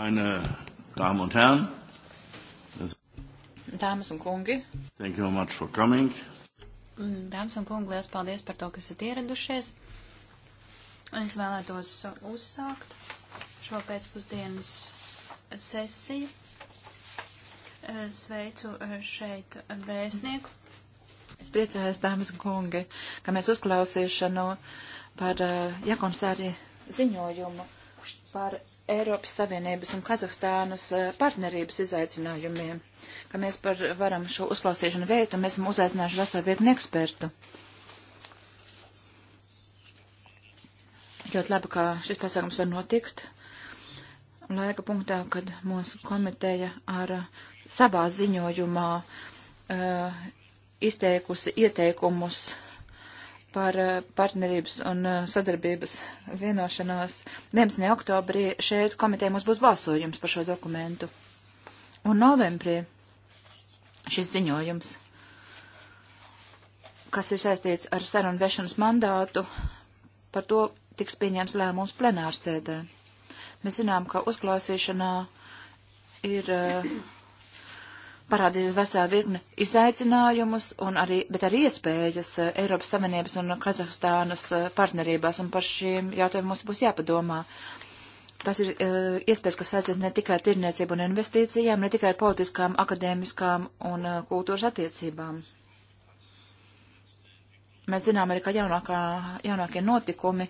Meine Damen und Herren. Dāmas un kungi. Thank you very much for coming. Mm, dāmas un kungi, liels paldies par to, ka esat ieradušies. Es vēlētos uzsākt šo pēcpusdienas sesiju. Sveicu eh, šeit vēstnieku. Es priecājos, dāmas un kungi, ka mēs uzklausīšanu par eh, Jakonsāri ziņojumu par Eiropas Savienības un Kazahstānas eh, partnerības izaicinājumiem, ka mēs par varam šo uzklausīšanu veikt, un mēs esam uzaicinājuši veselu virkni ekspertu. Ļoti labi, ka šis pasākums var notikt laika punktā, kad mūsu komiteja ar eh, savā ziņojumā uh, izteikusi ieteikumus uh, par eh, partnerības un eh, sadarbības vienošanos. 11. oktobrī šeit komitē mums būs balsojums par šo dokumentu. Un novembrī šis ziņojums, kas ir saistīts ar sarunu vešanas mandātu, par to tiks pieņems lēmums plenārsēdē. Mēs zinām, ka uzklāsīšanā ir. Uh, parādīsies vesela virkne izaicinājumus, arī, bet arī iespējas eh, Eiropas Savienības un Kazahstānas eh, partnerībās, un par šiem jautājumiem mums būs jāpadomā. Tas ir uh, iespējas, kas saistīts ne tikai ar tirniecību un investīcijām, ne tikai ar politiskām, akadēmiskām un uh, kultūras attiecībām. Mēs zinām arī, ka jaunākā, jaunākie notikumi,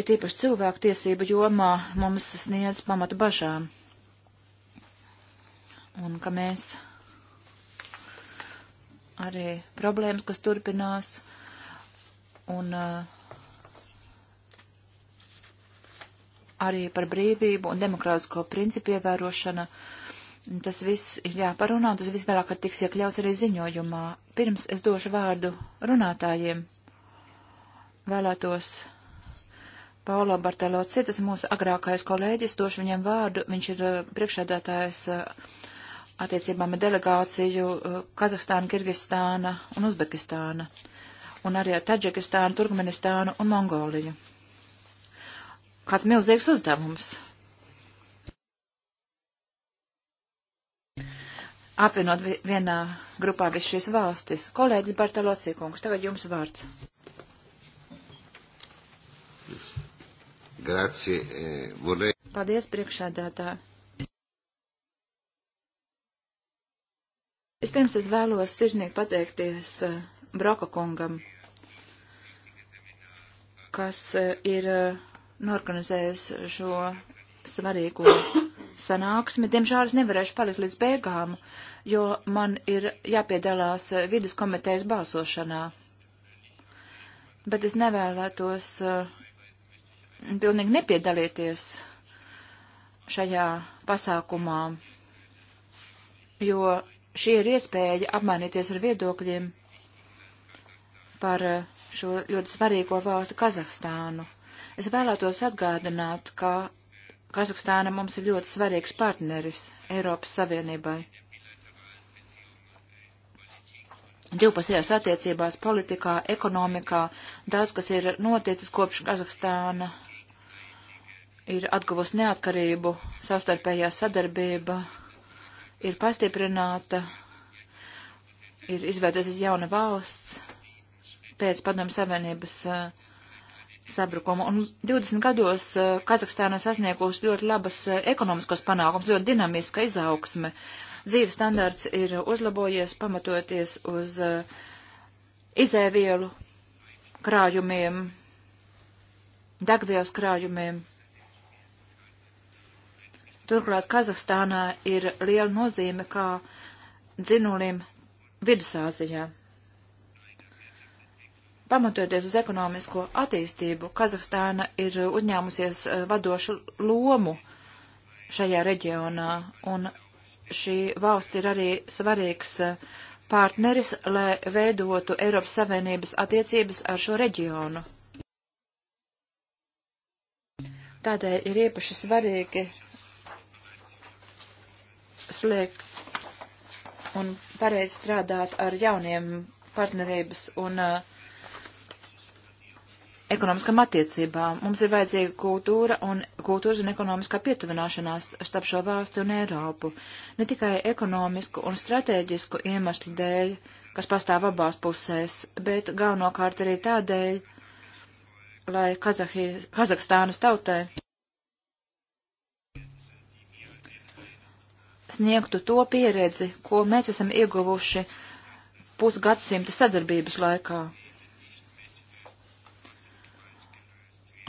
ir tīpaši cilvēku tiesību jomā, mums sniedz pamatu bažām un ka mēs arī problēmas, kas turpinās, un uh, arī par brīvību un demokrātisko principu ievērošana. Tas viss ir jāparunā, un tas viss vēlāk ar tiks iekļauts arī ziņojumā. Pirms es došu vārdu runātājiem, vēlētos Paulo Bartelo Citas, mūsu agrākais kolēģis, došu viņam vārdu. Viņš ir uh, priekšēdētājs uh, attiecībām ar delegāciju uh, Kazahstāna, Kirgistāna un Uzbekistāna, un arī ar Taģikistānu, Turkmenistānu un Mongoliju. Kāds milzīgs uzdevums! apvienot vienā grupā visu šīs valstis. Kolēģis Bartolocī kungs, tagad jums vārds. Grazie, eh, volē... Paldies, priekšādātā. Vispirms es, es vēlos sirsnīgi pateikties eh, Broka kungam, kas eh, ir eh, norganizējis šo svarīgo sanāksmi. Diemžēl es nevarēšu palikt līdz beigām, jo man ir jāpiedalās vidas komitejas balsošanā. Bet es nevēlētos uh, pilnīgi nepiedalīties šajā pasākumā, jo šī ir iespēja apmainīties ar viedokļiem par eh, šo ļoti svarīgo valstu Kazahstānu. Es vēlētos atgādināt, ka Kazahstāna mums ir ļoti svarīgs partneris Eiropas Savienībai. Divpusējās attiecībās, politikā, ekonomikā daudz kas ir noticis kopš Kazahstāna ir atguvusi neatkarību, savstarpējā sadarbība ir pastiprināta, ir izveidojusies jauna valsts pēc padomu savienības uh, sabrukuma. Un 20 gados uh, Kazahstāna sasniegusi ļoti labas uh, ekonomiskos panākums, ļoti dinamiska izaugsme. Dzīves standarts ir uzlabojies pamatoties uz izēvielu krājumiem, degvielas krājumiem. Turklāt Kazahstānā ir liela nozīme kā dzinulim Vidusāzijā. Pamatoties uz ekonomisko attīstību, Kazahstāna ir uzņēmusies eh, vadošu lomu šajā reģionā, un šī valsts ir arī svarīgs eh, partneris, lai veidotu Eiropas Savienības attiecības ar šo reģionu. Tādēļ ir īpaši svarīgi slēgt un pareizi strādāt ar jauniem partnerības un uh, ekonomiskām attiecībām. Mums ir vajadzīga kultūra un kultūras un ekonomiskā pietuvināšanās starp šo valstu un Eiropu. Ne tikai ekonomisku un strateģisku iemeslu dēļ, kas pastāv abās pusēs, bet galvenokārt arī tādēļ, lai Kazahī, Kazahstānas tautai sniegtu to pieredzi, ko mēs esam ieguvuši pusgadsimta sadarbības laikā.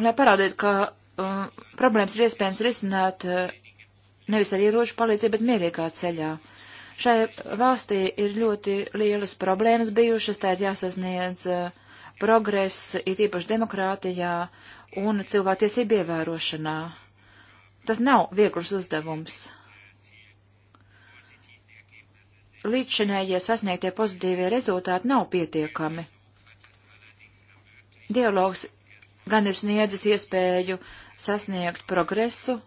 Lai parādītu, ka um, problēmas ir iespējams risināt uh, nevis ar ieroču palīdzību, bet mierīgā ceļā. Šai valstī ir ļoti lielas problēmas bijušas, tā ir jāsasniedz uh, progress, it īpaši demokrātijā un cilvēktiesību ievērošanā. Tas nav viegls uzdevums līdzšinējie sasniegtie pozitīvie rezultāti nav pietiekami. Dialogs gan ir sniedzis iespēju sasniegt progresu,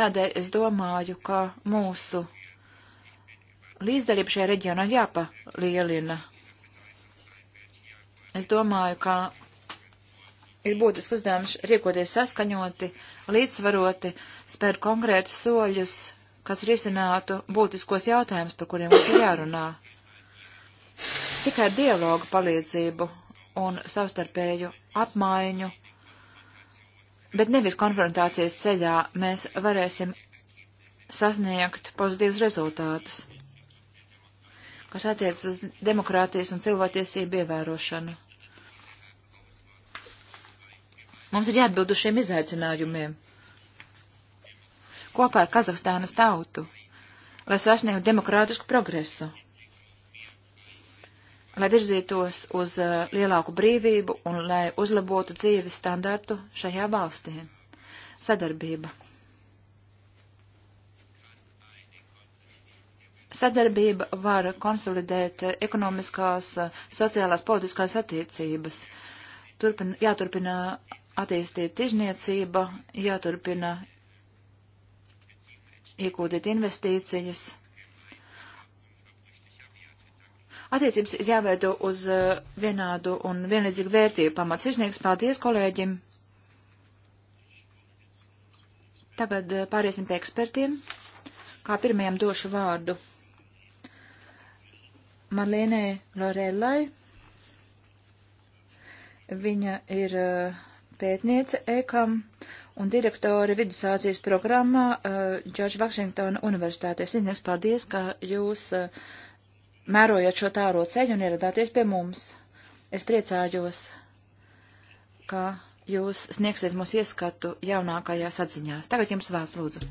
tādēļ es domāju, ka mūsu līdzdalība šajā reģionā jāpalielina. Es domāju, ka ir būtiski uzdevums riekoties saskaņoti, līdzsvaroti, spēr konkrētus soļus kas risinātu būtiskos jautājumus, par kuriem mums ir jārunā. Tikai dialogu palīdzību un savstarpēju apmaiņu, bet nevis konfrontācijas ceļā mēs varēsim sasniegt pozitīvus rezultātus, kas attiec uz demokrātijas un cilvēktiesību ievērošanu. Mums ir jāatbild uz šiem izaicinājumiem kopā ar Kazahstānas tautu, lai sasniegtu demokrātisku progresu, lai virzītos uz uh, lielāku brīvību un lai uzlabotu dzīves standartu šajā valstī. Sadarbība. Sadarbība var konsolidēt uh, ekonomiskās, uh, sociālās, politiskās attiecības. Turpin, jāturpina attīstīt tižniecība, jāturpina iegūdīt investīcijas. Attiecības ir jāveido uz uh, vienādu un vienlīdzīgu vērtību pamats. Izniegs paldies kolēģim. Tagad uh, pāriesim pie ekspertiem. Kā pirmajam došu vārdu. Marlēnē Lorellai. Viņa ir uh, pētniece EKAM un direktori Vidusāzijas programmā eh, Džordža uh, Vašingtona Universitātē. Sīdnieks, paldies, ka jūs uh, mērojat šo tāro ceļu un ieradāties pie mums. Es priecājos, ka jūs sniegsiet mums ieskatu jaunākajās atziņās. Tagad jums vārds lūdzu.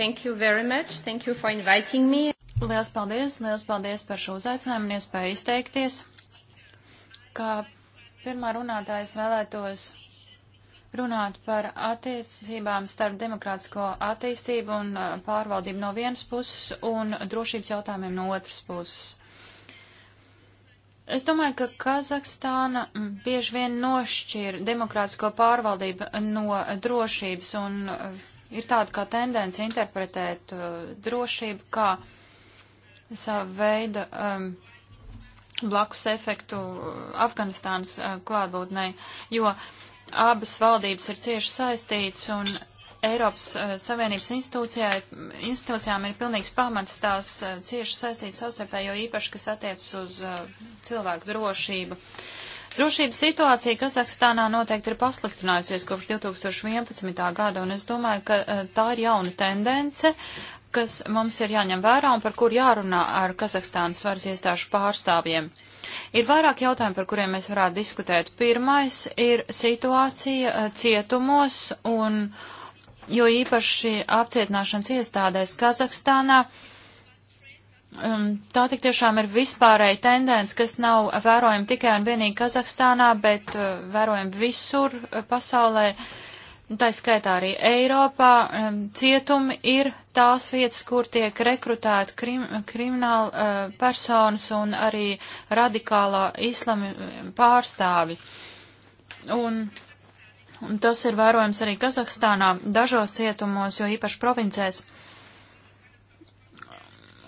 Thank you very much. Thank you for inviting me. Liels paldies, liels paldies par šo uzaicinājumu un iespēju izteikties. Kā pirmā runātājas vēlētos runāt par attiecībām starp demokrātisko attīstību un uh, pārvaldību no vienas puses un drošības jautājumiem no otras puses. Es domāju, ka Kazahstāna mm, bieži vien nošķir demokrātisko pārvaldību no drošības un uh, ir tāda kā tendence interpretēt uh, drošību kā savu veidu um, blakus efektu uh, Afganistānas uh, klātbūtnei, jo uh, abas valdības ir cieši saistītas un Eiropas uh, Savienības institūcijām ir pilnīgs pamats tās uh, cieši saistītas savstarpēji, jo īpaši, kas attiecas uz uh, cilvēku drošību. Drošības situācija Kazahstānā noteikti ir pasliktinājusies kopš 2011. gada, un es domāju, ka tā ir jauna tendence, kas mums ir jāņem vērā un par kur jārunā ar Kazahstānas varas iestāžu pārstāvjiem. Uh, Ir vairāk jautājumu, par kuriem mēs varētu diskutēt. Pirmais ir situācija eh, cietumos un jo īpaši apcietināšanas iestādēs Kazahstānā. Um, tā tik tiešām ir vispārēja tendence, kas nav vērojama tikai un vienīgi Kazahstānā, bet eh, vērojama visur eh, pasaulē. Uh, Nu, tā skaitā arī Eiropā, cietumi ir tās vietas, kur tiek rekrutēti krim, krimināli uh, eh, personas un arī radikālā islami pārstāvi. Un, un tas ir vērojams arī Kazahstānā, dažos cietumos, jo īpaši provincēs.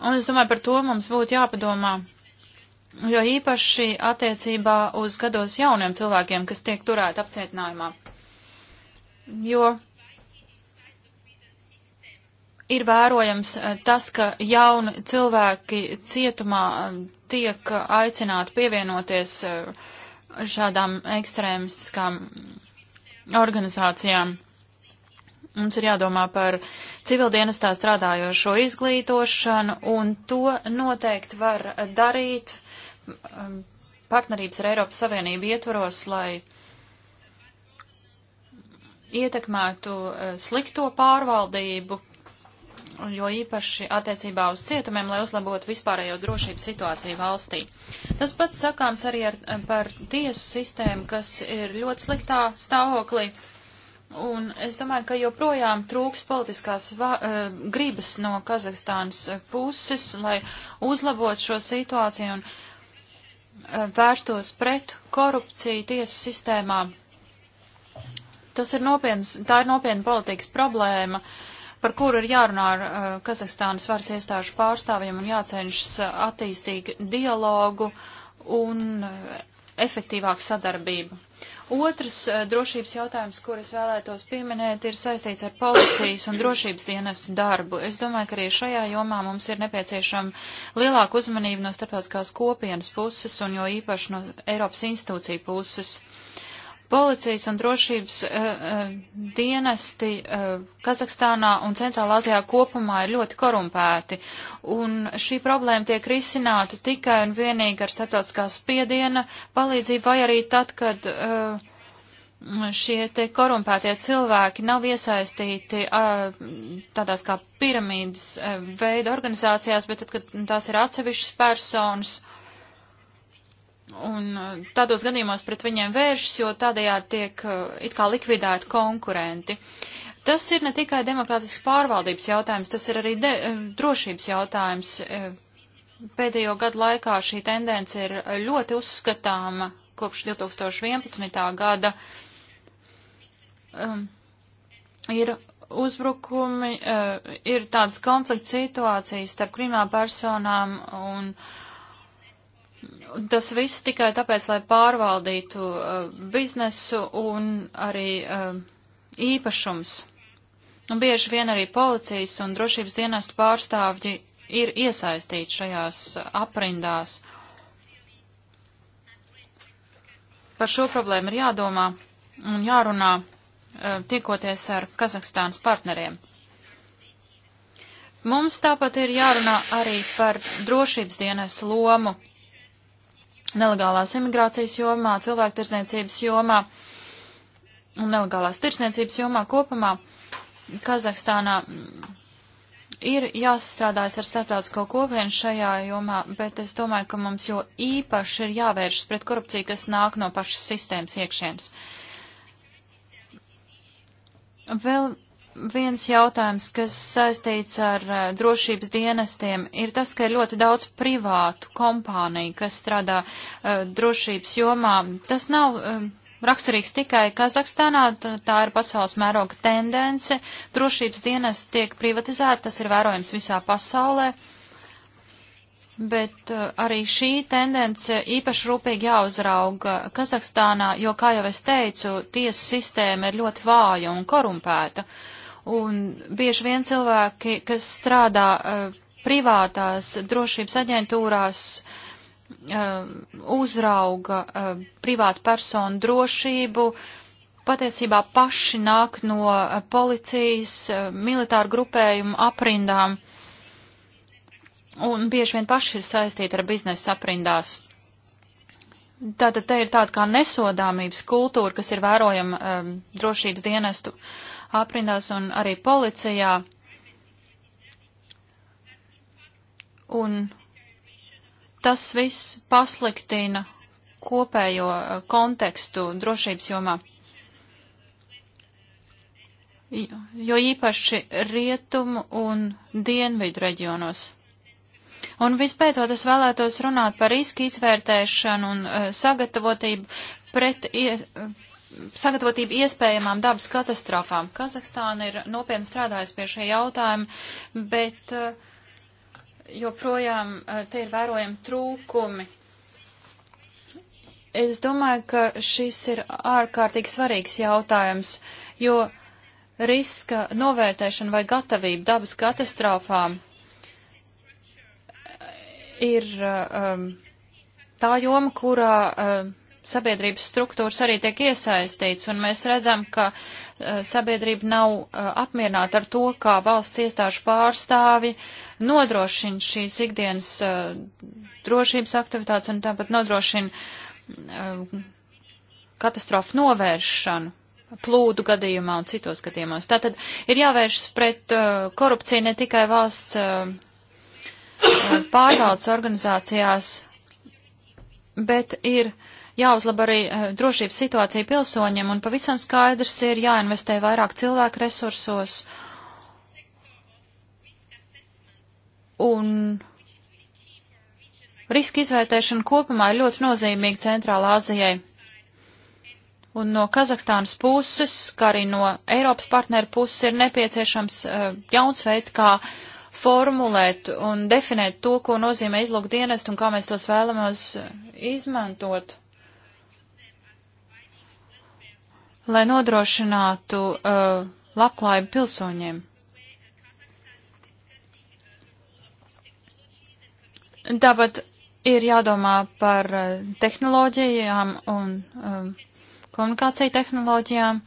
Un es domāju, par to mums būtu jāpadomā. Jo īpaši attiecībā uz gados jauniem cilvēkiem, kas tiek turēti apcietinājumā jo ir vērojams eh, tas, ka jauni cilvēki cietumā eh, tiek aicināti pievienoties eh, šādām ekstrēmistiskām organizācijām. Mums ir jādomā par civildienestā strādājošo izglītošanu, un to noteikti var darīt partnerības ar Eiropas Savienību ietvaros, lai ietekmētu eh, slikto pārvaldību, jo īpaši attiecībā uz cietumiem, lai uzlabotu vispārējo drošības situāciju valstī. Tas pats sakāms arī ar, par tiesu sistēmu, kas ir ļoti sliktā stāvoklī. Un es domāju, ka joprojām trūks politiskās va, uh, gribas no Kazahstānas puses, lai uzlabotu šo situāciju un uh, vērstos pret korupciju tiesu sistēmā. Tas ir nopietns, tā ir nopietna politikas problēma, par kuru ir jārunā ar uh, Kazahstānas varas iestāžu pārstāvjiem un jācenšas uh, attīstīt dialogu un uh, efektīvāku sadarbību. Otrs uh, drošības jautājums, kur es vēlētos pieminēt, ir saistīts ar policijas un drošības dienestu darbu. Es domāju, ka arī šajā jomā mums ir nepieciešama lielāka uzmanība no starptautiskās kopienas puses un jo īpaši no Eiropas institūcija puses. Uh, Policijas un drošības uh, dienesti uh, Kazahstānā un Centrālā Azijā kopumā ir ļoti korumpēti, un šī problēma tiek risināta tikai un vienīgi ar starptautiskā spiediena palīdzību vai arī tad, kad uh, šie te korumpētie cilvēki nav iesaistīti tādās kā piramīdas veida organizācijās, bet tad, kad tās ir atsevišķas personas, un uh, tādos gadījumos pret viņiem vēršas, jo tādējādi tiek uh, it kā likvidēti konkurenti. Tas ir ne tikai demokrātisks pārvaldības jautājums, tas ir arī de, uh, drošības jautājums. Pēdējo gadu laikā šī tendence ir ļoti uzskatāma kopš 2011. gada. Um, ir uzbrukumi, uh, ir tādas konflikts situācijas starp krimināla personām un uh, Tas viss tikai tāpēc, lai pārvaldītu uh, biznesu un arī uh, īpašums. Un nu, bieži vien arī policijas un drošības dienestu pārstāvji ir iesaistīti šajās aprindās. Par šo problēmu ir jādomā un jārunā uh, tiekoties ar Kazahstānas partneriem. Mums tāpat ir jārunā arī par drošības dienestu lomu nelegālās imigrācijas jomā, cilvēktirzniecības jomā un nelegālās tirsniecības jomā kopumā Kazahstānā ir jāsastrādājas ar starptautisko kopienu šajā jomā, bet es domāju, ka mums jo īpaši ir jāvēršas pret korupciju, kas nāk no pašas sistēmas iekšienes. Vēl viens jautājums, kas saistīts ar eh, drošības dienestiem, ir tas, ka ir ļoti daudz privātu kompāniju, kas strādā uh, drošības jomā. Tas nav uh, raksturīgs tikai Kazahstānā, tā ir pasaules mēroga tendence. Drošības dienas tiek privatizēta, tas ir vērojams visā pasaulē. Bet uh, arī šī tendence īpaši rūpīgi jāuzrauga Kazahstānā, jo, kā jau es teicu, tiesu sistēma ir ļoti vāja un korumpēta. Uh, Un bieži vien cilvēki, kas strādā uh, privātās drošības aģentūrās, uh, uzrauga uh, privātu personu drošību, patiesībā paši nāk no policijas, militāru grupējumu aprindām un bieži vien paši ir saistīti ar biznesa aprindās. Tātad te ir tāda kā nesodāmības kultūra, kas ir vērojama um, drošības dienestu uh, aprindās un arī policijā. Un tas viss pasliktina kopējo eh, kontekstu drošības jomā. Jo īpaši rietumu un dienvidu reģionos. Un vispēcot es vēlētos runāt par riski izvērtēšanu un uh, sagatavotību pret, ie, sagatavotību iespējamām dabas katastrofām. Kazahstāna ir nopietni strādājusi pie šie jautājumi, bet eh, joprojām eh, te ir vērojami trūkumi. Es domāju, ka šis ir ārkārtīgi svarīgs jautājums, jo riska novērtēšana vai gatavība dabas katastrofām eh, ir um, tā joma, kurā um, sabiedrības struktūras arī tiek iesaistīts, un mēs redzam, ka uh, sabiedrība nav uh, apmierināta ar to, kā valsts iestāžu pārstāvi nodrošina šīs ikdienas uh, drošības aktivitātes un tāpat nodrošina katastrofu novēršanu plūdu gadījumā un citos gadījumos. Tātad ir jāvēršas pret korupciju ne tikai valsts pārvaldes organizācijās, bet ir uh, jāuzlaba arī eh, drošības situācija pilsoņiem, un pavisam skaidrs ir jāinvestē vairāk cilvēku resursos. Un riska izvērtēšana kopumā ir ļoti nozīmīga Centrālā Azijai. Un no Kazahstānas puses, kā arī no Eiropas partneru puses, ir nepieciešams uh, jauns veids, kā uh, formulēt un definēt to, ko nozīmē izlūk dienest un kā mēs tos vēlamies eh, izmantot. lai nodrošinātu uh, labklājību pilsoņiem. Tāpat ir jādomā par uh, tehnoloģijām un um, komunikāciju tehnoloģijām,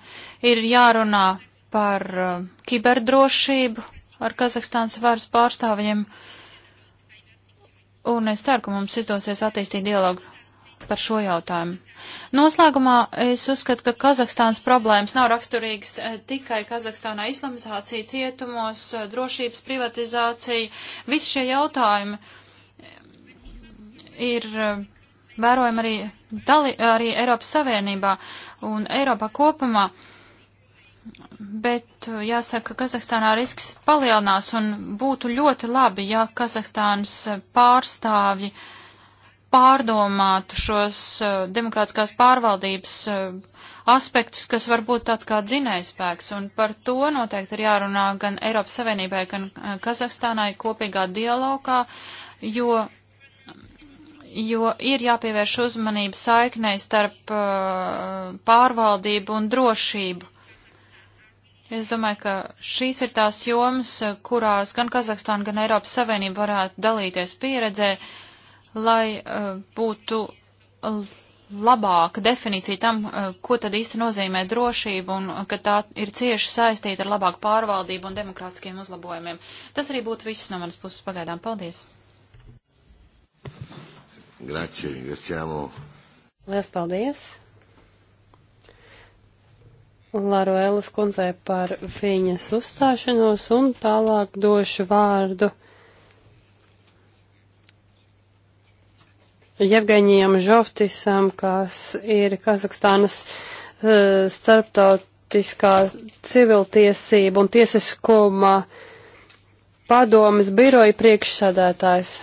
ir jārunā par uh, kiberdrošību ar Kazahstānas varas pārstāvjiem, un es ceru, ka mums izdosies attīstīt dialogu par šo jautājumu. Noslēgumā es uzskatu, ka Kazahstānas problēmas nav raksturīgas eh, tikai Kazahstānā islamizācija, cietumos, eh, drošības privatizācija. Visi šie jautājumi eh, ir vērojami arī, dali, arī Eiropas Savienībā un Eiropā kopumā. Bet jāsaka, ka Kazahstānā risks palielinās un būtu ļoti labi, ja Kazahstānas pārstāvji uh, pārdomātu šos uh, demokrātiskās pārvaldības uh, aspektus, kas var būt tāds kā dzinējspēks, un par to noteikti ir jārunā gan Eiropas Savienībai, gan uh, Kazahstānai kopīgā dialogā, jo, jo ir jāpievērš uzmanība saiknei starp uh, pārvaldību un drošību. Es domāju, ka šīs ir tās jomas, kurās gan Kazahstāna, gan Eiropas Savienība varētu dalīties pieredzē, uh, lai uh, būtu labāka definīcija tam, uh, ko tad īsti nozīmē drošība un ka tā ir cieši saistīta ar labāku pārvaldību un demokrātiskiem uzlabojumiem. Tas arī būtu viss no manas puses pagaidām. Paldies! Grazie, ringraziamo. Lielas paldies! Laroēlas kundzei par viņas uzstāšanos un tālāk došu vārdu. Jevgeņiem Žoftisam, kas ir Kazahstānas uh, starptautiskā civiltiesība un tiesiskuma padomas biroja priekšsādātājs.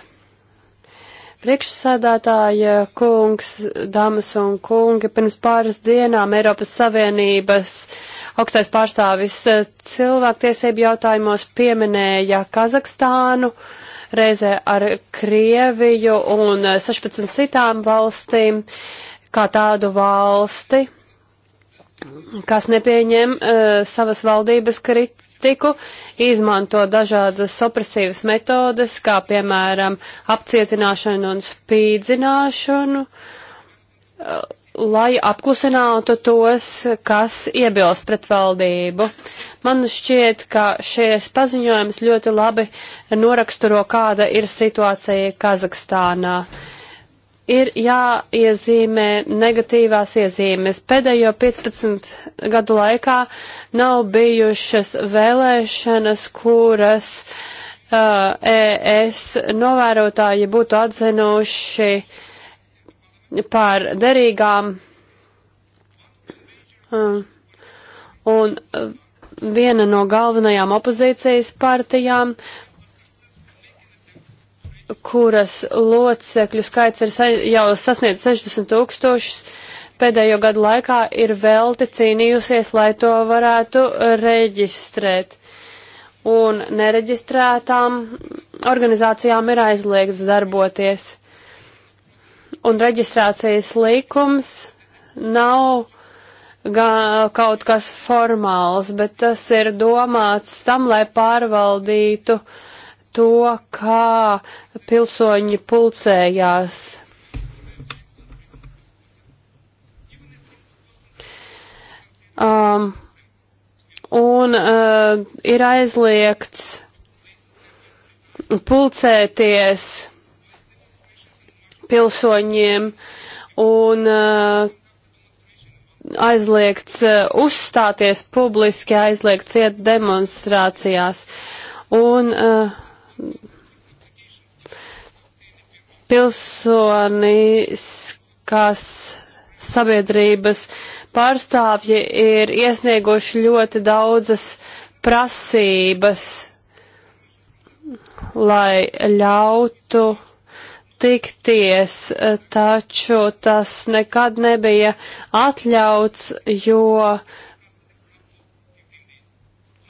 Priekšsādātāja kungs, dāmas un kungi, pirms pāris dienām Eiropas Savienības augstais pārstāvis eh, cilvēktiesību jautājumos pieminēja Kazahstānu. Uh, reizē ar Krieviju un 16 eh, citām valstīm kā tādu valsti, kas nepieņem uh, savas valdības kritiku, izmanto dažādas opresīvas metodes, kā piemēram apcietināšanu un spīdzināšanu. Uh, lai apklusinātu tos, kas iebilst pret valdību. Man šķiet, ka šies paziņojums ļoti labi noraksturo, kāda ir situācija Kazahstānā ir jāiezīmē negatīvās iezīmes. Pēdējo 15 gadu laikā nav bijušas vēlēšanas, kuras uh, ES novērotāji būtu atzinuši uh, par derīgām. Un viena no galvenajām opozīcijas partijām, kuras locekļu skaits ir jau sasniedz 60 tūkstošus, pēdējo gadu laikā ir velti cīnījusies, lai to varētu reģistrēt. Un nereģistrētām organizācijām ir aizliegts darboties un reģistrācijas likums nav gan kaut kas formāls, bet tas ir domāts tam, lai pārvaldītu to, kā pilsoņi pulcējās. Um, un uh, ir aizliegts pulcēties pilsoņiem un uh, aizliegts uh, uzstāties publiski, aizliegts iet demonstrācijās. Un uh, eh, pilsoniskās sabiedrības pārstāvji ir iesnieguši ļoti daudzas prasības, lai ļautu tikties, taču tas nekad nebija atļauts, jo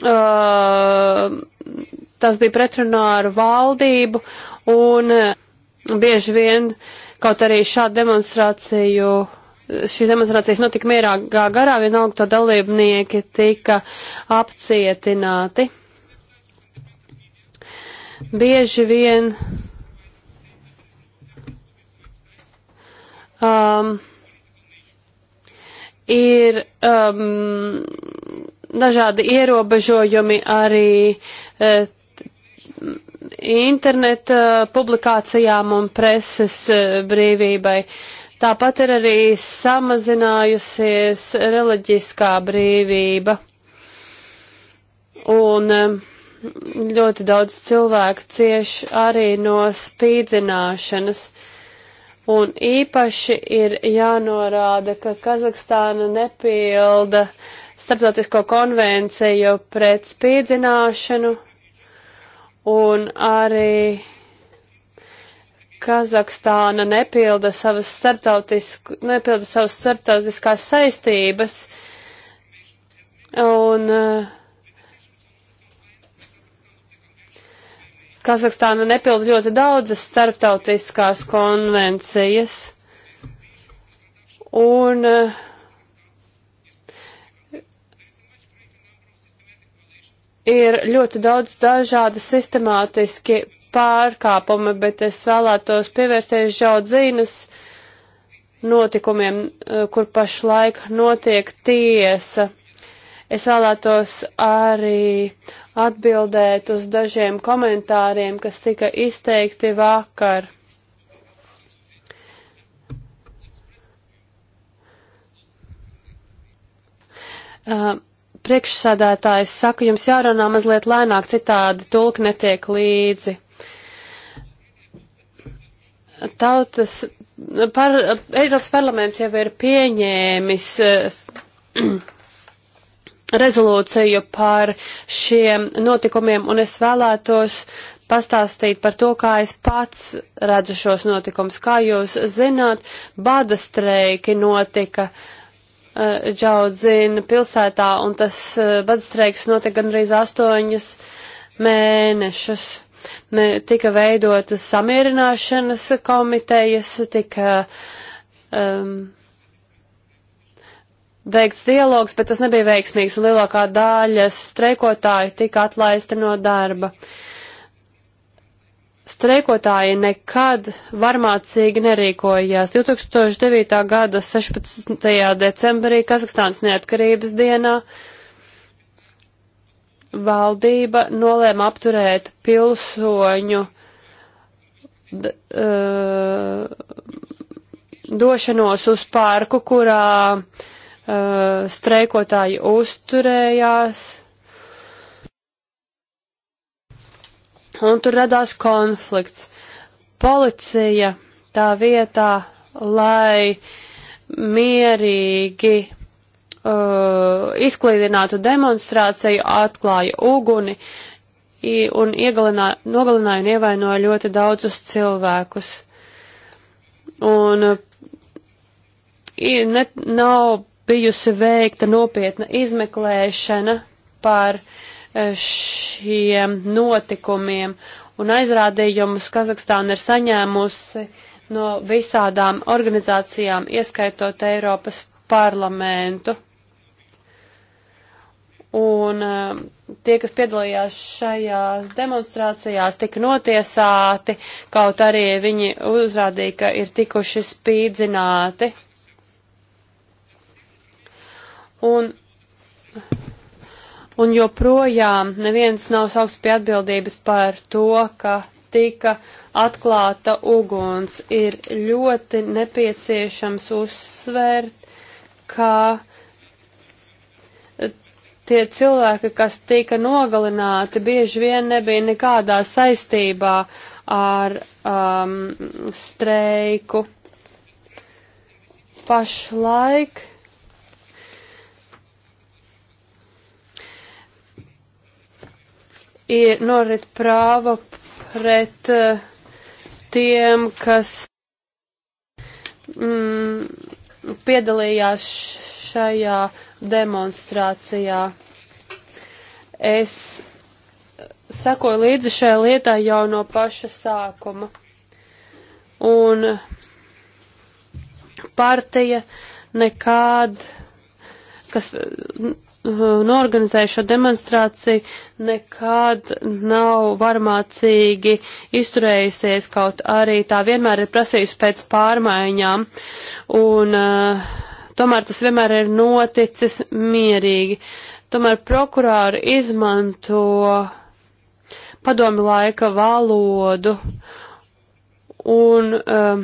uh, tas bija pretrunā ar valdību un bieži vien, kaut arī šādu demonstrāciju, šīs demonstrācijas notika mierāgā garā, vienalga to dalībnieki tika apcietināti. Bieži vien um, ir um, dažādi ierobežojumi arī uh, eh, interneta eh, publikācijām un preses uh, brīvībai. Tāpat ir arī samazinājusies reliģiskā brīvība. Un uh, ļoti daudz cilvēku cieši arī no spīdzināšanas. Uh, Un īpaši ir jānorāda, ka Kazahstāna nepilda starptautisko konvenciju pret spīdzināšanu un arī Kazahstāna nepilda savas, nepilda savas starptautiskās saistības. Un uh, Kazahstāna nepild ļoti daudzas starptautiskās konvencijas. Un eh, ir ļoti daudz dažādi sistemātiski pārkāpumi, bet es vēlētos pievērsties žaudzīnas notikumiem, eh, kur pašlaik notiek tiesa. Es vēlētos arī atbildēt uz dažiem komentāriem, kas tika izteikti vakar. Uh, priekšsādātājs saka, jums jārunā mazliet lēnāk, citādi tulki netiek līdzi. Tautas, par, Eiropas parlaments jau ir pieņēmis uh, rezolūciju par šiem notikumiem, un es vēlētos pastāstīt par to, kā es pats redzu šos notikumus. Kā jūs zināt, bada streiki notika uh, eh, Džaudzina pilsētā, un tas uh, bada streiks notika gandrīz astoņas mēnešus. Mē, tika veidotas samierināšanas komitejas, tika um, veikts dialogs, bet tas nebija veiksmīgs, un lielākā daļa streikotāju tika atlaisti no darba. Streikotāji nekad varmācīgi nerīkojās. 2009. gada 16. decembrī Kazahstānas neatkarības dienā valdība nolēma apturēt pilsoņu d, uh, došanos uz parku, kurā uh, uh, streikotāji uzturējās. Un tur radās konflikts. Policija tā vietā, lai mierīgi uh, izklīdinātu demonstrāciju, atklāja uguni un nogalināja un ievainoja ļoti daudzus cilvēkus. Un eh, ne, nav bijusi veikta nopietna izmeklēšana par e, šiem notikumiem, un aizrādījumus Kazahstāna ir saņēmusi no visādām organizācijām, ieskaitot Eiropas parlamentu. Un e, tie, kas piedalījās šajās demonstrācijās, tika notiesāti, kaut arī viņi uzrādīja, ka ir tikuši spīdzināti. Un, un joprojām neviens nav saukts pie atbildības par to, ka tika atklāta uguns. Ir ļoti nepieciešams uzsvērt, ka tie cilvēki, kas tika nogalināti, bieži vien nebija nekādā saistībā ar um, streiku. Pašlaik ir norit prāva pret uh, tiem, kas mm, piedalījās šajā demonstrācijā. Es sekoju līdzi šai lietai jau no paša sākuma. Un partija nekād, kas un eh, organizēja šo demonstrāciju, nekad nav varmācīgi izturējusies, kaut arī tā vienmēr ir prasījusi pēc pārmaiņām. Un, uh, tomēr tas vienmēr ir noticis mierīgi. Tomēr prokurāri izmanto padomi laika valodu un um,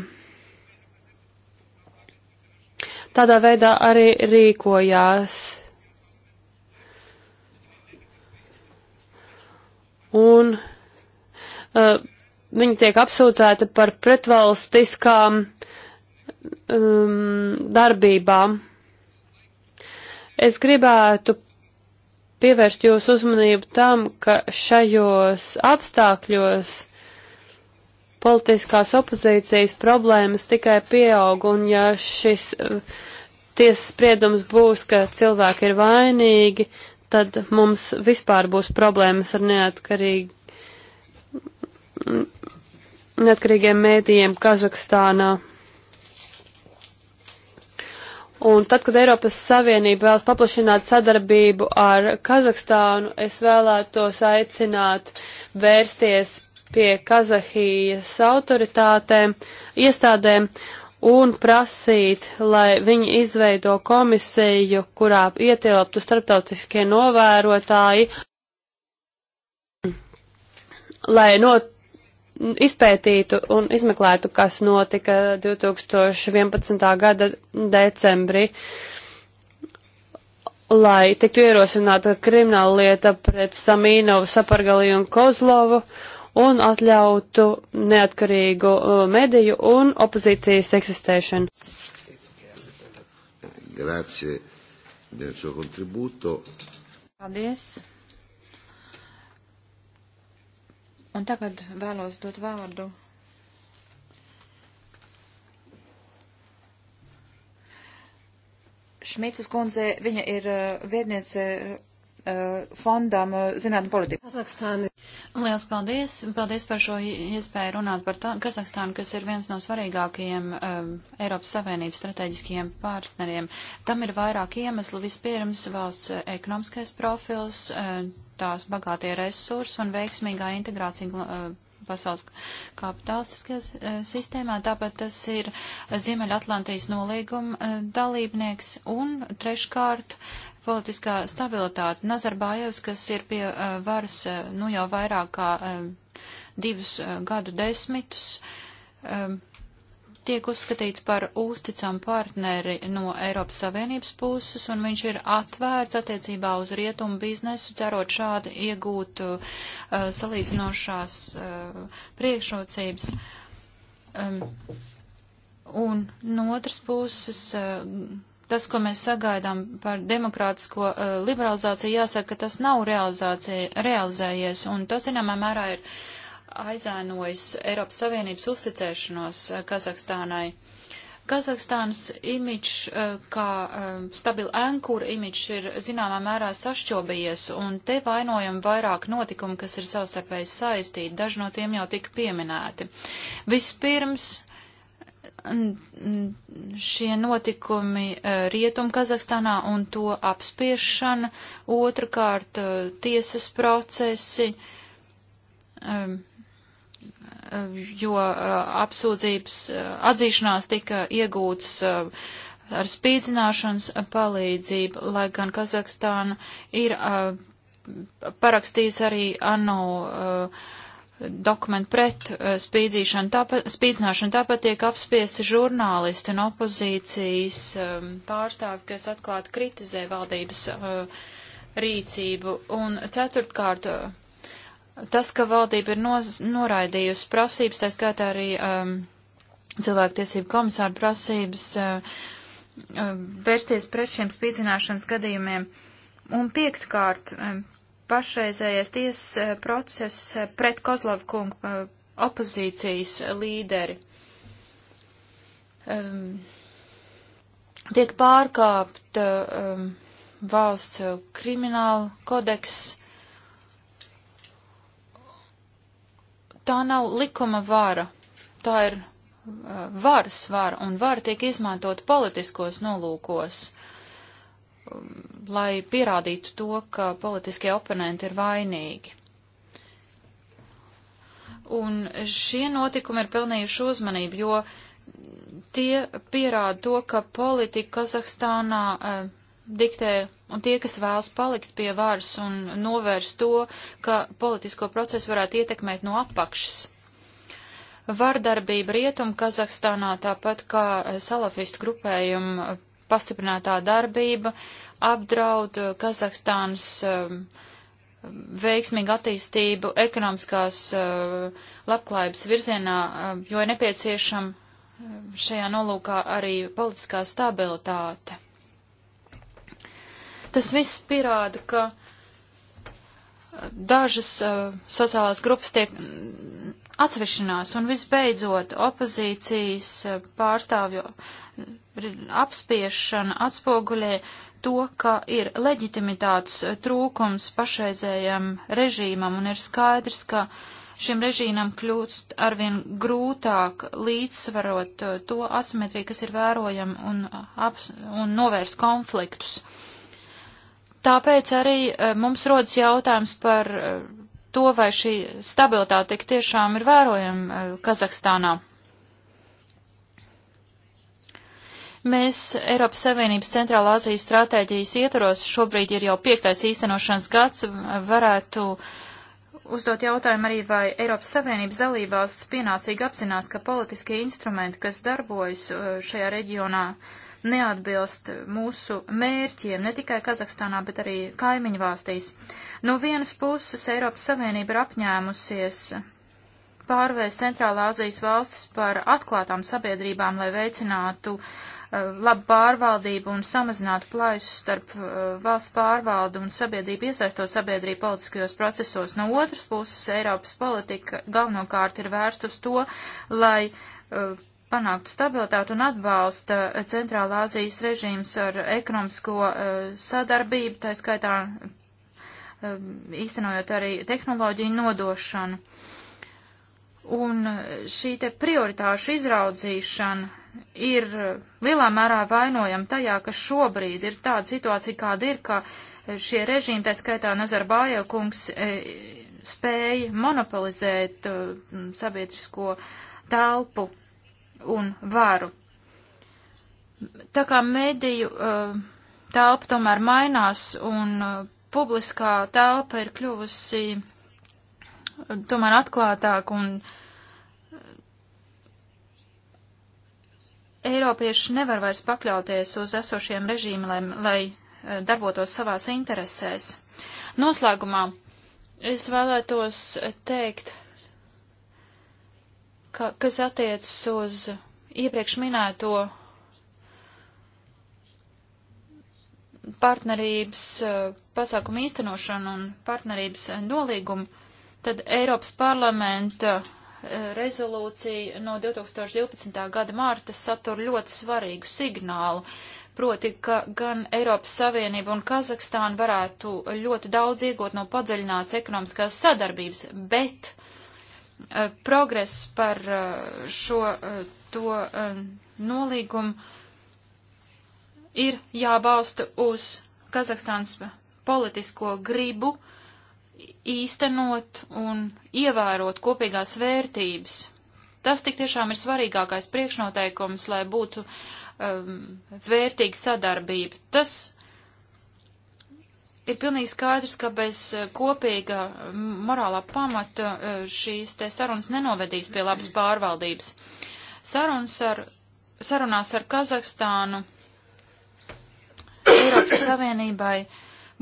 tādā veidā arī rīkojās. un uh, viņa tiek apsūdzēta par pretvalstiskām um, darbībām. Es gribētu pievērst jūsu uzmanību tam, ka šajos apstākļos politiskās opozīcijas problēmas tikai pieaug, un ja šis uh, tiesas spriedums būs, ka cilvēki ir vainīgi, tad mums vispār būs problēmas ar neatkarīgi, neatkarīgiem mēdījiem Kazahstānā. Un tad, kad Eiropas Savienība vēlas paplašināt sadarbību ar Kazahstānu, es vēlētos aicināt vērsties pie Kazahijas autoritātēm, iestādēm un prasīt, lai viņi izveido komisiju, kurā ietilptu starptautiskie novērotāji, lai no, izpētītu un izmeklētu, kas notika 2011. gada decembrī, lai tiktu ierosināta krimināla lieta pret Samīnovu, Sapargaliju un Kozlovu, uh, un atļautu neatkarīgu uh, mediju un opozīcijas eksistēšanu. Grazie del suo contributo. Paldies. Un tagad vēlos dot vārdu Šmīcas kundze, viņa ir uh, viedniece Uh, fondam uh, zinātnē politiku. Kazahstāna. Lielas paldies. Paldies par šo iespēju runāt par tā, Kazahstānu, kas ir viens no svarīgākajiem um, Eiropas Savienības strateģiskajiem partneriem. Tam ir vairāk iemeslu. Vispirms valsts ekonomiskais profils, uh, tās bagātie resursi un veiksmīgā integrācija. Um, pasaules kapitalistiskajā sistēmā, tāpat tas ir Ziemeļatlantijas nolīguma dalībnieks un treškārt politiskā stabilitāte. Nazarbājevs, kas ir pie uh, varas uh, nu jau vairāk kā uh, divus uh, gadu desmitus, um, tiek uzskatīts par uzticam partneri no Eiropas Savienības puses, un viņš ir atvērts attiecībā uz rietumu biznesu, cerot šādi iegūt uh, salīdzinošās uh, priekšrocības. Um, un no otras puses. Uh, tas, ko mēs sagaidām par demokrātisko uh, liberalizāciju, jāsaka, ka tas nav realizējies, un tas, zināmā mērā, ir aizēnojis Eiropas Savienības uzticēšanos uh, Kazahstānai. Kazahstānas imidžs uh, kā uh, stabila ankura imidžs ir zināmā mērā sašķobijies, un te vainojam vairāk notikumu, kas ir savstarpēji saistīti, daži no tiem jau tika pieminēti. Vispirms, uh, šie notikumi e, Rietum Kazahstānā un to apspiešana, otrkārt e, tiesas procesi, e, jo apsūdzības atzīšanās tika iegūtas ar spīdzināšanas palīdzību, lai gan Kazahstāna ir parakstījusi arī ANO uh, dokumentu pret eh, spīdzīšanu, tāpat, spīdzināšanu, tāpat tiek apspiesti žurnālisti un opozīcijas ehm, pārstāvi, kas atklāti kritizē valdības eh, rīcību. Un ceturtkārt, eh, tas, ka valdība ir noz, noraidījusi prasības, tā skaitā arī um, cilvēktiesību komisāra prasības uh, uh, vērsties pret šiem spīdzināšanas gadījumiem. Un piektkārt, um, pašreizējais tiesas eh, process eh, pret Kozlovu kungu eh, opozīcijas līderi. Um, tiek pārkāpta um, valsts krimināla kodeks. Tā nav likuma vara, tā ir uh, varas vara, un vara tiek izmantot politiskos nolūkos. Uh, Um, lai pierādītu to, ka politiskie oponenti ir vainīgi. Un šie notikumi ir pelnījuši uzmanību, jo tie pierāda to, ka politika Kazahstānā eh, diktē un tie, kas vēlas palikt pie varas un novērst to, ka politisko procesu varētu ietekmēt no apakšas. Vardarbība rietum Kazahstānā, tāpat kā salafistu grupējumu pastiprinātā darbība apdraud eh, Kazahstānas eh, veiksmīgu attīstību ekonomiskās eh, labklājības virzienā, jo ir nepieciešama šajā nolūkā arī politiskā stabilitāte. Tas viss pierāda, ka dažas uh, sociālās grupas tiek mm, atsevišķinās, un visbeidzot opozīcijas uh, pārstāvju apspiešana atspoguļē to, ka ir leģitimitātes eh, trūkums pašreizējam režīmam, un ir skaidrs, ka šim režīmam kļūst arvien grūtāk līdzsvarot to asimetriju, kas ir vērojama, un, un novērst konfliktus. Uh, Tāpēc arī eh, mums rodas jautājums par eh, to, vai šī stabilitāte tik tiešām ir vērojama eh, Kazahstānā. Mēs Eiropas Savienības Centrāla Azijas stratēģijas ietvaros, šobrīd ir jau piektais īstenošanas gads, varētu uzdot jautājumu arī, vai Eiropas Savienības dalībvalsts pienācīgi apzinās, ka politiskie instrumenti, kas darbojas šajā reģionā, uh, neatbilst mūsu mērķiem, ne tikai Kazahstānā, bet arī kaimiņu valstīs. No vienas puses Eiropas Savienība ir apņēmusies pārvērst Centrālā Azijas valstis par atklātām sabiedrībām, lai veicinātu uh, labu pārvaldību un samazinātu plaisu starp uh, valsts pārvaldu un sabiedrību, iesaistot sabiedrību politiskajos procesos. No otras puses, Eiropas politika galvenokārt ir vērst uz to, lai uh, panāktu stabilitātu un atbalsta Centrālā Azijas režīms ar ekonomisko eh, sadarbību, tā skaitā eh, īstenojot arī tehnoloģiju nodošanu. Un eh, šī te prioritāšu izraudzīšana ir lielā mērā vainojama tajā, ka šobrīd ir tāda situācija, kāda ir, ka šie režīmi, tā skaitā Nazarbāja kungs, spēja monopolizēt sabiedrisko telpu un varu. Tā kā mediju uh, telpa tomēr mainās un uh, publiskā telpa ir kļuvusi uh, tomēr atklātāk un uh, Eiropieši nevar vairs pakļauties uz esošiem režīmiem, lai, lai uh, darbotos savās interesēs. Noslēgumā es vēlētos teikt, ka, kas attiecas uz iepriekš minēto partnerības eh, pasākumu īstenošanu un partnerības nolīgumu, tad Eiropas parlamenta eh, rezolūcija no 2012. gada mārta satur ļoti svarīgu signālu, proti, ka gan Eiropas Savienība un Kazahstāna varētu ļoti daudz iegūt no padziļināts ekonomiskās sadarbības, bet Eh, progress par eh, šo eh, to nolīgumu ir jābalsta uz Kazahstānas politisko gribu īstenot un ievērot kopīgās vērtības. Tas tik tiešām ir svarīgākais priekšnoteikums, lai būtu um, vērtīga sadarbība. Tas ir pilnīgi skaidrs, ka bez eh, kopīga morālā pamata eh, šīs te sarunas nenovedīs pie labas pārvaldības. Sarunas ar, sarunās ar Kazahstānu Eiropas Savienībai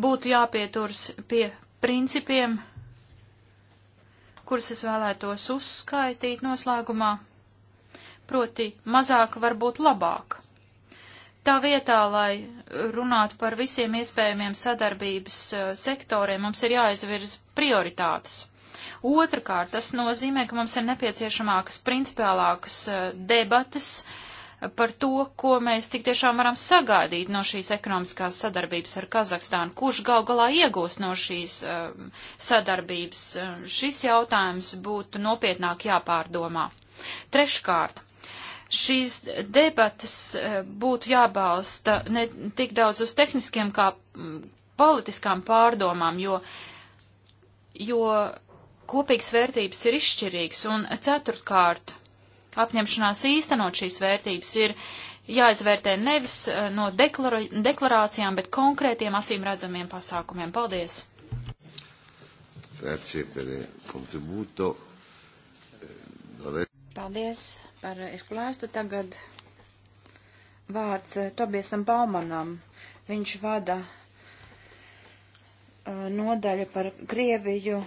būtu jāpieturs pie principiem, kurus es vēlētos uzskaitīt noslēgumā, proti mazāk var būt labāk. Tā vietā, lai runātu par visiem iespējamiem sadarbības uh, sektoriem, mums ir jāizvirz prioritātes. Otrakārt, tas nozīmē, ka mums ir nepieciešamākas principiālākas uh, debatas uh, par to, ko mēs tik tiešām varam sagaidīt no šīs ekonomiskās sadarbības ar Kazahstānu, kurš gal galā iegūst no šīs sadarbības. Šis jautājums būtu nopietnāk jāpārdomā. Treškārt, šīs debatas eh, būtu jābalsta ne tik daudz uz tehniskiem kā politiskām pārdomām, jo, jo kopīgas vērtības ir izšķirīgas, un ceturtkārt apņemšanās īstenot šīs vērtības ir jāizvērtē nevis eh, no deklara, deklarācijām, bet konkrētiem acīm redzamiem pasākumiem. Paldies! Eh, Paldies! par izklāstu. Eh, tagad vārds eh, Tobiesam Baumanam. Viņš vada eh, nodaļa par Krieviju,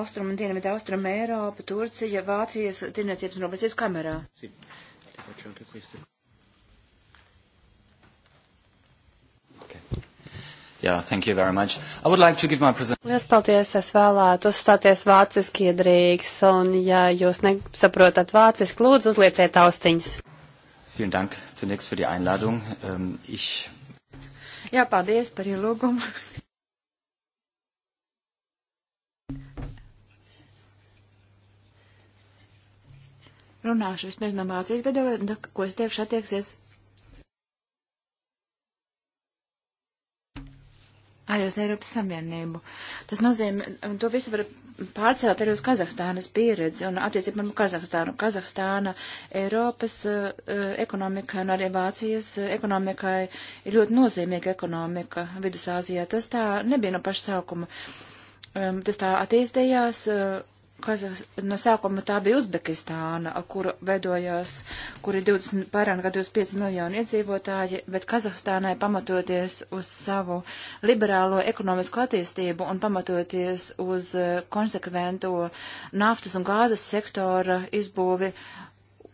Austrumu un Dienvidu Austrumu Eiropu, Turcija, Vācijas, Tirniecības un Robezies kamerā. Sì. Faccio anche questo. Yeah, thank you very much. I would like to give my present. Lielas paldies, es vēlētu uzstāties vāciski iedrīgs, un ja jūs nesaprotat vāciski, lūdzu uzlieciet austiņas. Vielen Dank zunächst für die Einladung. Um, ich... Jā, paldies par ielūgumu. Runāšu vismaz no mācīs, bet, ko es teikšu, attieksies arī uz Eiropas Savienību. Tas nozīmē, to visu var pārcelt arī uz Kazahstānas pieredzi un attiecībā par Kazahstānu. Kazahstāna Eiropas uh, ekonomikai un arī Vācijas eh, ekonomikai ir ļoti nozīmīga ekonomika Vidusāzijā. Tas tā nebija no paša sākuma. Um, tas tā attīstījās. Uh, Kazas, no sākuma tā bija Uzbekistāna, kur veidojās, kur ir 20, pārāk kā 25 miljoni iedzīvotāji, bet Kazahstānai pamatoties uz savu liberālo ekonomisko attīstību un pamatoties uz eh, konsekvento naftas un gāzes sektora izbūvi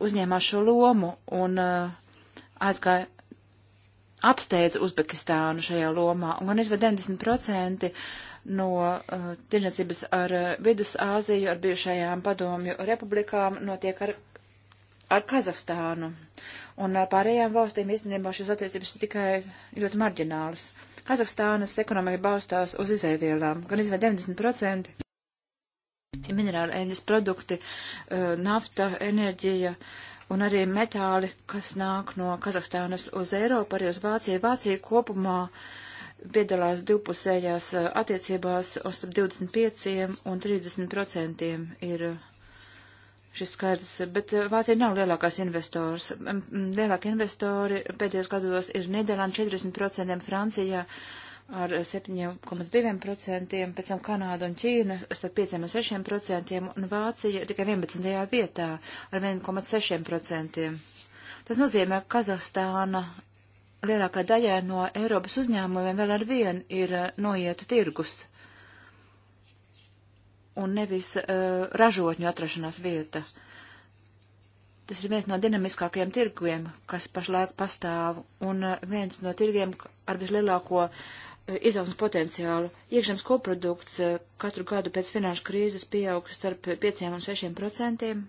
uzņēmās šo lomu un eh, aizgāja apsteidz Uzbekistānu šajā lomā, un gan izved 90% no uh, tirdzniecības ar uh, Vidusāziju, ar bijušajām padomju republikām notiek ar, ar Kazahstānu. Un ar uh, pārējām valstīm īstenībā šīs attiecības ir tikai ļoti marģinālas. Kazahstānas ekonomika balstās uz izēvielām, gan izved 90% minerāla enerģijas produkti, uh, nafta, enerģija, uh, un arī metāli, kas nāk no Kazahstānas uz Eiropu, arī uz Vāciju. Vācija kopumā piedalās divpusējās eh, attiecībās uz 25 un 30 procentiem ir eh, šis skaidrs, bet eh, Vācija nav lielākās investors. Lielākie investori pēdējos gados ir Nīderlanda 40%, Francijā ar 7,2%, pēc tam Kanāda un Ķīna starp 5 un 6%, un Vācija tikai 11. vietā ar 1,6%. Tas nozīmē, ka Kazahstāna lielākā daļa no Eiropas uzņēmumiem vēl ar vienu ir eh, noieta tirgus un nevis uh, ražotņu atrašanās vieta. Tas ir viens no dinamiskākajiem tirgiem, kas pašlaik pastāv, un eh, viens no tirgiem ar vislielāko uh, izaugsmas potenciālu. Iekšzemes koprodukts eh, katru gadu pēc finanšu krīzes pieaug starp 5 un 6 procentiem.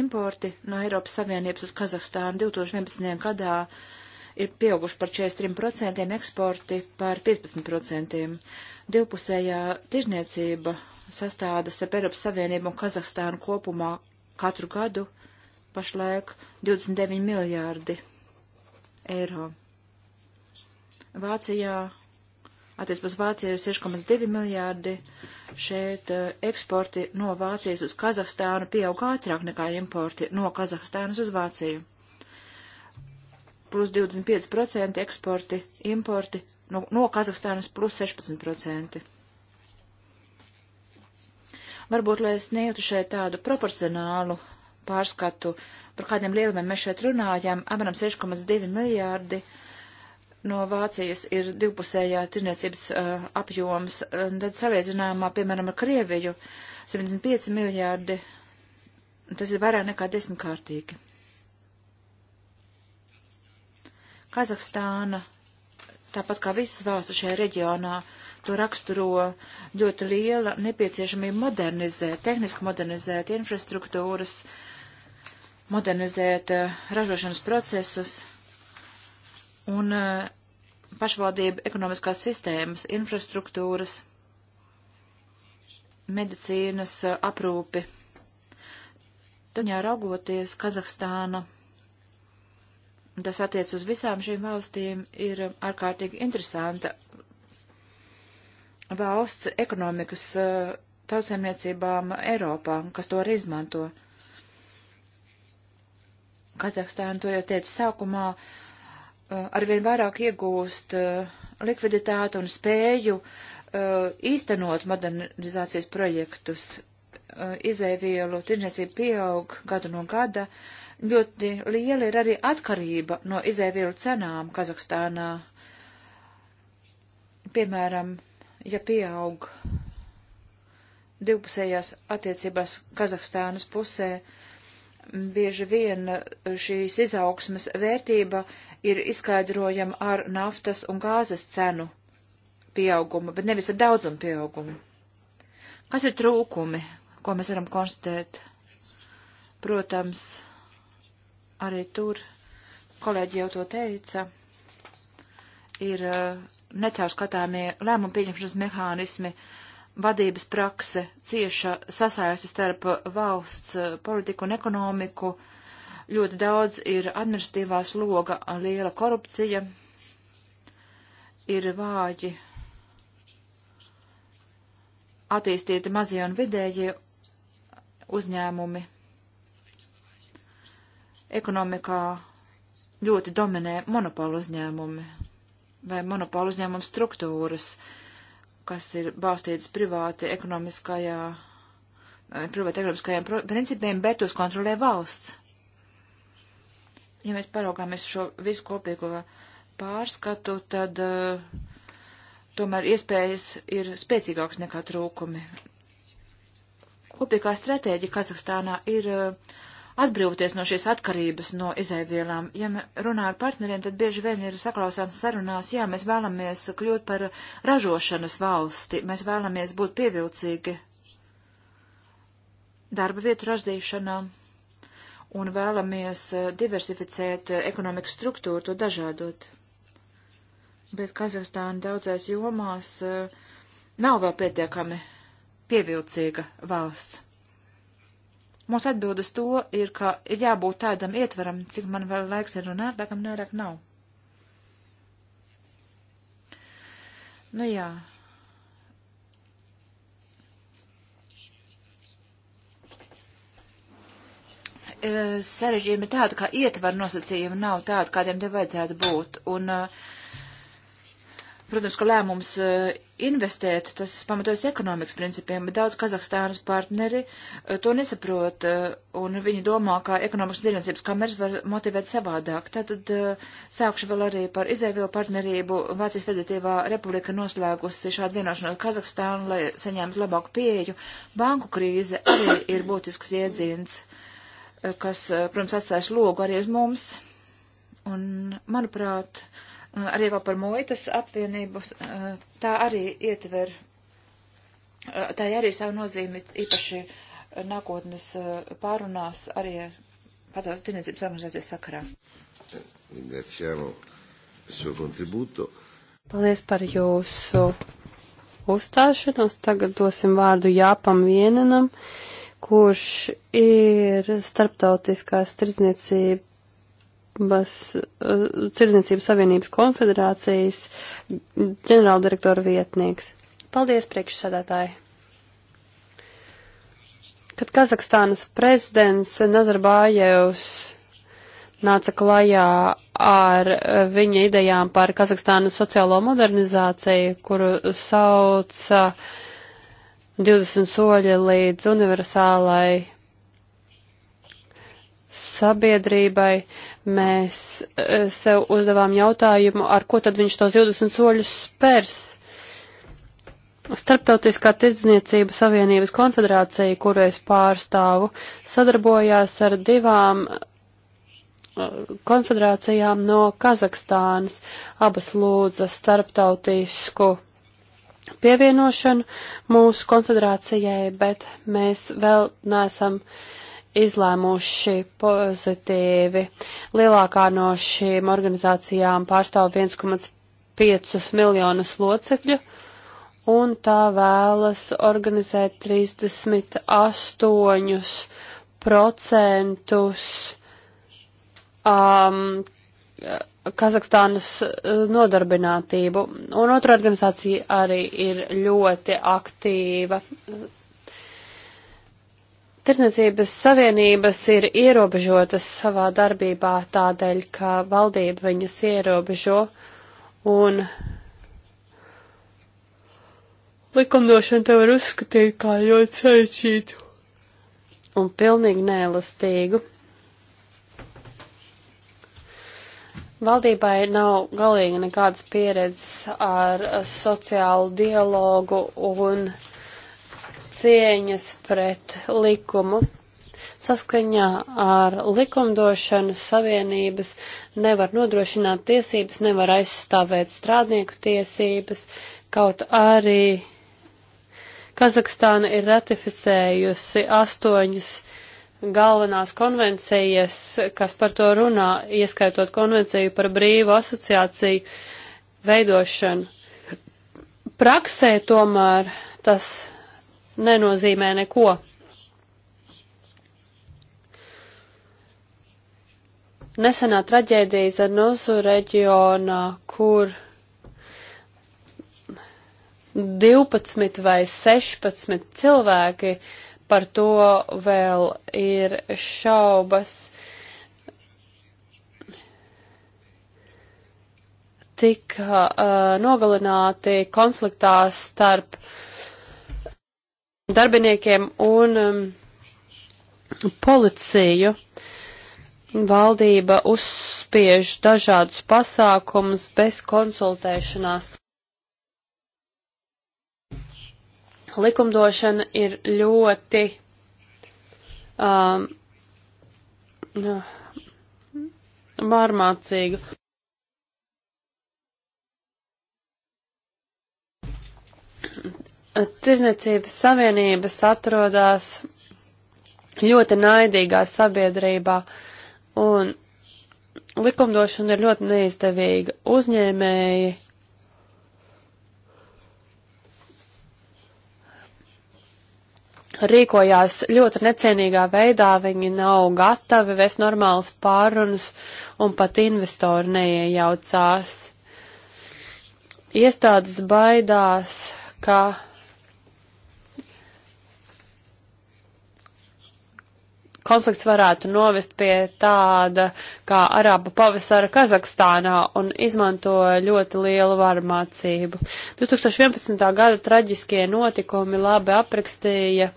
Importi no Eiropas Savienības uz Kazahstānu 2011. gadā ir pieauguši par 43%, eksporti par 15%. Divpusējā tirzniecība sastādas ar Eiropas Savienību un Kazahstānu kopumā katru gadu pašlaik 29 miljārdi eiro. Vācijā, attiecībā uz Vāciju ir 6,2 miljārdi, šeit eh, eksporti no Vācijas uz Kazahstānu pieauga ātrāk nekā importi no Kazahstānas uz Vāciju. Plus 25% eksporti, importi no, no Kazahstānas plus 16%. Varbūt, lai sniegtu šeit tādu proporcionālu pārskatu, par kādiem lielumiem mēs šeit runājam, apmēram 6,2 miljārdi uh, no Vācijas ir divpusējā tirniecības uh, apjoms, tad salīdzinājumā, piemēram, ar Krieviju 75 miljārdi, tas ir vairāk nekā desmitkārtīgi. Kazahstāna, tāpat kā visas valsts šajā reģionā, to raksturo ļoti liela nepieciešamība modernizēt, tehniski modernizēt infrastruktūras, modernizēt uh, ražošanas procesus un eh, pašvaldību ekonomiskās sistēmas, infrastruktūras, medicīnas eh, aprūpi. Taņā raugoties Kazahstāna, tas attiec uz visām šīm valstīm, ir ārkārtīgi interesanta valsts ekonomikas eh, tautsēmniecībām Eiropā, kas to arī izmanto. Kazahstāna to jau teica sākumā, uh, Eh, arvien vairāk iegūst eh, likviditāti un spēju eh, īstenot modernizācijas projektus. Izēvielu tirdzniecība pieaug gadu no gada. Ļoti liela ir arī atkarība no izēvielu cenām Kazahstānā. Piemēram, ja pieaug divpusējās attiecībās Kazahstānas pusē, bieži vien šīs izaugsmas vērtība uh, ir izskaidrojama ar naftas un gāzes cenu pieaugumu, bet nevis ar daudzumu pieaugumu. Kas ir trūkumi, ko mēs varam konstatēt? Protams, arī tur kolēģi jau to teica, ir uh, necārskatāmie lēmumu pieņemšanas mehānismi, vadības prakse, cieša sasaistes starp valsts uh, politiku un ekonomiku, uh, Ļoti daudz ir administratīvā sloga, liela korupcija, ir vāji attīstīti mazie un vidējie uzņēmumi. Ekonomikā ļoti dominē monopolu uzņēmumi vai monopolu uzņēmumu struktūras, kas ir balstītas privāti ekonomiskajā, privāti ekonomiskajiem principiem, bet tos kontrolē valsts ja mēs paraugāmies šo visu kopīgo pārskatu, tad uh, tomēr iespējas ir spēcīgākas nekā trūkumi. Kopīgā stratēģija Kazahstānā ir uh, atbrīvoties no šīs atkarības no izēvielām. Ja runā ar partneriem, tad bieži vien ir saklausāms sarunās, jā, mēs vēlamies kļūt par ražošanas valsti, mēs vēlamies būt pievilcīgi darba vietu raždīšanām un vēlamies eh, diversificēt eh, ekonomikas struktūru, to dažādot. Bet Kazahstāna daudzās jomās eh, nav vēl pietiekami pievilcīga valsts. Mūsu atbildes to ir, ka ir jābūt tādam ietveram, cik man vēl laiks ir runāt, tā kam nērāk nav. Nu jā, E, sarežģījumi tādi, ka ietvaru nosacījumi nav tādi, kādiem te vajadzētu būt. Un, e, protams, ka lēmums e, investēt, tas pamatojas ekonomikas principiem, bet daudz Kazahstānas partneri to nesaprot, un viņi domā, ka ekonomikas vienotības kameras var motivēt savādāk. Tātad sākšu vēl arī par izēvielu partnerību. Vācijas Federatīvā republika noslēgusi šādu vienošanos ar Kazahstānu, lai saņemtu labāku pieeju. Banku krīze arī ir būtisks iedzīns kas, eh, protams, atstājuši logu arī uz mums. Un, manuprāt, eh, arī vēl par muitas apvienības, eh, tā arī ietver, tā arī savu nozīmi īpaši nākotnes pārunās arī padomus tirniecības organizācijas sakarā. Paldies par jūsu uzstāšanos. Tagad dosim vārdu Jāpam Vienenam. Uh, kurš ir starptautiskās tirdzniecības, eh, tirdzniecības savienības konfederācijas ģenerāldirektora vietnieks. Paldies, priekšsēdētāji! Kad Kazahstānas prezidents Nazarbājevs nāca klajā ar viņa idejām par Kazahstānas sociālo modernizāciju, kuru sauca uh, 20 soļi līdz universālai sabiedrībai, mēs eh, sev uzdevām jautājumu, ar ko tad viņš tos 20 soļus spērs. Starptautiskā tirdzniecība Savienības konfederācija, kuru es pārstāvu, sadarbojās ar divām eh, konfederācijām no Kazahstānas. Abas lūdza starptautisku pievienošanu mūsu konfederācijai, bet mēs vēl neesam izlēmuši pozitīvi. Lielākā no šīm organizācijām pārstāv 1,5 miljonus locekļu, un tā vēlas organizēt 38% um, Kazahstānas eh, nodarbinātību. Un otra organizācija arī ir ļoti aktīva. Tirzniecības savienības ir ierobežotas savā darbībā tādēļ, ka valdība viņas ierobežo un likumdošana te var uzskatīt kā ļoti sarežģītu un pilnīgi neelastīgu. Valdībai nav galīgi nekādas pieredzes ar sociālu dialogu un cieņas pret likumu. Saskaņā ar likumdošanu savienības nevar nodrošināt tiesības, nevar aizstāvēt strādnieku tiesības, kaut arī Kazahstāna ir ratificējusi astoņas galvenās konvencijas, kas par to runā, ieskaitot konvenciju par brīvu asociāciju veidošanu. Praksē tomēr tas nenozīmē neko. Nesenā traģēdija Zarnuzu reģionā, kur 12 vai 16 cilvēki uh, par to vēl ir šaubas. Tika uh, nogalināti konfliktā starp darbiniekiem un um, policiju. Valdība uzspiež dažādus pasākumus bez konsultēšanās. likumdošana ir ļoti um, nu, mārmācīga. Tirzniecības savienības atrodas ļoti naidīgā sabiedrībā, un likumdošana ir ļoti neizdevīga. Uzņēmēji rīkojās ļoti necienīgā veidā, viņi nav gatavi vest normālas pārunas un pat investori neiejaucās. Iestādes baidās, ka konflikts varētu novest pie tāda kā Arābu pavasara Kazahstānā un izmantoja ļoti lielu varmācību. 2011. gada traģiskie notikumi labi aprakstīja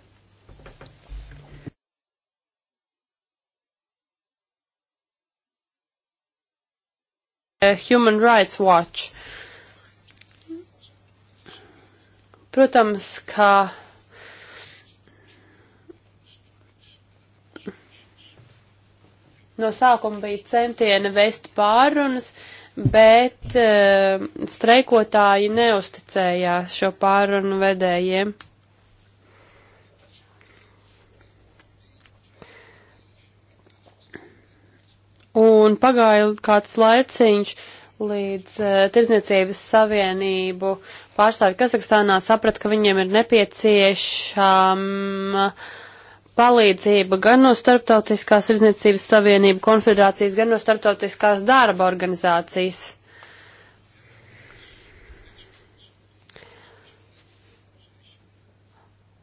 Eh, Human Rights Watch. Protams, ka no sākuma bija centieni vest pārunas, bet uh, streikotāji neusticējās šo pārunu vedējiem. Un pagāja kāds laiciņš, līdz uh, Tirzniecības savienību pārstāvi Kazahstānā saprata, ka viņiem ir nepieciešama eh, palīdzība gan no Starptautiskās Tirzniecības savienību konfederācijas, gan no Starptautiskās darba organizācijas.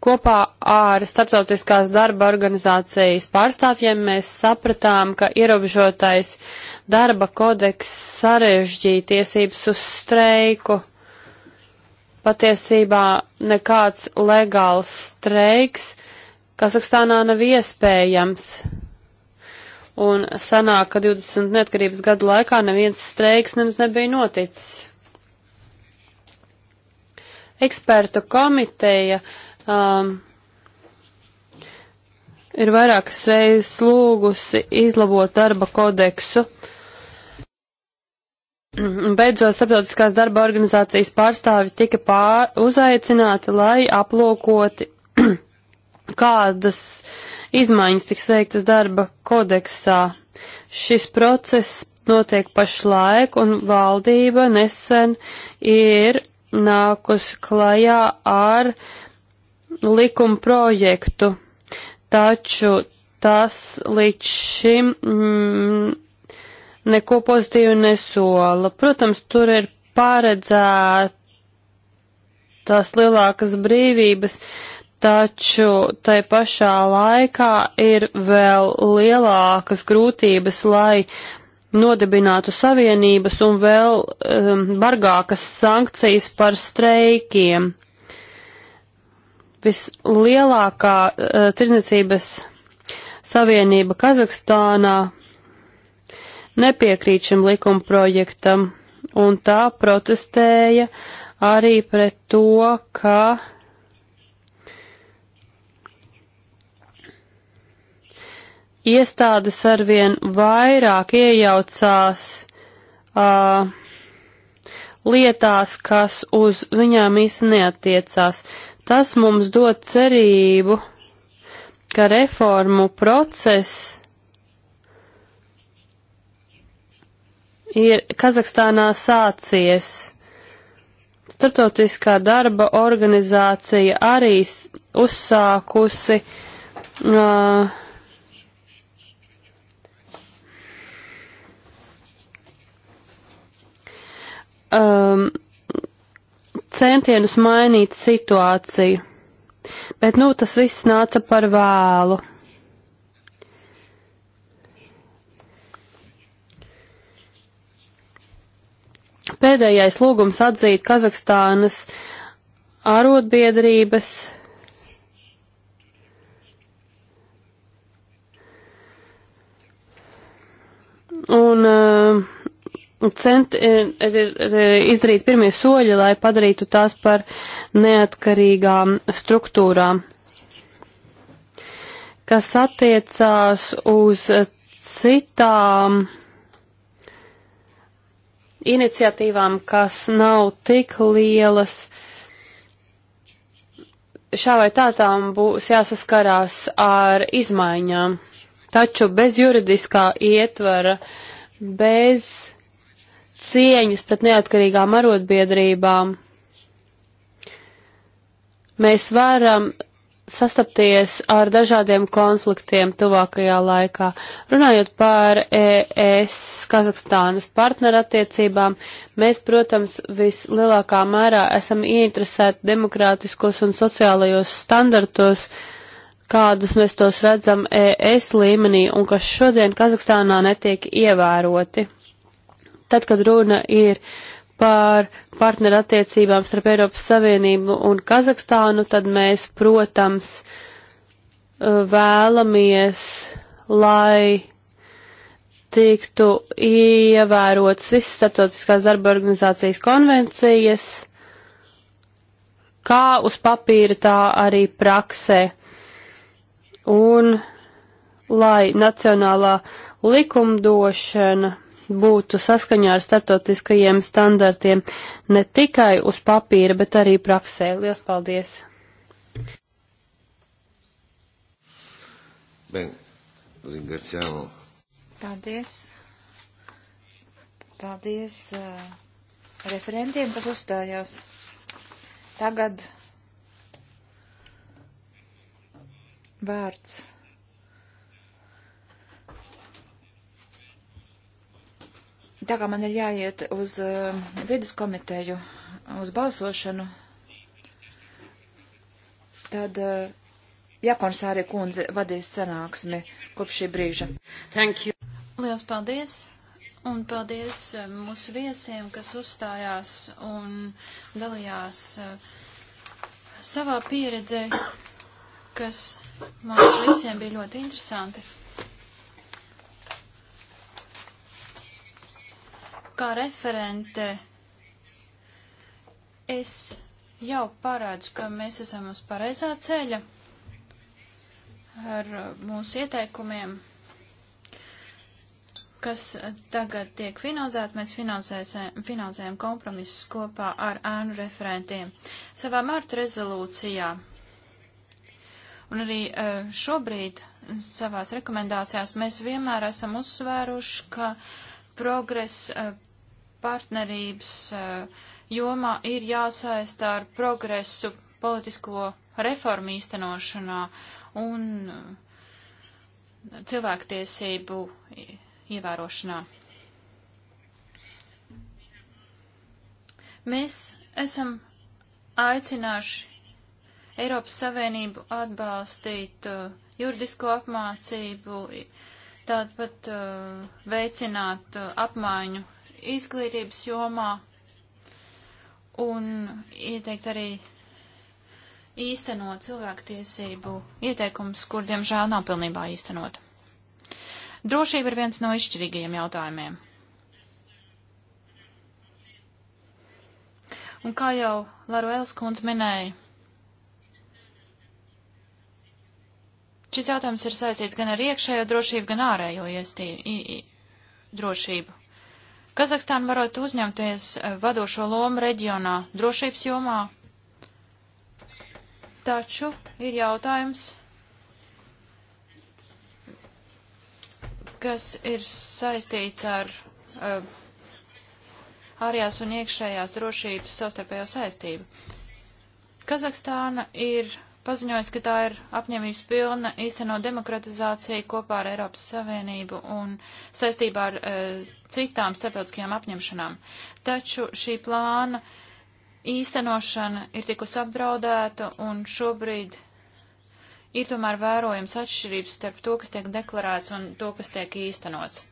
Kopā ar Starptautiskās darba organizācijas pārstāvjiem mēs sapratām, ka ierobežotais darba kodeks sarežģīja tiesības uz streiku. Patiesībā nekāds legāls streiks Kazahstānā nav iespējams. Un sanāk, ka 20 neatkarības gadu laikā neviens streiks nemaz nebija noticis. Ekspertu komiteja uh, um, ir vairākas reizes lūgusi izlabot darba kodeksu. Beidzot, starptautiskās darba organizācijas pārstāvi tika pār, uzaicināti, lai aplūkoti, kādas izmaiņas tiks veiktas darba kodeksā. Šis process notiek pašlaik, un valdība nesen ir nākus klajā ar uh, likuma projektu, taču tas līdz šim mm, neko pozitīvu nesola. Protams, tur ir paredzētas lielākas brīvības, taču tai pašā laikā ir vēl lielākas grūtības, lai nodibinātu savienības un vēl um, bargākas sankcijas par streikiem vislielākā uh, eh, tirzniecības savienība Kazahstānā nepiekrīt šim likumprojektam, un tā protestēja arī pret to, ka iestādes arvien vairāk iejaucās uh, lietās, kas uz viņām īsti neatiecās. Tas mums dod cerību, ka reformu process ir Kazahstānā sācies. Startautiskā darba organizācija arī uzsākusi uh, um, centienus mainīt situāciju. Bet, nu, tas viss nāca par vēlu. Pēdējais lūgums atzīt Kazahstānas arotbiedrības un uh, cent, ir, e, ir, ir izdarīt pirmie soļi, lai padarītu tās par neatkarīgām struktūrām. Kas attiecās uz citām iniciatīvām, kas nav tik lielas, šā vai tā tām būs jāsaskarās ar izmaiņām. Taču bez juridiskā ietvara, bez cieņas pret neatkarīgām arotbiedrībām, mēs varam sastapties ar dažādiem konfliktiem tuvākajā laikā. Runājot par ES Kazahstānas partnerattiecībām, mēs, protams, vislielākā mērā esam ieinteresēti demokrātiskos un sociālajos standartos, kādus mēs tos redzam ES līmenī un kas šodien Kazahstānā netiek ievēroti tad, kad runa ir par partnerattiecībām starp Eiropas Savienību un Kazahstānu, tad mēs, protams, uh, vēlamies, lai tiktu ievērotas visas starptautiskās darba organizācijas konvencijas, kā uz papīra, tā arī praksē. Un lai nacionālā likumdošana būtu saskaņā ar starptautiskajiem standartiem ne tikai uz papīra, bet arī praksē. Lielas paldies! Ben, ringraziamo. Paldies. Paldies uh, referentiem, kas uzstājās. Tagad vārds Tā kā man ir jāiet uz uh, vidas komiteju, uz balsošanu, tad uh, eh, Jakonsāri kundze vadīs sanāksmi kopš šī brīža. Thank you. Liels paldies! Un paldies eh, mūsu viesiem, kas uzstājās un dalījās savā pieredzē, kas mums visiem bija ļoti interesanti. Kā referente es jau parādu, ka mēs esam uz pareizā ceļa ar uh, mūsu ieteikumiem, kas tagad tiek finansēti. Mēs finansējam kompromisus kopā ar ēnu referentiem savā marta rezolūcijā. Un arī uh, šobrīd savās rekomendācijās mēs vienmēr esam uzsvēruši, ka progress uh, partnerības eh, jomā ir jāsaistā ar progresu politisko reformu īstenošanā un eh, cilvēktiesību ievērošanā. Mēs esam aicinājuši Eiropas Savienību atbalstīt uh, juridisko apmācību, tāpat uh, veicināt uh, apmaiņu izglītības jomā un ieteikt arī īstenot cilvēktiesību ieteikums, kur diemžēl nav pilnībā īstenot. Drošība ir viens no izšķirīgajiem jautājumiem. Un kā jau Laruēlas kundze minēja, šis jautājums ir saistīts gan ar iekšējo drošību, gan ārējo iestī, i, i, drošību. Kazahstāna varētu uzņemties eh, vadošo lomu reģionā drošības jomā, taču ir jautājums, kas ir saistīts ar uh, ārējās un iekšējās drošības savstarpējo saistību. Kazahstāna ir paziņojis, ka tā ir apņemības pilna īstenot demokratizāciju kopā ar Eiropas Savienību un saistībā ar e, citām starptautiskajām apņemšanām. Taču šī plāna īstenošana ir tikus apdraudēta un šobrīd ir tomēr vērojams atšķirības starp to, kas tiek deklarēts un to, kas tiek īstenots.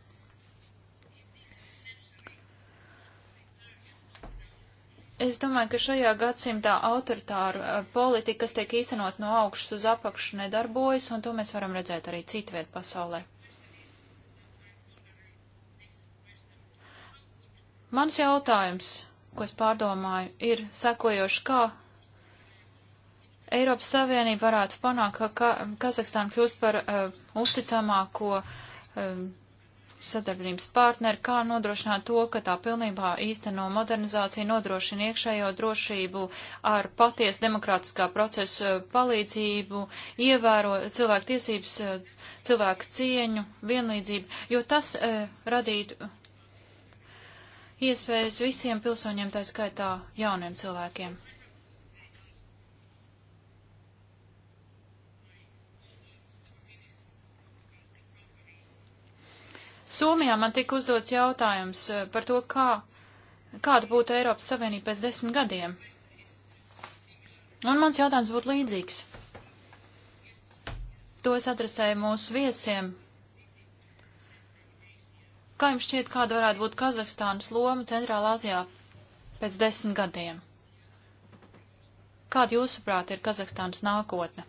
Es domāju, ka šajā gadsimtā autoritāra eh, politika, kas tiek īstenot no augšas uz apakšu, nedarbojas, un to mēs varam redzēt arī citviet pasaulē. Mans jautājums, ko es pārdomāju, ir sekojoši, kā Eiropas Savienība varētu panākt, ka Kazahstāna kļūst par uh, uzticamāko uh, sadarbības partneri, kā nodrošināt to, ka tā pilnībā īsteno modernizāciju nodrošina iekšējo drošību ar paties demokrātiskā procesa eh, palīdzību, ievēro cilvēku tiesības, eh, cilvēku cieņu, vienlīdzību, jo tas eh, radītu iespējas visiem pilsoņiem, tā skaitā jauniem cilvēkiem. Somijā man tika uzdots jautājums eh, par to, kā, kāda būtu Eiropas Savienība pēc desmit gadiem. Un mans jautājums būtu līdzīgs. To es adresēju mūsu viesiem. Kā jums šķiet, kāda varētu būt Kazahstānas loma Centrālā Azijā pēc desmit gadiem? Kāda jūsuprāt ir Kazahstānas nākotne?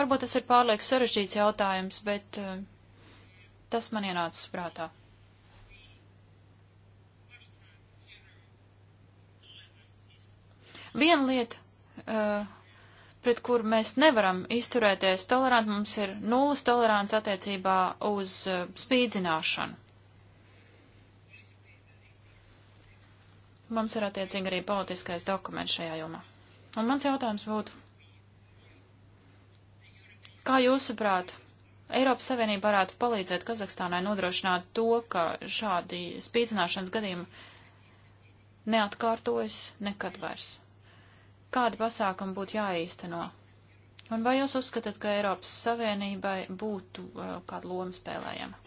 Varbūt tas ir pārlieku sarežģīts jautājums, bet uh, Tas man ienācis prātā. Viena lieta, uh, pret kuru mēs nevaram izturēties toleranti, mums ir nulles tolerants attiecībā uz uh, spīdzināšanu. Mums ir attiecīgi arī politiskais dokuments šajā jomā. Un mans jautājums būtu, kā jūsuprāt, Eiropas Savienība varētu palīdzēt Kazahstānai nodrošināt to, ka šādi spīdzināšanas gadījumi neatkārtojas nekad vairs. Kādi pasākumi būtu jāīsteno? Un vai jūs uzskatāt, ka Eiropas Savienībai būtu uh, kāda loma spēlējama?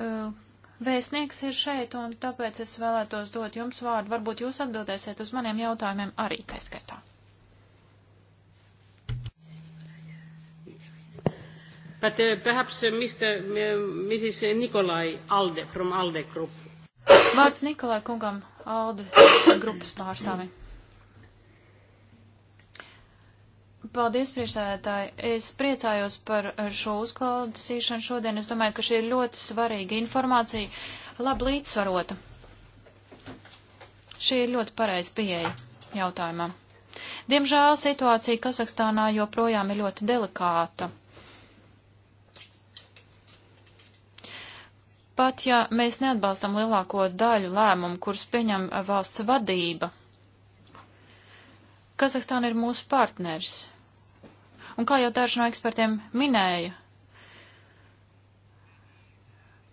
uh, vēstnieks ir šeit, un tāpēc es vēlētos dot jums vārdu. Varbūt jūs atbildēsiet uz maniem jautājumiem arī taiskaitā. But uh, perhaps uh, Mr. M Mrs. Nikolai Alde from Alde Group. Vārds Nikolai kungam Alde grupas pārstāvim. Paldies, priekšsēdētāji. Es priecājos par šo uzklausīšanu šodien. Es domāju, ka šī ir ļoti svarīga informācija, labi līdzsvarota. Šī ir ļoti pareiza pieeja jautājumam. Diemžēl situācija Kazahstānā joprojām ir ļoti delikāta. Pat ja mēs neatbalstam lielāko daļu lēmumu, kurus pieņem valsts vadība, Kazahstāna ir mūsu partners. Un kā jau daži no ekspertiem minēja,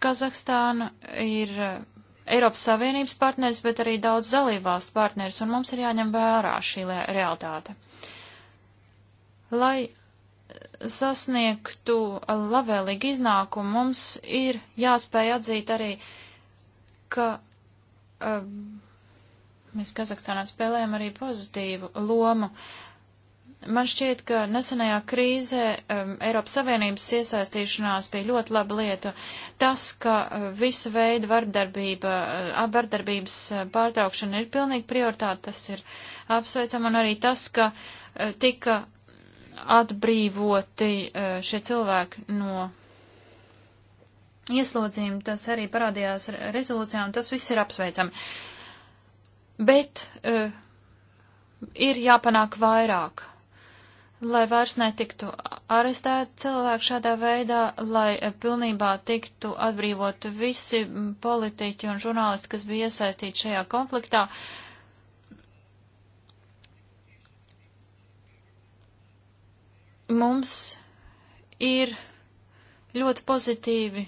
Kazahstāna ir eh, Eiropas Savienības partneris, bet arī daudz dalībvalstu partneris, un mums ir jāņem vērā šī realitāte. Lai eh, sasniegtu eh, labvēlīgu iznākumu, mums ir jāspēj atzīt arī, ka uh, mēs Kazahstānā spēlējam arī pozitīvu lomu. Uh, Man šķiet, ka nesenajā krīzē um, Eiropas Savienības iesaistīšanās bija ļoti laba lieta. Tas, ka uh, visu veidu vardarbība, uh, vardarbības uh, pārtraukšana ir pilnīgi prioritāte, tas ir apsveicam, un arī tas, ka uh, tika atbrīvoti uh, šie cilvēki no ieslodzījuma, tas arī parādījās rezolūcijā, un tas viss ir apsveicam. Bet uh, ir jāpanāk vairāk lai vairs netiktu arestēti cilvēki šādā veidā, lai eh, pilnībā tiktu atbrīvot visi politiķi un žurnālisti, kas bija iesaistīti šajā konfliktā. Mums ir ļoti pozitīvi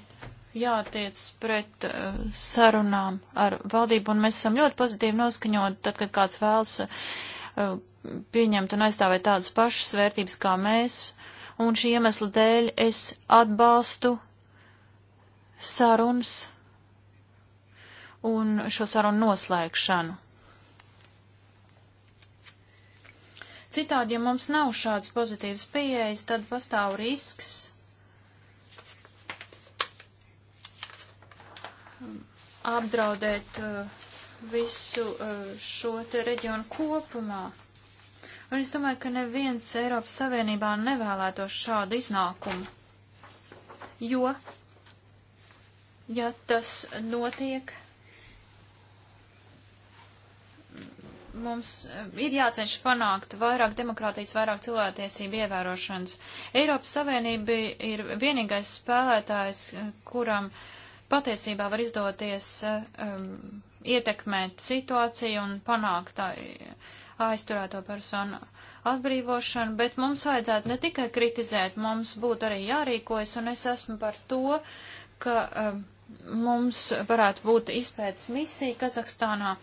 jātiec pret uh, sarunām ar valdību, un mēs esam ļoti pozitīvi noskaņot, tad, kad kāds vēlas uh, pieņemt un aizstāvēt tādas pašas vērtības kā mēs, un šī iemesla dēļ es atbalstu sarunas un šo sarunu noslēgšanu. Citādi, ja mums nav šāds pozitīvs pieejas, tad pastāv risks um, apdraudēt uh, visu uh, šo te reģionu kopumā. Un es domāju, ka neviens Eiropas Savienībā nevēlētos šādu iznākumu. Jo, ja tas notiek, mums ir jāceņš panākt vairāk demokrātijas, vairāk cilvēktiesību ievērošanas. Eiropas Savienība ir vienīgais spēlētājs, kuram patiesībā var izdoties um, ietekmēt situāciju un panākt tā, uh, aizturēto personu atbrīvošanu, bet mums vajadzētu ne tikai kritizēt, mums būtu arī jārīkojas, un es esmu par to, ka um, mums varētu būt izpētes misija Kazahstānā.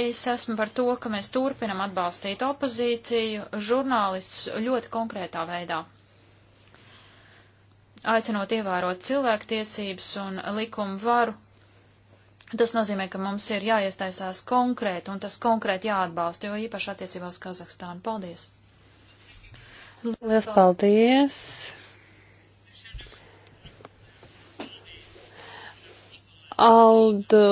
Es esmu par to, ka mēs turpinam atbalstīt opozīciju, žurnālistus ļoti konkrētā veidā. Aicinot ievērot cilvēktiesības un likumu varu Tas nozīmē, ka mums ir jāiestaisās konkrēti un tas konkrēti jāatbalsta, jo īpaši attiecībā uz Kazahstānu. Paldies! Lielas paldies! Aldu,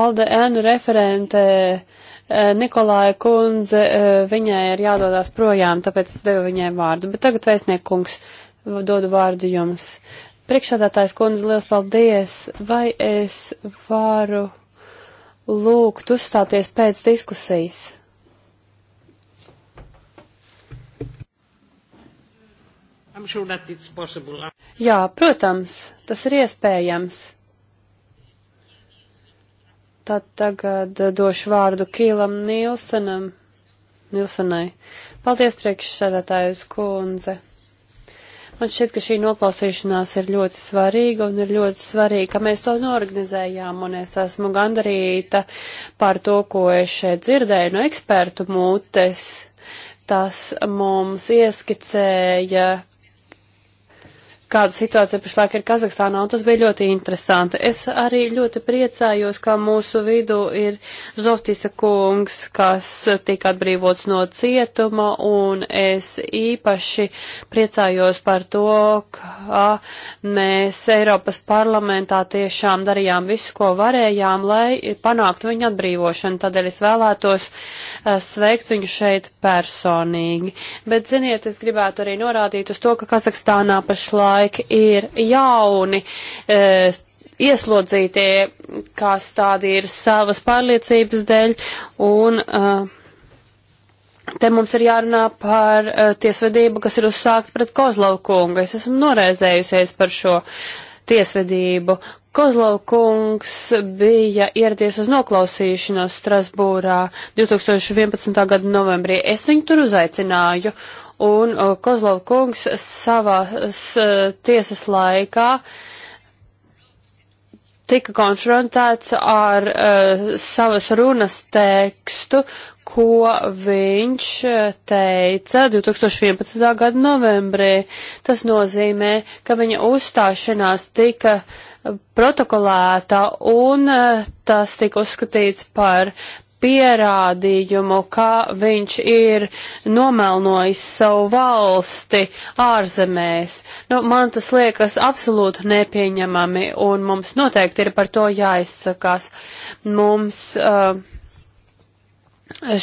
Alde N referente eh, Nikolāja kundze, eh, viņai ir jādodas projām, tāpēc es devu viņai vārdu. Bet tagad vēstniekungs dodu vārdu jums. Priekšādātājs kundze, liels paldies! Vai es varu lūgt uzstāties pēc diskusijas? Sure Jā, protams, tas ir iespējams. Tad tagad došu vārdu Kīlam Nilsenam. Nilsenai. Paldies, priekšsēdētājas kundze. Man šķiet, ka šī noklausīšanās ir ļoti svarīga un ir ļoti svarīga, ka mēs to norganizējām, un es esmu gandarīta par to, ko es šeit dzirdēju no ekspertu mutes. Tas mums ieskicēja kāda situācija pašlaik ir Kazahstānā, un tas bija ļoti interesanti. Es arī ļoti priecājos, ka mūsu vidū ir Zoftisa kungs, kas tika atbrīvots no cietuma, un es īpaši priecājos par to, ka mēs Eiropas parlamentā tiešām darījām visu, ko varējām, lai panāktu viņa atbrīvošanu. Tādēļ es vēlētos eh, sveikt viņu šeit personīgi. Bet, ziniet, es gribētu arī norādīt uz to, ka Kazahstānā pašlaik pašlaik ir jauni e, ieslodzītie, kas tādi ir savas pārliecības dēļ, un e, te mums ir jārunā par e, tiesvedību, kas ir uzsākt pret Kozlovu kungu. Es esmu noraizējusies par šo tiesvedību. Kozlov kungs bija ieradies uz noklausīšanos Strasbūrā 2011. gada novembrī. Es viņu tur uzaicināju, un Kozlov kungs savā tiesas laikā tika konfrontēts ar uh, savas runas tekstu, ko viņš e, teica 2011. gada novembrī. Tas nozīmē, ka viņa uzstāšanās tika protokolēta un uh, tas tika uzskatīts par pierādījumu, ka viņš ir nomelnojis savu valsti ārzemēs. Nu, man tas liekas absolūti nepieņemami, un mums noteikti ir par to jāizsakās. Mums uh,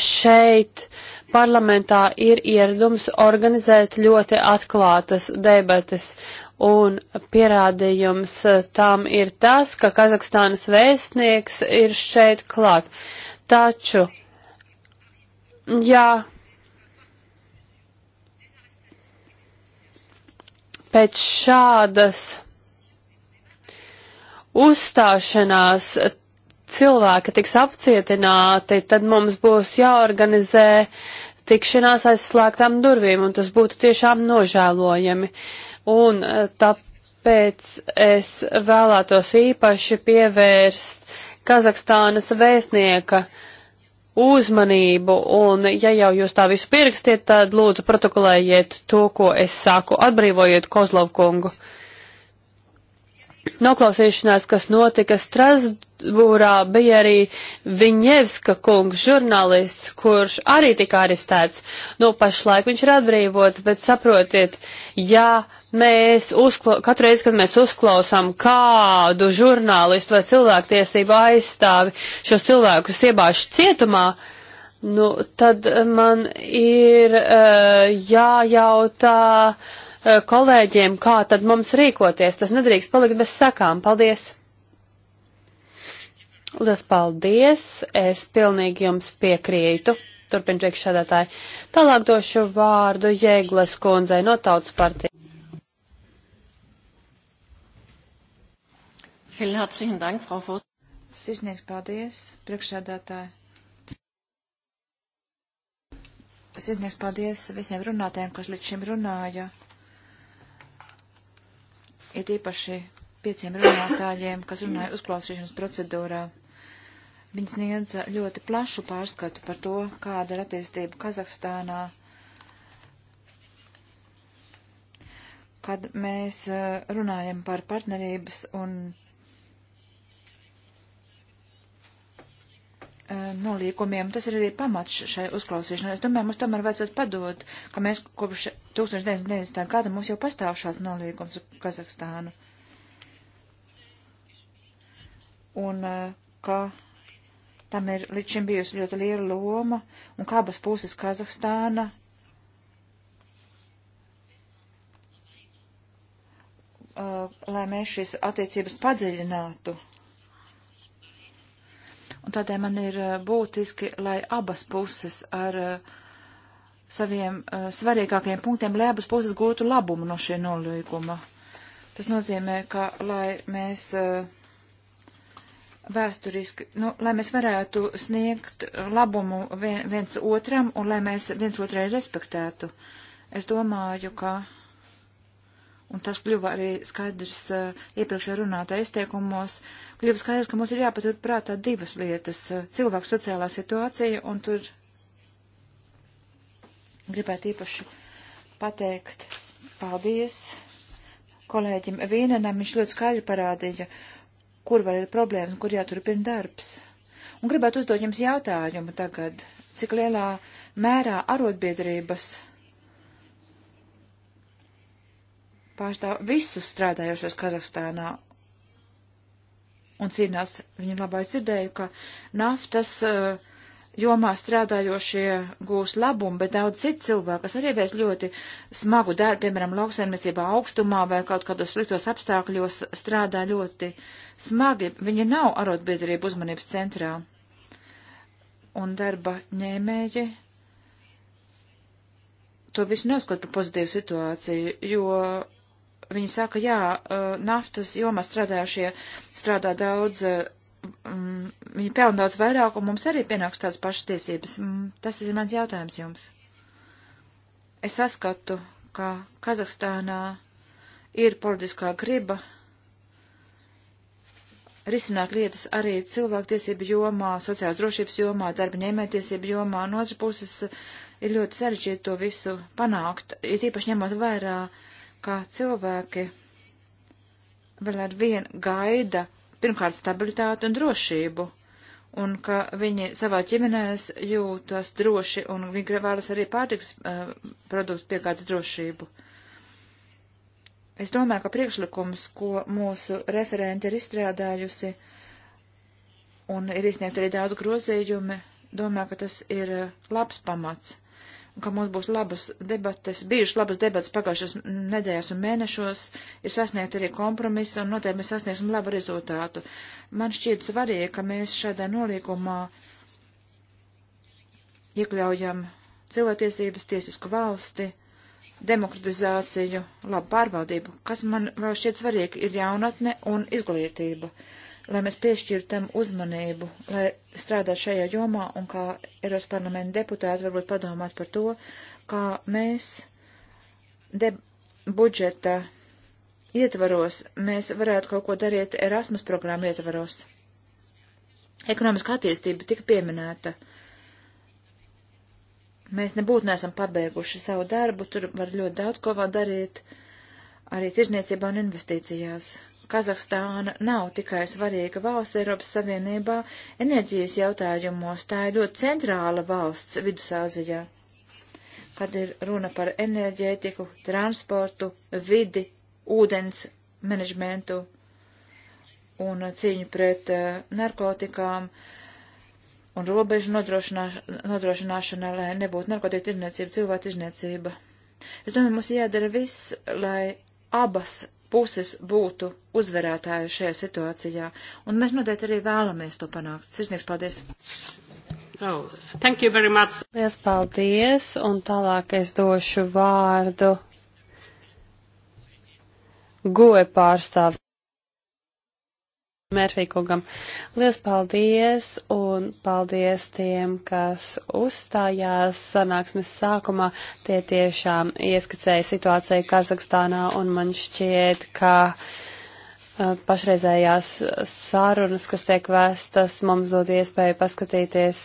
šeit parlamentā ir ieradums organizēt ļoti atklātas debates, Un pierādījums uh, tam ir tas, ka Kazahstānas vēstnieks ir šeit klāt. Taču, ja pēc šādas uzstāšanās cilvēki tiks apcietināti, tad mums būs jāorganizē tikšanās aizslēgtām durvīm, un tas būtu tiešām nožēlojami. Un eh, tāpēc es vēlētos īpaši pievērst Kazahstānas vēstnieka uzmanību, un ja jau jūs tā visu pierakstiet, tad lūdzu protokolējiet to, ko es saku, atbrīvojiet Kozlov kungu. Noklausīšanās, kas notika Strasbūrā, bija arī Viņevska kungs, žurnālists, kurš arī tika arestēts. Nu, pašlaik viņš ir atbrīvots, bet saprotiet, jā. Ja Mēs uzkla... katru reizi, kad mēs uzklausām kādu žurnālistu vai cilvēktiesību aizstāvi šos cilvēkus iebāžu cietumā, nu, tad man ir uh, jājautā uh, kolēģiem, kā tad mums rīkoties. Tas nedrīkst palikt bez sakām. Paldies! Lielas paldies! Es pilnīgi jums piekrītu. Turpin priekšsēdētāji. Tālāk došu vārdu Jēglas kundzei no Tautas partijas. Sirsnieks paldies, priekšsēdētāji. Sirsnieks paldies visiem runātēm, kas līdz šim runāja. Ir īpaši pieciem runātājiem, kas runāja uzklausīšanas procedūrā. Viņi sniedza ļoti plašu pārskatu par to, kāda ir attīstība Kazahstānā, kad mēs eh, runājam par partnerības un Eh, nolīkumiem. Tas ir arī pamats šai uzklausīšanai. Es domāju, mums tomēr vajadzētu padot, ka mēs kopš 1990. gada mums jau pastāv šāds nolīgums ar Kazahstānu. Un eh, ka tam ir līdz šim bijusi ļoti liela loma, un kā abas puses Kazahstāna eh, lai mēs šīs attiecības padziļinātu Un tādēļ man ir eh, būtiski, lai abas puses ar eh, saviem eh, svarīgākajiem punktiem, lai abas puses gūtu labumu no šī nolīguma. Tas nozīmē, ka lai mēs vēsturiski, nu, lai mēs varētu sniegt labumu viens otram un lai mēs viens otrai respektētu. Es domāju, ka, un tas kļuva arī skaidrs iepriekšējā runātā izteikumos, uh, kļuva skaidrs, ka mums ir jāpatur prātā divas lietas eh, - cilvēku sociālā situācija, un tur gribētu īpaši pateikt paldies kolēģim Vīnenam, viņš ļoti skaļi parādīja, kur vēl ir problēmas un kur jāturpina darbs. Un gribētu uzdot jums jautājumu tagad, cik lielā mērā arotbiedrības pārstāv visus strādājošos Kazahstānā un cīnās viņu labā. Es dzirdēju, ka naftas uh, jomā strādājošie gūs labumu, bet daudz citu cilvēku, kas arī veic ļoti smagu darbu, piemēram, lauksaimniecībā augstumā vai kaut kādos sliktos apstākļos strādā ļoti smagi, viņi nav arotbiedrību uzmanības centrā. Un darba ņēmēji to visu neuzskata par pozitīvu situāciju, jo Viņi saka, jā, uh, naftas jomā strādājušie strādā daudz, uh, mm, viņi pelna daudz vairāk, un mums arī pienāks tādas pašas tiesības. Mm, tas ir mans jautājums jums. Es saskatu, ka Kazahstānā ir politiskā griba risināt lietas arī cilvēktiesību jomā, sociālās drošības jomā, darba ņēmētiesību jomā. No otras puses ir ļoti sarežģīti to visu panākt, ir īpaši ņemot vairāk ka cilvēki vēl ar vien gaida pirmkārt stabilitāti un drošību, un ka viņi savā ģimenēs jūtas droši, un viņi vēlas arī pārtiks uh, produktu piegādes drošību. Es domāju, ka priekšlikums, ko mūsu referenti ir izstrādājusi, un ir izsniegt arī daudz grozījumi, domāju, ka tas ir labs pamats ka mums būs labas debates, bijušas labas debates pagājušos nedēļas un mēnešos, ir sasniegt arī kompromisu un noteikti mēs sasniegsim labu rezultātu. Man šķiet svarīgi, ka mēs šādā nolīgumā iekļaujam cilvēktiesības, tiesisku valsti, demokratizāciju, labu pārvaldību, kas man vēl šķiet svarīgi, ir jaunatne un izglītība. Uh, lai mēs piešķirtu tam uzmanību, lai strādātu šajā jomā un kā Eiropas parlamenta deputāti varbūt padomāt par to, kā mēs budžeta ietvaros, mēs varētu kaut ko darīt Erasmus programmu ietvaros. Ekonomiskā attīstība tika pieminēta. Mēs nebūtu nesam pabeiguši savu darbu, tur var ļoti daudz ko vēl darīt, arī tirzniecībā un investīcijās, Kazahstāna nav tikai svarīga valsts Eiropas Savienībā enerģijas jautājumos, tā ir ļoti centrāla valsts Vidusāzijā, kad ir runa par enerģētiku, transportu, vidi, ūdens menedžmentu un cīņu pret uh, narkotikām un robežu nodrošināšanā, lai nebūtu narkotika tirniecība, cilvēku tirniecība. Es domāju, mums jādara viss, lai abas puses būtu uzvarētāji šajā situācijā, un mēs noteikti arī vēlamies to panākt. Sirsnieks, paldies! Oh, thank you very much. Liels paldies, un tālāk es došu vārdu goe pārstāvi. Mērfīkungam. Lielas paldies un paldies tiem, kas uzstājās sanāksmes sākumā. Tie tiešām ieskicēja situāciju Kazahstānā un man šķiet, ka. Uh, Eh, pašreizējās sārunas, kas tiek vēstas, mums dod iespēju paskatīties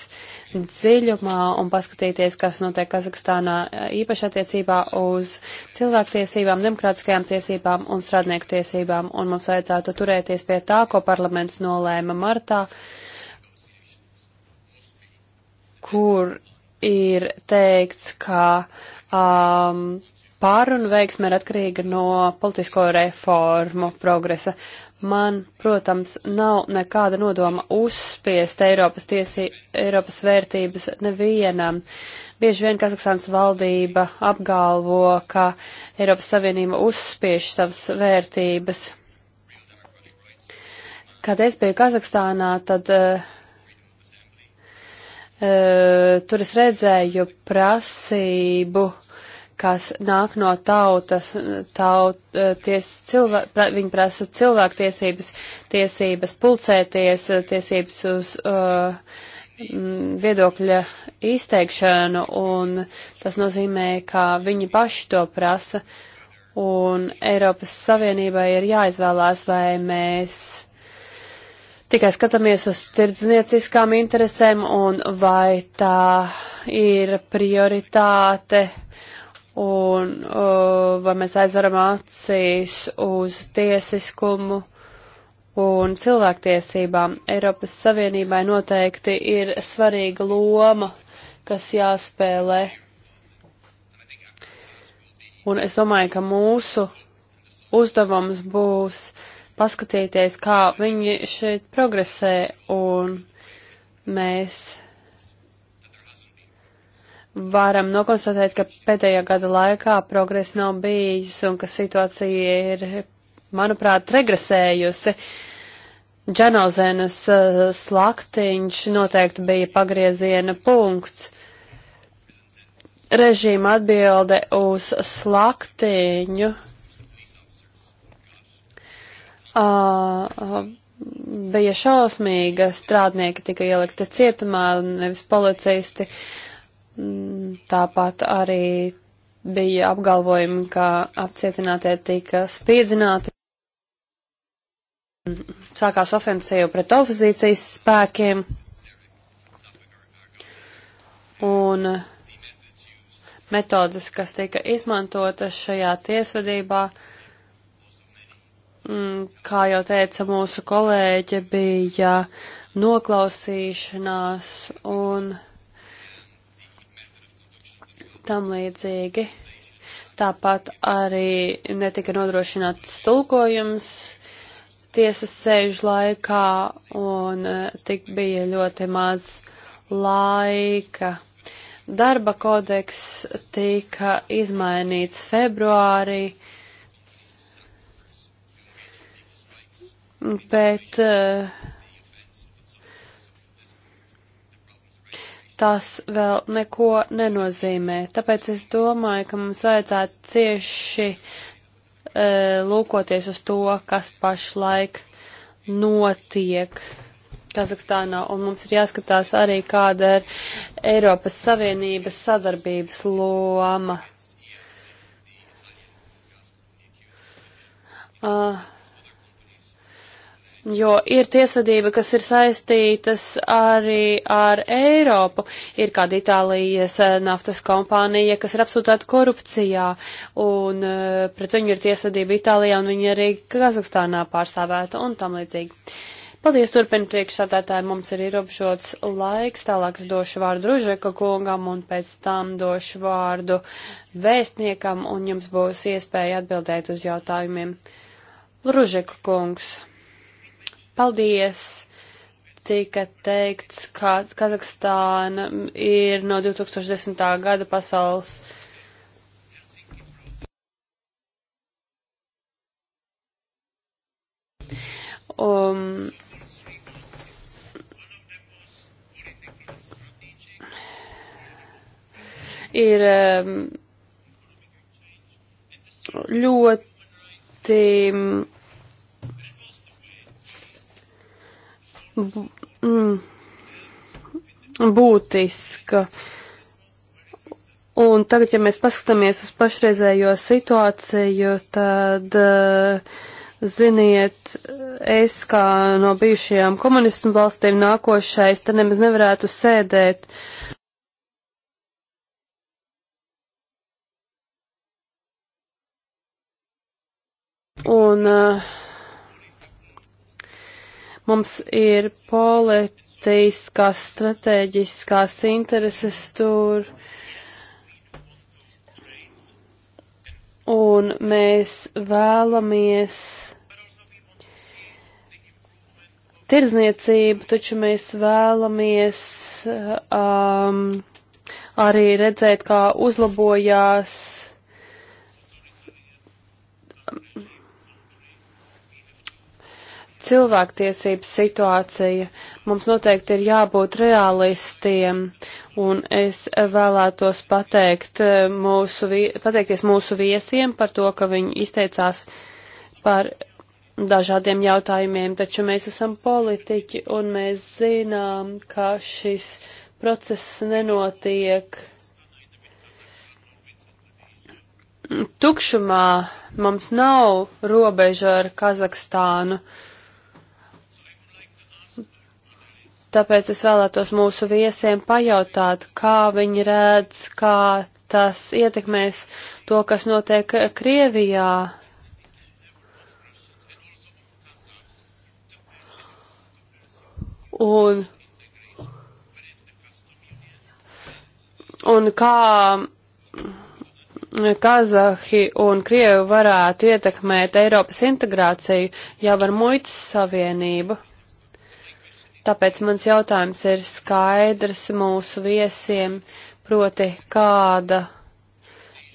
dziļumā un paskatīties, kas notiek Kazahstānā eh, īpaši attiecībā uz cilvēktiesībām, demokrātiskajām tiesībām un strādnieku tiesībām. Un mums vajadzētu turēties pie tā, ko parlaments nolēma martā, kur ir teikts, ka um, pārunu veiksme ir atkarīga no politisko reformu progresa. Man, protams, nav nekāda nodoma uzspiest Eiropas, tiesī, Eiropas vērtības nevienam. Bieži vien Kazahstānas valdība apgalvo, ka Eiropas Savienība uzspiež savas vērtības. Kad es biju Kazahstānā, tad uh, uh, tur es redzēju prasību uh, kas nāk no tautas, taut, eh, ties, cilvē, pra, viņi prasa cilvēktiesības, tiesības pulcēties, eh, tiesības uz uh, viedokļa izteikšanu, un tas nozīmē, ka viņi paši to prasa, un Eiropas Savienībai ir jāizvēlās, vai mēs tikai skatāmies uz tirdznieciskām interesēm, un vai tā ir prioritāte un uh, vai mēs aizvaram acīs uz tiesiskumu un cilvēktiesībām. Eiropas Savienībai noteikti ir svarīga loma, kas jāspēlē. Un es domāju, ka mūsu uzdevums būs paskatīties, kā viņi šeit progresē, un mēs varam nokonstatēt, ka pēdējā gada laikā progresa nav bijis un ka situācija ir, manuprāt, regresējusi. Džanozēnas eh, slaktiņš noteikti bija pagrieziena punkts. Režīma atbilde uz slaktiņu uh, bija šausmīga. Strādnieki tika ielikti cietumā, nevis policisti. Uh, Mm, tāpat arī bija apgalvojumi, ka apcietinātie tika spīdzināti. Sākās ofensīva pret opozīcijas spēkiem. Un metodas, kas tika izmantotas šajā tiesvedībā, mm, kā jau teica mūsu kolēģe, bija noklausīšanās un tam līdzīgi. Tāpat arī netika nodrošināts tulkojums tiesas sēžu laikā un eh, tik bija ļoti maz laika. Darba kodeks tika izmainīts februārī, bet uh, tas vēl neko nenozīmē. Tāpēc es domāju, ka mums vajadzētu cieši e, lūkoties uz to, kas pašlaik notiek Kazahstānā, un mums ir jāskatās arī, kāda ir Eiropas Savienības sadarbības loma. Uh, jo ir tiesvedība, kas ir saistītas arī ar Eiropu. Ir kāda Itālijas eh, naftas kompānija, kas ir apsūtāta korupcijā, un eh, pret viņu ir tiesvedība Itālijā, un viņi arī Kazahstānā pārstāvēta un tam līdzīgi. Paldies, turpina priekšsādātāji, mums ir ierobežots laiks, tālāk es došu vārdu Ružeka kungam un pēc tam došu vārdu vēstniekam un jums būs iespēja atbildēt uz jautājumiem. Ružeka kungs. Paldies! Tika teikts, ka Kazahstāna ir no 2010. gada pasaules. Um, ir um, ļoti Mm. būtiska. Un tagad, ja mēs paskatāmies uz pašreizējo situāciju, tad eh, ziniet, es kā no bijušajām komunistu valstīm nākošais, tad nemaz nevarētu sēdēt. Un uh, Mums ir politiskās, strateģiskās intereses tur. Un mēs vēlamies tirdzniecību, taču mēs vēlamies um, arī redzēt, kā uzlabojās cilvēktiesības situācija. Mums noteikti ir jābūt realistiem, un es vēlētos pateikt eh, mūsu, pateikties mūsu viesiem par to, ka viņi izteicās par dažādiem jautājumiem, taču mēs esam politiķi, un mēs zinām, ka šis process nenotiek tukšumā. Mums nav robeža ar Kazahstānu. Uh, Tāpēc es vēlētos mūsu viesiem pajautāt, kā viņi redz, kā tas ietekmēs to, kas notiek Krievijā. Un, un kā Kazahi un Krievi varētu ietekmēt Eiropas integrāciju jau ar muitas savienību. Tāpēc mans jautājums ir skaidrs mūsu viesiem, proti kāda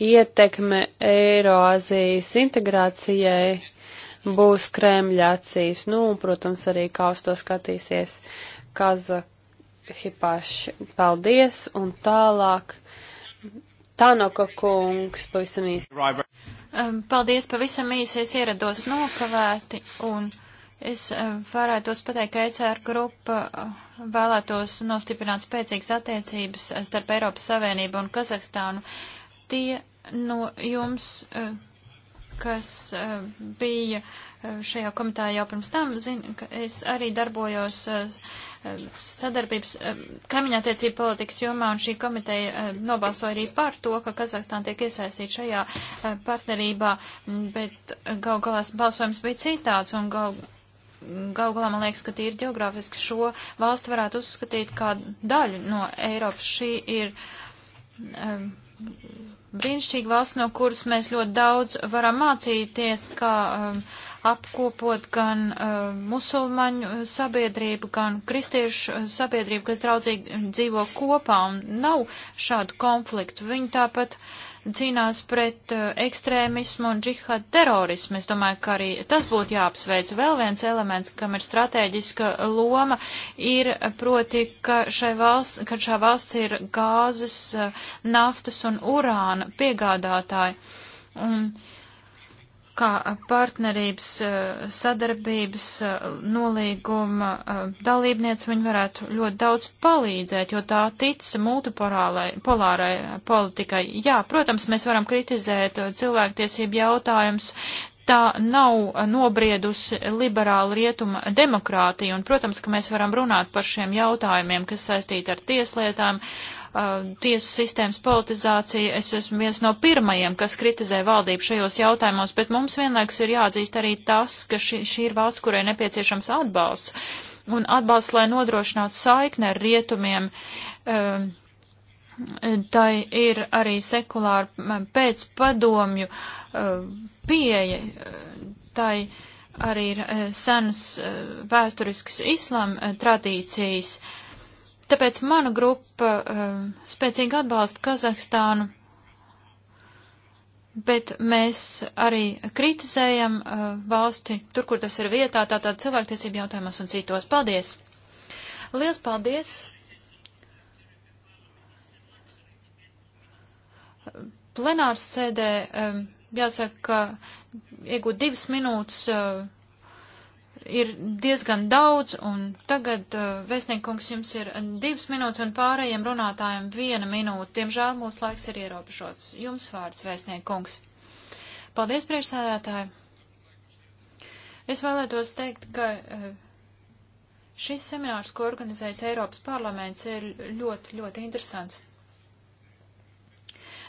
ietekme Eiroazijas integrācijai būs Kremļa acīs. Nu, un, protams, arī kā uz to skatīsies Kazahipaši. Paldies, un tālāk. Tanaka kungs, pavisam īsi. Um, paldies, pavisam īsi, es ierados nokavēti, un Es eh, varētos pateikt, ka ECR grupa eh, vēlētos nostiprināt spēcīgas attiecības eh, starp Eiropas Savienību un Kazahstānu. Tie no jums, kas bija šajā komitā jau pirms tam, zina, ka es arī darbojos sadarbības kaimiņā tiecību politikas jomā, un šī komiteja nobalsoja arī par to, ka Kazahstāna tiek iesaistīta šajā partnerībā, bet gal galās balsojums bija citāds, un gal Gau galā man liekas, ka tīri geogrāfiski šo valstu varētu uzskatīt kā daļu no Eiropas. Šī ir um, brīnišķīga valsts, no kuras mēs ļoti daudz varam mācīties, kā um, apkopot gan um, musulmaņu sabiedrību, gan kristiešu sabiedrību, kas draudzīgi dzīvo kopā un nav šādu konfliktu. Viņi tāpat uh, cīnās pret uh, ekstrēmismu un džihad terorismu. Es domāju, ka arī tas būtu jāapsveic. Vēl viens elements, kam ir strateģiska loma, ir proti, ka, valsts, ka šā valsts ir gāzes, uh, naftas un urāna piegādātāji. Un, uh, kā partnerības eh, sadarbības eh, nolīguma eh, dalībniece viņi varētu ļoti daudz palīdzēt, jo tā tic multipolārai politikai. Jā, protams, mēs varam kritizēt cilvēktiesību jautājums. Tā nav nobriedusi liberāla rietuma demokrātija, un, protams, ka mēs varam runāt par šiem jautājumiem, kas saistīti ar tieslietām, uh, uh, tiesu sistēmas politizāciju. Es esmu viens no pirmajiem, kas kritizē valdību šajos jautājumos, bet mums vienlaikus ir jāatzīst arī tas, ka šī, šī ir valsts, kurai nepieciešams atbalsts. Un atbalsts, lai nodrošinātu saikni ar rietumiem. Uh, Tai ir arī sekulāra pēcpadomju uh, um, pieeja. Tai arī ir eh, senas eh, vēsturiskas islāma eh, tradīcijas. Uh, Tāpēc mana grupa um, spēcīgi atbalsta Kazahstānu, bet mēs arī kritizējam uh, valsti tur, kur tas ir vietā, tātad cilvēktiesību jautājumos un citos. Paldies! Liels paldies! Plenārs sēdē, um, jāsaka, iegūt divas minūtes. Uh, ir diezgan daudz, un tagad, uh, vēstniekungs, jums ir divas minūtes, un pārējiem runātājiem viena minūte. Diemžēl mūsu laiks ir ierobežots. Jums vārds, vēstniekungs. Paldies, priekšsēdētāji. Es vēlētos teikt, ka uh, šis seminārs, ko organizējas Eiropas parlaments, ir ļoti, ļoti interesants.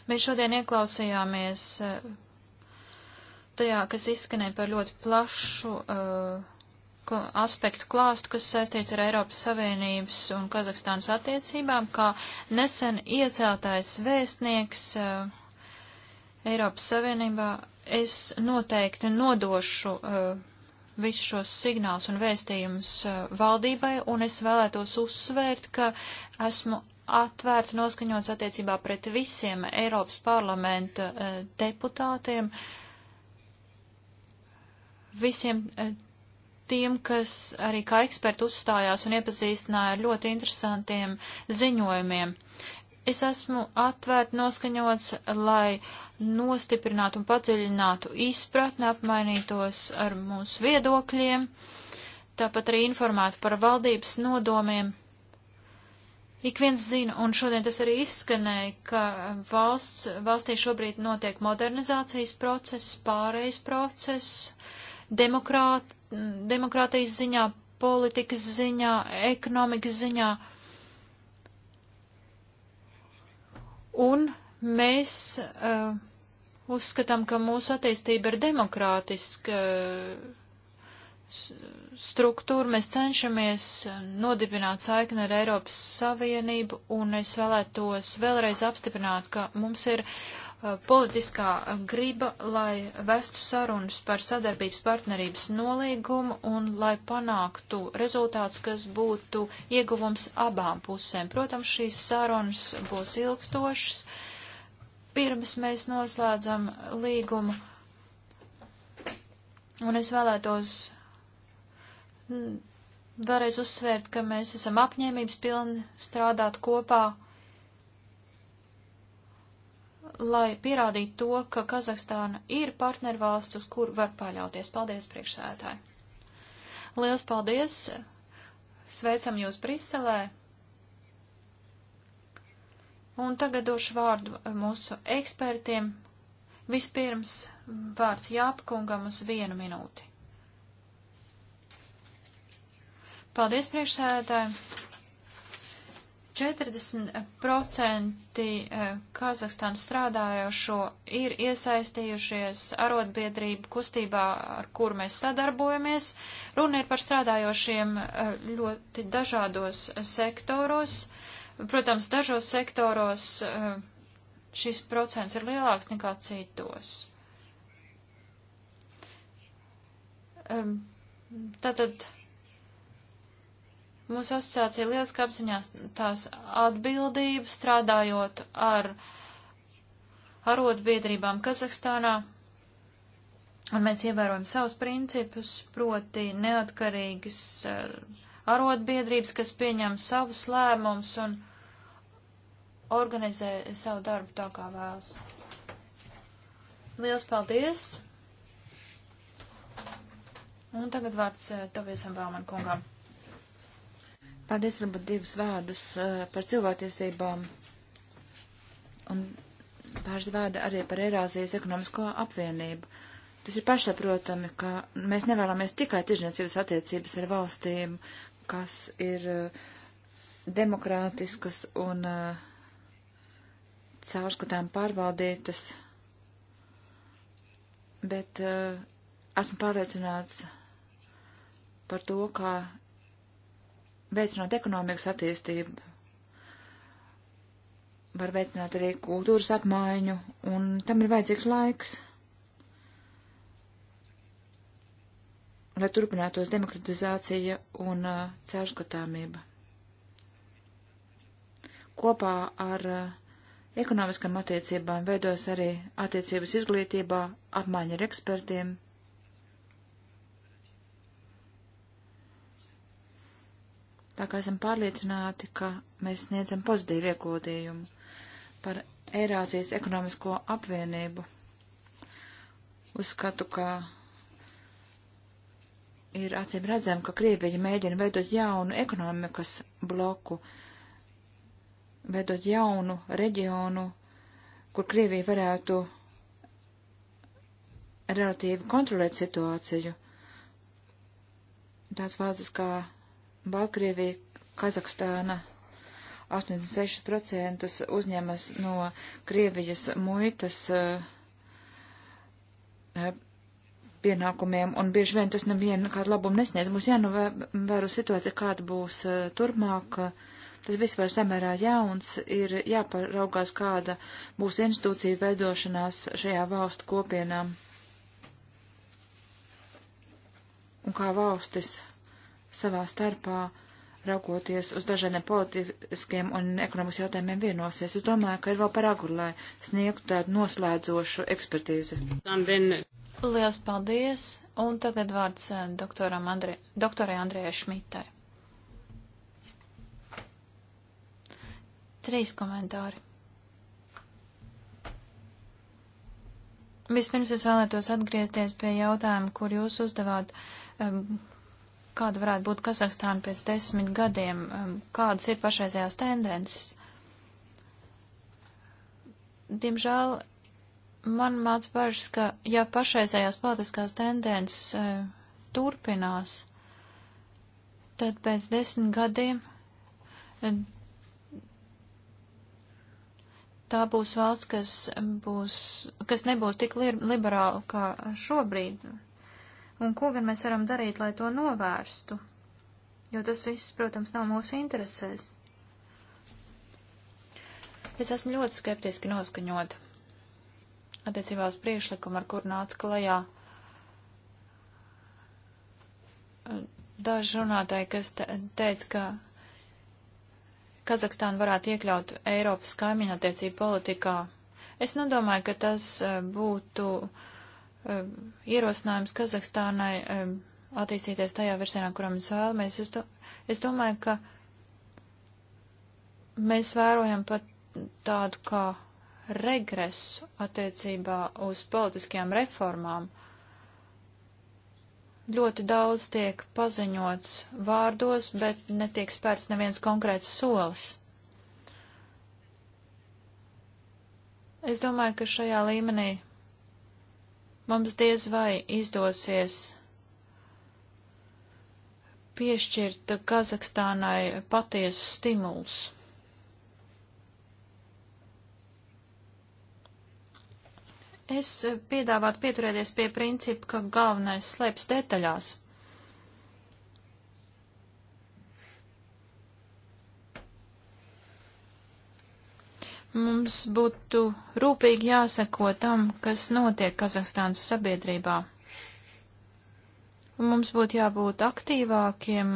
Mēs šodien ieklausījāmies uh, tajā, kas izskanēja par ļoti plašu uh, aspektu klāstu, kas saistīts ar Eiropas Savienības un Kazahstānas attiecībām, kā nesen ieceltais vēstnieks uh, Eiropas Savienībā. Es noteikti nodošu uh, visus šos signālus un vēstījumus uh, valdībai, un es vēlētos uzsvērt, ka esmu atvērti noskaņots attiecībā pret visiem Eiropas parlamenta deputātiem, visiem tiem, kas arī kā eksperti uzstājās un iepazīstināja ar ļoti interesantiem ziņojumiem. Es esmu atvērti noskaņots, lai nostiprinātu un padziļinātu izpratni, apmainītos ar mūsu viedokļiem, tāpat arī informētu par valdības nodomiem. Ik viens zina, un šodien tas arī izskanēja, ka valsts, valstī šobrīd notiek modernizācijas process, pārejas process, demokrāt, demokrātijas ziņā, politikas ziņā, ekonomikas ziņā. Un mēs uh, uzskatām, ka mūsu attīstība ir demokrātiska uh, struktūra. Mēs cenšamies nodibināt saikni ar Eiropas Savienību, un es vēlētos vēlreiz apstiprināt, ka mums ir uh, Uh, politiskā griba, lai vestu sarunas par sadarbības partnerības nolīgumu un lai panāktu rezultāts, kas būtu ieguvums abām pusēm. Protams, šīs sarunas būs ilgstošas. Pirms mēs noslēdzam līgumu, un es vēlētos vēlreiz uzsvērt, ka mēs esam apņēmības pilni strādāt kopā lai pierādītu to, ka Kazahstāna ir partnervalsts, uz kur var paļauties. Paldies, priekšsētāji! Liels paldies! Sveicam jūs Briselē! Un tagad došu vārdu mūsu ekspertiem. Vispirms vārds Jāpkungam uz vienu minūti. Paldies, priekšsēdētāji! 40% eh, Kazahstānas strādājošo ir iesaistījušies arotbiedrību kustībā, ar kur mēs sadarbojamies. Runa ir par strādājošiem eh, ļoti dažādos sektoros. Protams, dažos sektoros eh, šis procents ir lielāks nekā citos. Tātad Mūsu asociācija lieliski apziņās tās atbildību strādājot ar arotbiedrībām Kazahstānā, un mēs ievērojam savus principus, proti neatkarīgas eh, arotbiedrības, kas pieņem savus lēmumus un organizē savu darbu tā, kā vēlas. Liels paldies! Un tagad vārds eh, Tobiesam Bauman kungam. Paldies, varbūt divus vārdus eh, par cilvēktiesībām un pāris vārdi arī par Eirāzijas ekonomisko apvienību. Tas ir pašsaprotami, ka mēs nevēlamies tikai tirzniecības attiecības ar valstīm, kas ir eh, demokrātiskas un eh, caurskatām pārvaldītas, bet esmu pārliecināts par to, ka veicinot ekonomikas attīstību, var veicināt arī kultūras apmaiņu, un tam ir vajadzīgs laiks, lai turpinātos demokratizācija un uh, cēžgatāmība. Kopā ar uh, ekonomiskām attiecībām veidos arī attiecības izglītībā, apmaiņa ar ekspertiem tā kā esam pārliecināti, ka mēs sniedzam pozitīvu iekodījumu par Eirāzijas ekonomisko apvienību. Uzskatu, ka ir acīm redzam, ka Krievija mēģina veidot jaunu ekonomikas bloku, veidot jaunu reģionu, kur Krievija varētu relatīvi kontrolēt situāciju. Tāds valstis kā Baltkrievija, Kazahstāna 86% uzņemas no Krievijas muitas eh, pienākumiem, un bieži vien tas nevienu kādu labumu nesniedz. Mums jānovēro situācija, kāda būs eh, turpmāk. Tas viss var samērā jauns, ir jāparaugās, kāda būs institūcija veidošanās šajā valstu kopienām. Un kā valstis savā starpā raugoties uz dažādiem politiskiem un ekonomiskiem jautājumiem vienosies. Es domāju, ka ir vēl par agru, lai sniegtu tādu noslēdzošu ekspertīzi. Lielas paldies! Un tagad vārds eh, doktoram Andri... doktorai Andrejai Šmitai. Trīs komentāri. Vispirms es vēlētos atgriezties pie jautājuma, kur jūs uzdevāt, um, kāda varētu būt Kazahstāna pēc desmit gadiem, um, kādas ir pašreizējās tendences. Diemžēl man māc bažas, ka ja pašreizējās politiskās tendences e, turpinās, tad pēc desmit gadiem e, tā būs valsts, kas, būs, kas nebūs tik liberāla kā šobrīd Un ko gan mēs varam darīt, lai to novērstu? Jo tas viss, protams, nav mūsu interesēs. Es esmu ļoti skeptiski noskaņota attiecībā uz priekšlikumu, ar kur nāca klajā daži runātāji, kas te, teica, ka Kazahstāna varētu iekļaut Eiropas kaimiņattiecību politikā. Es nedomāju, ka tas eh, būtu uh, Um, ierosinājums Kazahstānai um, attīstīties tajā virsienā, kurā mēs vēlamies. Es, do, es domāju, ka mēs vērojam pat tādu kā regresu attiecībā uz politiskajām reformām. Ļoti daudz tiek paziņots vārdos, bet netiek spērts neviens konkrēts solis. Es domāju, ka šajā līmenī mums diez vai izdosies piešķirt Kazahstānai patiesu stimulus. Es piedāvātu pieturēties pie principa, ka galvenais slēpjas detaļās. Mums būtu rūpīgi jāseko tam, kas notiek Kazahstānas sabiedrībā. Un mums būtu jābūt aktīvākiem,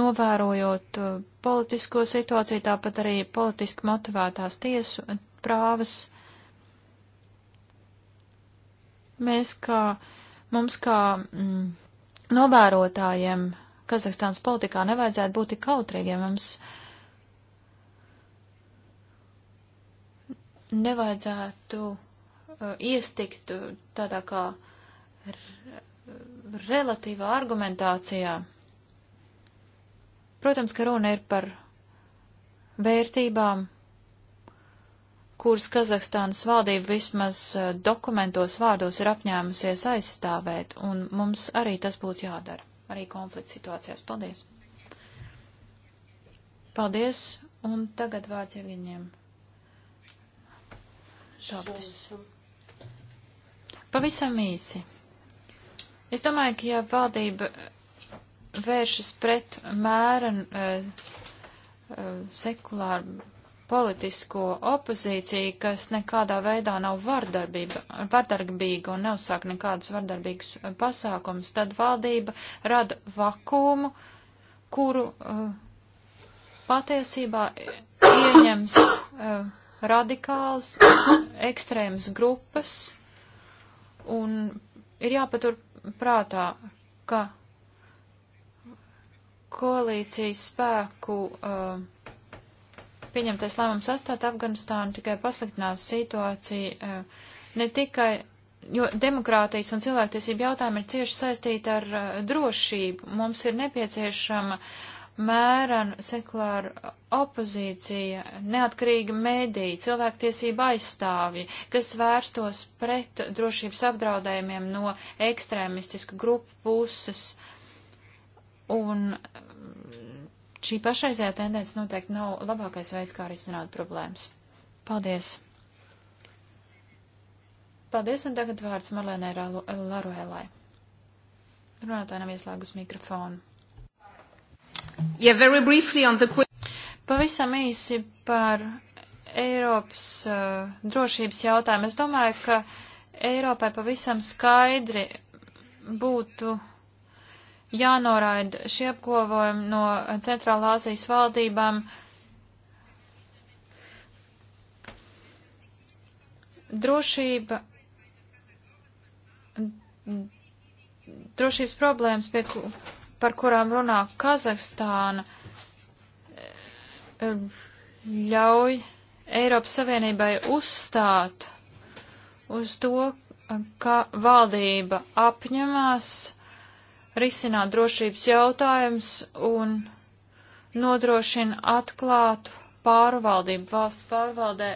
novērojot uh, politisko situāciju, tāpat arī politiski motivētās tiesu uh, prāvas. Mēs kā, mums kā mm, novērotājiem Kazahstānas politikā nevajadzētu būt tik kautrīgiem. Mums nevajadzētu uh, iestikt uh, tādā kā relatīvā argumentācijā. Protams, ka runa ir par vērtībām, kuras Kazahstānas valdība vismaz uh, dokumentos vārdos ir apņēmusies aizstāvēt, un mums arī tas būtu jādara, arī konflikts situācijās. Paldies! Paldies, un tagad vārds Evģiņiem šaubas. Pavisam īsi. Es domāju, ka ja valdība vēršas pret mēra eh, eh, sekulāru politisko opozīciju, kas nekādā veidā nav vardarbīga un neuzsāk nekādus vardarbīgus pasākumus, tad valdība rada vakumu, kuru uh, patiesībā ieņems uh, radikāls, ekstrēmas grupas, un ir jāpatur prātā, ka koalīcijas spēku uh, pieņemtais lēmums atstāt Afganistānu tikai pasliktinās situāciju uh, ne tikai, jo demokrātijas un cilvēktiesību jautājumi ir cieši saistīti ar uh, drošību. Mums ir nepieciešama uh, mērena sekulāra opozīcija, neatkarīga mēdīja, cilvēktiesība aizstāvji, kas vērstos pret drošības apdraudējumiem no ekstrēmistisku grupu puses. Un šī pašreizējā tendence noteikti nav labākais veids, kā risināt problēmas. Paldies! Paldies, un tagad vārds Marlēnai Laruēlai. Runātāja nav ieslēgus mikrofonu. Yeah, very briefly on the... Pavisam īsi par Eiropas uh, drošības jautājumu. Es domāju, ka Eiropai pavisam skaidri būtu jānoraida šie apkovojumi no Centrālā Azijas valdībām. Drošība, drošības problēmas, pie par kurām runā Kazahstāna, eh, ļauj Eiropas Savienībai uzstāt uz to, ka valdība apņemās risināt drošības jautājums un nodrošina atklātu pārvaldību valsts pārvaldē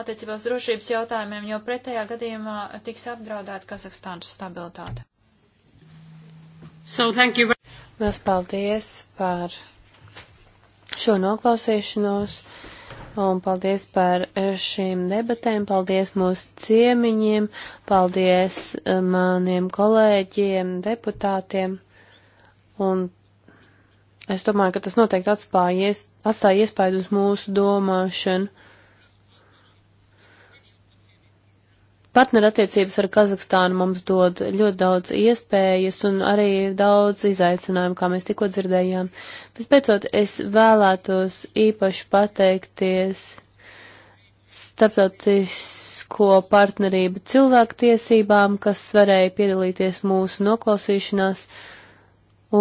attiecībās drošības jautājumiem, jo pretējā gadījumā tiks apdraudēta Kazahstānas stabilitāte. So, thank you. Lielas paldies par šo noklausīšanos. Un paldies par šīm debatēm, paldies mūsu ciemiņiem, paldies eh, maniem kolēģiem, deputātiem. Un es domāju, ka tas noteikti atspāja, atstāja iespēju uz mūsu domāšanu. Partnerattiecības ar Kazahstānu mums dod ļoti daudz iespējas un arī daudz izaicinājumu, kā mēs tikko dzirdējām. Vispēcot, es vēlētos īpaši pateikties starptautisko partnerību cilvēktiesībām, kas varēja piedalīties mūsu noklausīšanās,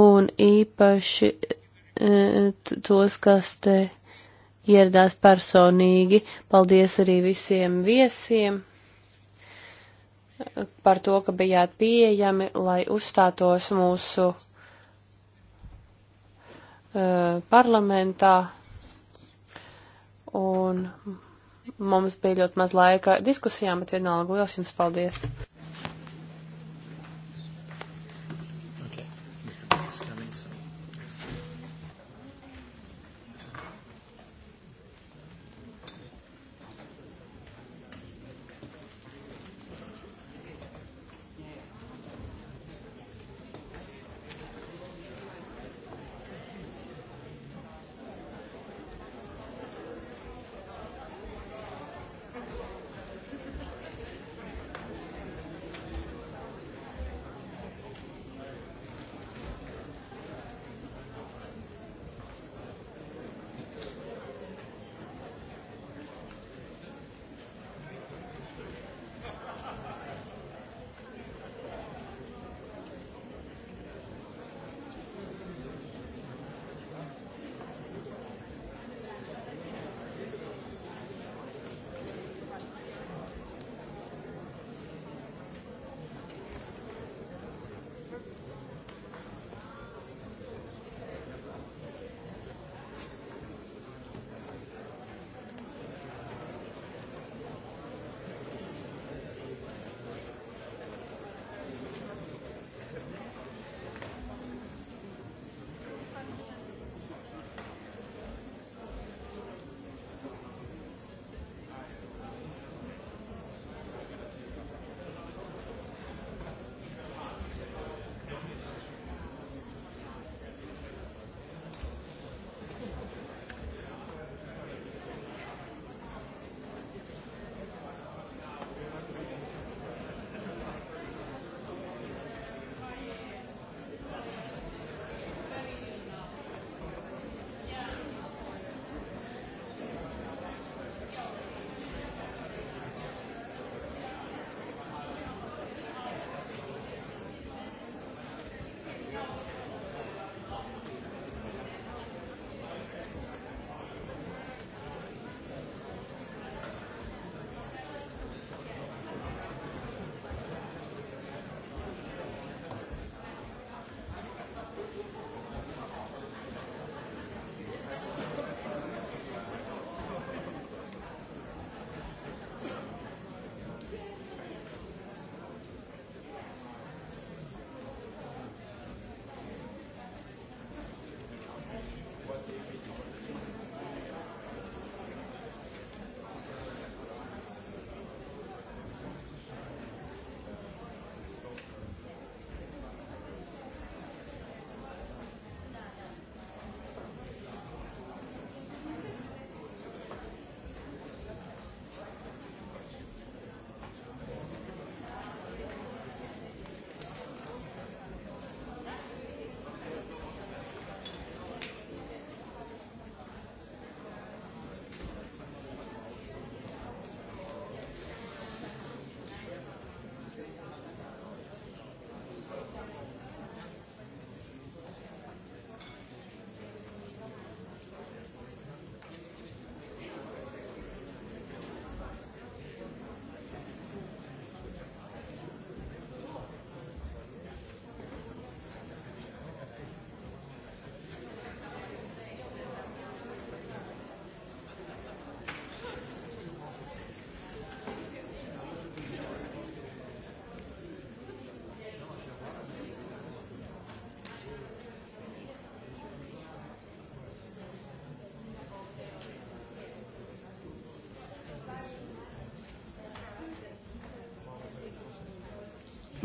un īpaši e, tos, kas te ieradās personīgi. Paldies arī visiem viesiem! par to, ka bijāt pieejami, lai uzstātos mūsu uh, parlamentā. Un mums bija ļoti maz laika diskusijām, bet vienalga liels jums paldies!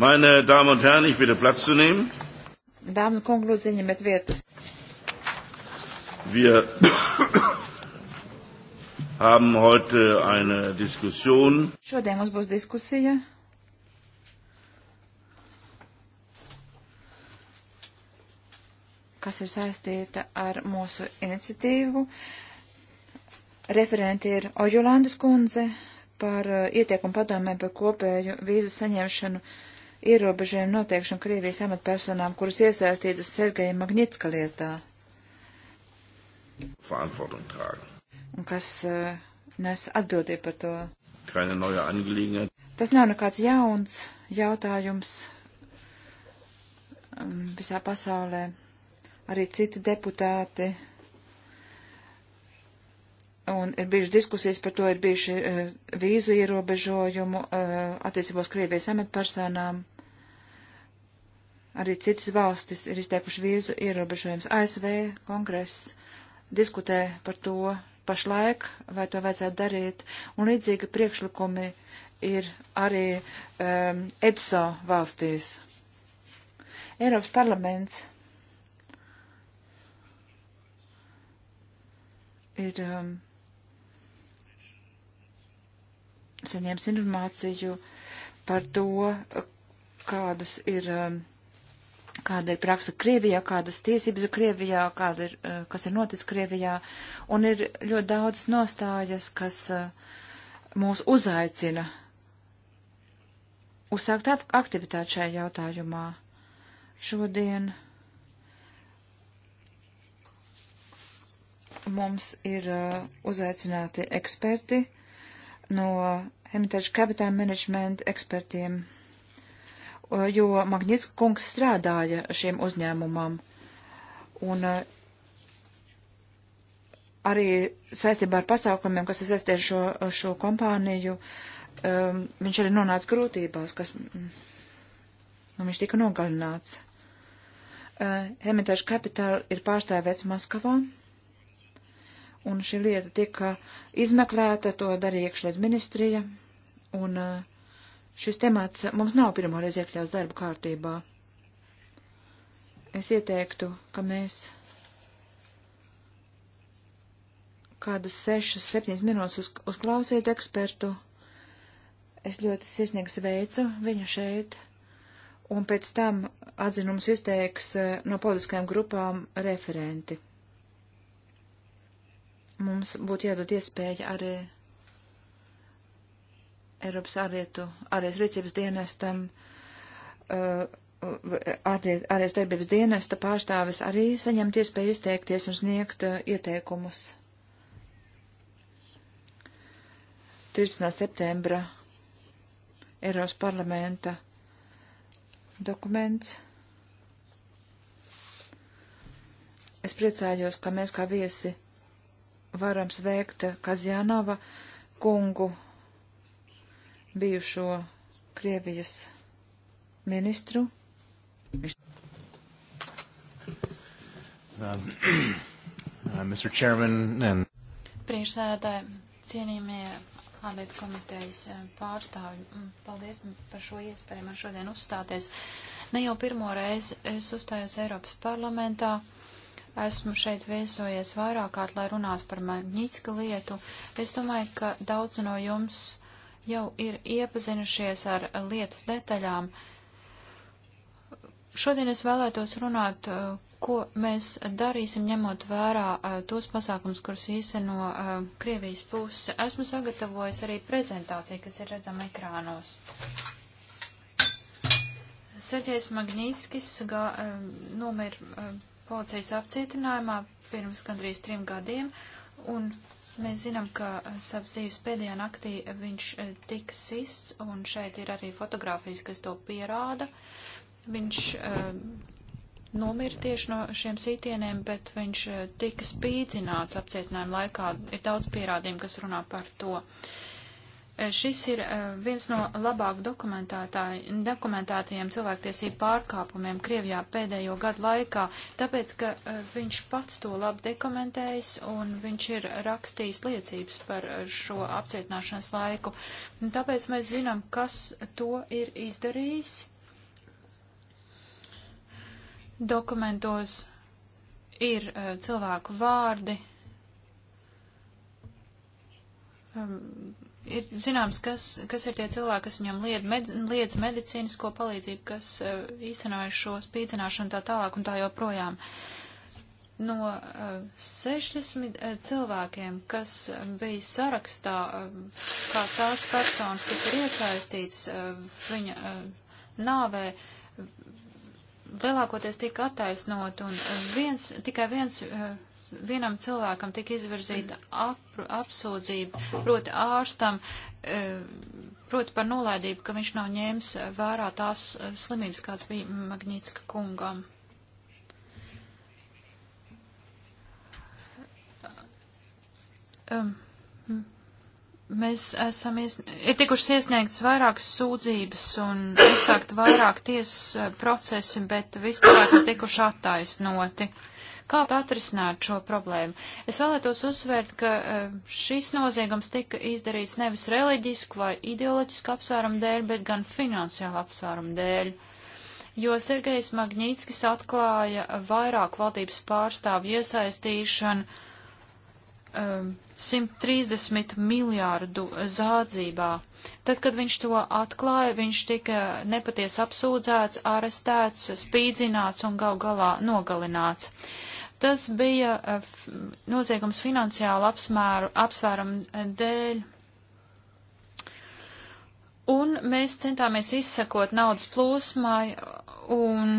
Meine Damen und Herren, ich bitte Platz zu nehmen. Damen un kungi, lūdzu, ieņemiet vietas. Wir haben heute eine Diskussion. Šodien mums būs diskusija. kas ir saistīta ar mūsu iniciatīvu. Referenti ir Ojulandes kundze par uh, ieteikumu padomē par kopēju vīzu saņemšanu uh, ierobežojumu noteikšanu Krievijas amatpersonām, kuras iesaistītas Sergeja Magnitska lietā. Un kas uh, nes atbildību par to? Tas nav nekāds jauns jautājums um, visā pasaulē. Arī citi deputāti un ir bijušas diskusijas par to, ir bijuši uh, vīzu ierobežojumu uh, e, attiecībos Krievijas amatpersonām. Arī citas valstis ir izteikuši vīzu ierobežojums. ASV kongress diskutē par to pašlaik, vai to vajadzētu darīt, un līdzīgi priekšlikumi ir arī um, EPSO valstīs. Eiropas parlaments ir um, saņēmis informāciju par to, kādas ir, um, kāda ir praksa Krievijā, kādas tiesības ir Krievijā, kāda ir, uh, kas ir noticis Krievijā, un ir ļoti daudz nostājas, kas uh, mūs uzaicina uzsākt aktivitāti šajā jautājumā. Šodien mums ir uh, uzaicināti eksperti no Hermitage Capital Management ekspertiem, jo Magnitska kungs strādāja šiem uzņēmumam. Un e, arī saistībā ar pasākumiem, kas ir saistīti ar šo, šo kompāniju, um, viņš arī nonāca grūtībās, kas, mm, nu, viņš tika nogalināts. Uh, e, Hermitage Capital ir pārstāvēts Maskavā un šī lieta tika izmeklēta, to darīja iekšļiet ministrija, un eh, šis temats mums nav pirmoreiz iekļauts darba kārtībā. Es ieteiktu, ka mēs kādas sešas, septiņas minūtes uz, uzklausīt ekspertu. Es ļoti sirsnīgi sveicu viņu šeit, un pēc tam atzinums izteiks eh, no politiskajām grupām referenti mums būtu jādod iespēja arī Eiropas ārlietu, ārlietas rīcības dienestam, uh, ārliet, ārlietas darbības dienesta pārstāvis arī saņemt iespēju izteikties un sniegt uh, ieteikumus. 13. septembra Eiropas parlamenta dokuments. Es priecājos, ka mēs kā viesi varam sveikt Kazjanova kungu, bijušo Krievijas ministru. Um, uh, Mr. Chairman and Priekšsēdētāji, cienījamie ārlietu komitejas uh, pārstāvji, paldies par šo iespēju man šodien uzstāties. Ne jau pirmo reizi es uzstājos Eiropas parlamentā. Uh, Esmu šeit viesojies vairāk kārt, lai runātu par Magnitska lietu. Es domāju, ka daudz no jums jau ir iepazinušies ar lietas detaļām. Šodien es vēlētos runāt, uh, ko mēs darīsim, ņemot vērā uh, tos pasākums, kurus īsteno uh, Krievijas puse. Esmu sagatavojis arī prezentāciju, kas ir redzama ekrānos. Sergejs Magnītskis nomira policijas apcietinājumā pirms gandrīz trim gadiem, un mēs zinām, ka eh, savas dzīves pēdējā naktī viņš eh, tika sists, un šeit ir arī fotografijas, kas to pierāda. Viņš eh, nomira tieši no šiem sītieniem, bet viņš tika spīdzināts apcietinājuma laikā. Ir daudz pierādījumu, kas runā par to. Uh, Šis ir eh, viens no labāk dokumentētajiem cilvēktiesību pārkāpumiem Krievijā pēdējo gadu laikā, tāpēc, ka eh, viņš pats to labi dokumentējis un viņš ir rakstījis liecības par eh, šo apcietināšanas laiku. Tāpēc mēs zinām, kas to ir izdarījis. Dokumentos ir cilvēku vārdi. Um, ir zināms, kas, kas ir tie cilvēki, kas viņam lied, med, liedz medicīnisko palīdzību, kas uh, īstenoja šo spīdzināšanu tā tālāk un tā joprojām. No uh, 60 uh, cilvēkiem, kas eh, bija sarakstā, uh, kā tās personas, kas ir iesaistīts uh, viņa uh, nāvē, lielākoties tika attaisnot, un viens, tikai viens uh, vienam cilvēkam tika izvirzīta ap, apsūdzība, proti ārstam, e, proti par nolaidību, ka viņš nav ņēmis vērā tās slimības, kāds bija Magnitska kungam. Um, mēs esam, ies... ir tikušas iesniegts vairākas sūdzības un uzsākt vairāk tiesas e, procesi, bet visi cilvēki ir tikuši attaisnoti. Kā atrisināt šo problēmu? Es vēlētos uzsvērt, ka eh, šis noziegums tika izdarīts nevis reliģisku vai ideoloģisku apsvērumu dēļ, bet gan finansiālu apsvērumu dēļ. Jo Sergejs Magnītskis atklāja vairāku valdības pārstāvu iesaistīšanu 130 eh, miljārdu zādzībā. Tad, kad viņš to atklāja, viņš tika nepaties apsūdzēts, arestēts, spīdzināts un gal galā nogalināts. Tas bija eh, noziegums finansiālu apsmēru, apsvērumu eh, dēļ. Un mēs centāmies izsekot naudas plūsmai un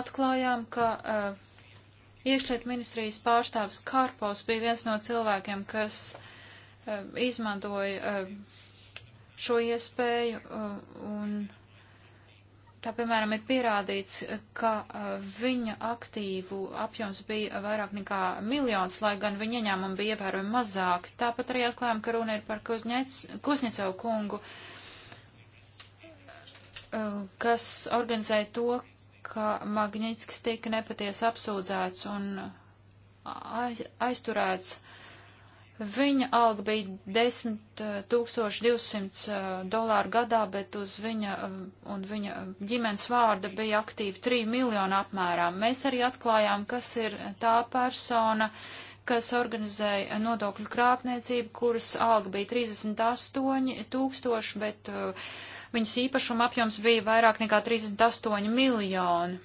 atklājām, ka uh, iekšliet ministrijas pārstāvs Karpos bija viens no cilvēkiem, kas uh, izmantoja uh, šo iespēju uh, un tā piemēram ir pierādīts, ka uh, viņa aktīvu apjoms bija vairāk nekā miljons, lai gan viņa ieņēmumi bija ievērojami mazāki. Tāpat arī atklājām, ka runa ir par Kuzņecovu kungu, uh, kas organizēja to, ka Magnitskis tika nepatiesi apsūdzēts un aizturēts. Viņa alga bija 10 200 eh, dolāru gadā, bet uz viņa eh, un viņa ģimenes vārda bija aktīvi 3 miljonu apmērā. Mēs arī atklājām, kas ir tā persona, kas organizēja nodokļu krāpniecību, kuras alga bija 38 tūkstoši, bet eh, viņas īpašuma apjoms bija vairāk nekā 38 miljoni.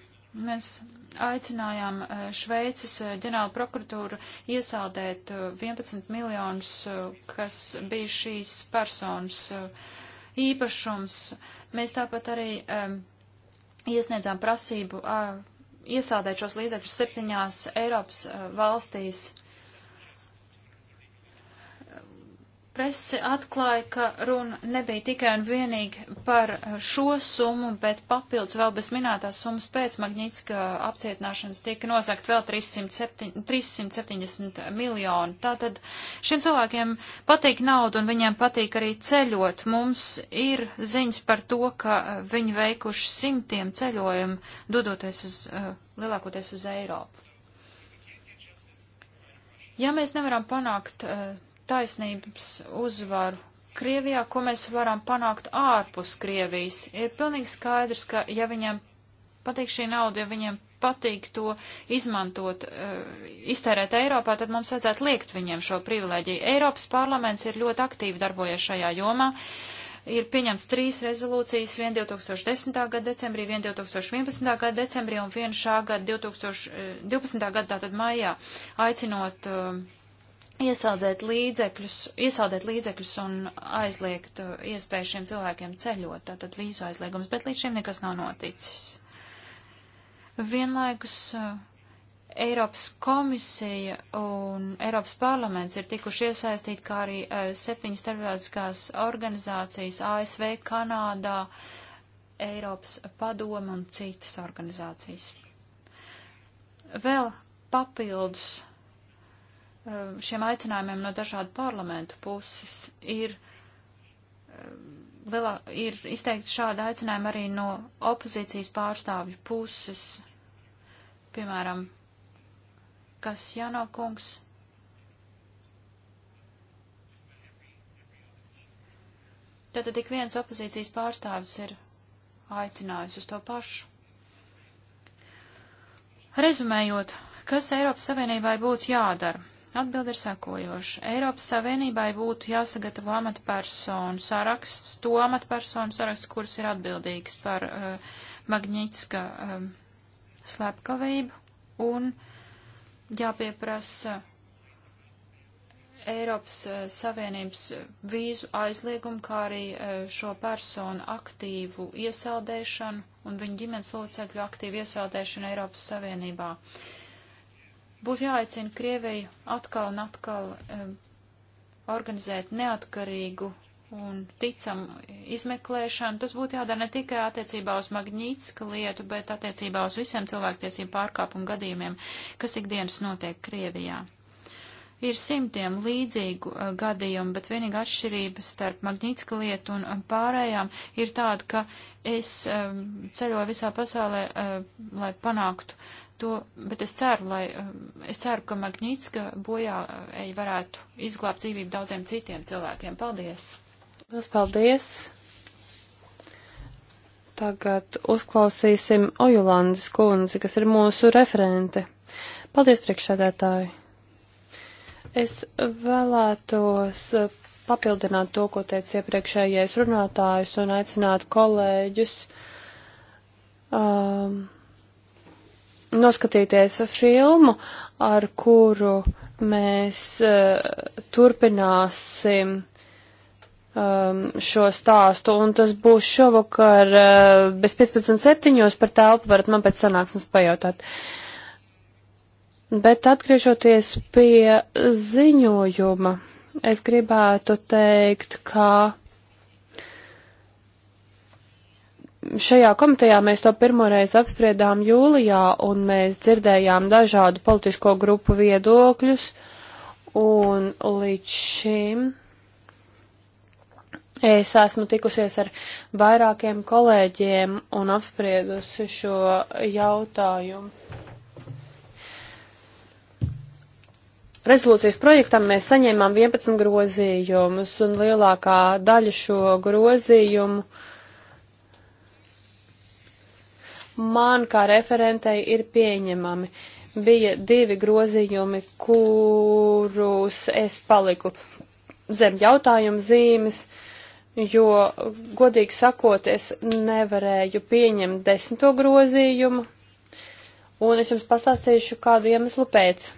Mēs aicinājām eh, Šveices eh, ģenerālu prokuratūru iesaldēt 11 eh, miljonus, kas bija šīs personas īpašums. Mēs tāpat arī um, iesniedzām prasību uh, iesaldēt šos līdzekļus septiņās Eiropas uh, valstīs. Presi atklāja, ka runa nebija tikai un vienīgi par šo summu, bet papildus vēl bez minētās summas pēc Magnitska apcietināšanas tika nosakt vēl 307, 370 miljoni. Tātad šiem cilvēkiem patīk nauda un viņiem patīk arī ceļot. Mums ir ziņas par to, ka eh, viņi veikuši simtiem ceļojumu, dodoties uz, eh, lielākoties uz Eiropu. Ja mēs nevaram panākt uh, taisnības uzvaru Krievijā, ko mēs varam panākt ārpus Krievijas. Ir pilnīgi skaidrs, ka ja viņam patīk šī nauda, ja viņam patīk to izmantot, uh, iztērēt Eiropā, tad mums vajadzētu liekt viņiem šo privileģiju. Eiropas parlaments ir ļoti aktīvi darbojies šajā jomā. Ir pieņemts trīs rezolūcijas, viena 2010. gada decembrī, viena 2011. gada decembrī un viena šā gada 2012. Eh, gada tātad maijā, aicinot uh, iesaudzēt līdzekļus, iesaldēt līdzekļus un aizliegt uh, iespēju šiem cilvēkiem ceļot, tātad vīzu aizliegums, bet līdz šim nekas nav noticis. Vienlaikus uh, Eiropas komisija un Eiropas parlaments ir tikuši iesaistīti, kā arī uh, septiņas starptautiskās organizācijas ASV, Kanādā, Eiropas padoma un citas organizācijas. Vēl papildus Ehm, šiem aicinājumiem no dažādu parlamentu puses ir, ehm, lielā, ir izteikti šādi aicinājumi arī no opozīcijas pārstāvju puses, piemēram, kas Janokungs. Tātad ik viens opozīcijas pārstāvis ir aicinājis uz to pašu. Rezumējot, kas Eiropas Savienībai būtu jādara? Atbilde ir sekojoša. Eiropas Savienībai būtu jāsagatavo amatpersonu saraksts, to amatpersonu saraksts, kuras ir atbildīgs par uh, Magnitska um, slepkavību, un jāpieprasa Eiropas uh, Savienības vīzu aizliegumu, kā arī uh, šo personu aktīvu iesaldēšanu un viņu ģimenes locekļu aktīvu iesaldēšanu Eiropas Savienībā. Uh, Būs jāaicina Krieviju atkal un atkal um, organizēt neatkarīgu un ticamu izmeklēšanu. Tas būtu jādara ne tikai attiecībā uz Magnītiska lietu, bet attiecībā uz visiem cilvēktiesību pārkāpumu gadījumiem, kas ikdienas notiek Krievijā. Ir simtiem līdzīgu uh, gadījumu, bet vienīgā atšķirība starp Magnītiska lietu un, un eh, pārējām ir tāda, ka es um, ceļoju visā pasaulē, uh, lai panāktu uh, to, bet es ceru, lai, um, es ceru, ka Magnītska bojā uh, ej varētu izglābt dzīvību daudziem citiem cilvēkiem. Paldies! Lielas paldies! Tagad uzklausīsim Ojulandes kundzi, kas ir mūsu referente. Paldies, priekšsēdētāji! Es vēlētos papildināt to, ko teica iepriekšējais runātājs un aicināt kolēģus. Um, noskatīties filmu, ar kuru mēs uh, turpināsim um, šo stāstu, un tas būs šovakar uh, bez 15.7. par telpu varat man pēc sanāksmes pajautāt. Bet atgriežoties pie ziņojuma, es gribētu teikt, ka šajā komitejā mēs to pirmoreiz apspriedām jūlijā, un mēs dzirdējām dažādu politisko grupu viedokļus, un līdz šim es esmu tikusies ar vairākiem kolēģiem un apspriedusi šo jautājumu. Rezolūcijas projektam mēs saņēmām 11 grozījumus, un lielākā daļa šo grozījumu uh, man kā referentei ir pieņemami. Bija divi grozījumi, kurus es paliku zem jautājumu zīmes, jo, godīgi sakot, es nevarēju pieņemt desmito grozījumu, un es jums pastāstīšu kādu iemeslu pēc.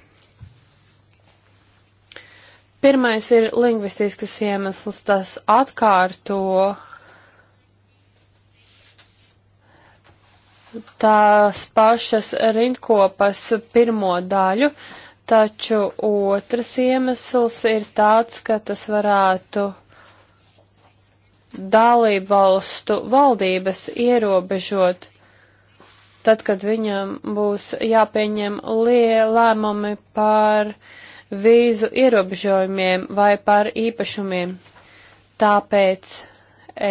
Pirmais ir lingvistisks iemesls, tas atkārto tās pašas rindkopas pirmo daļu, taču otrs iemesls ir tāds, ka tas varētu dalību valstu valdības ierobežot, tad, kad viņam būs jāpieņem lēmumi par vīzu ierobežojumiem vai par īpašumiem. Tāpēc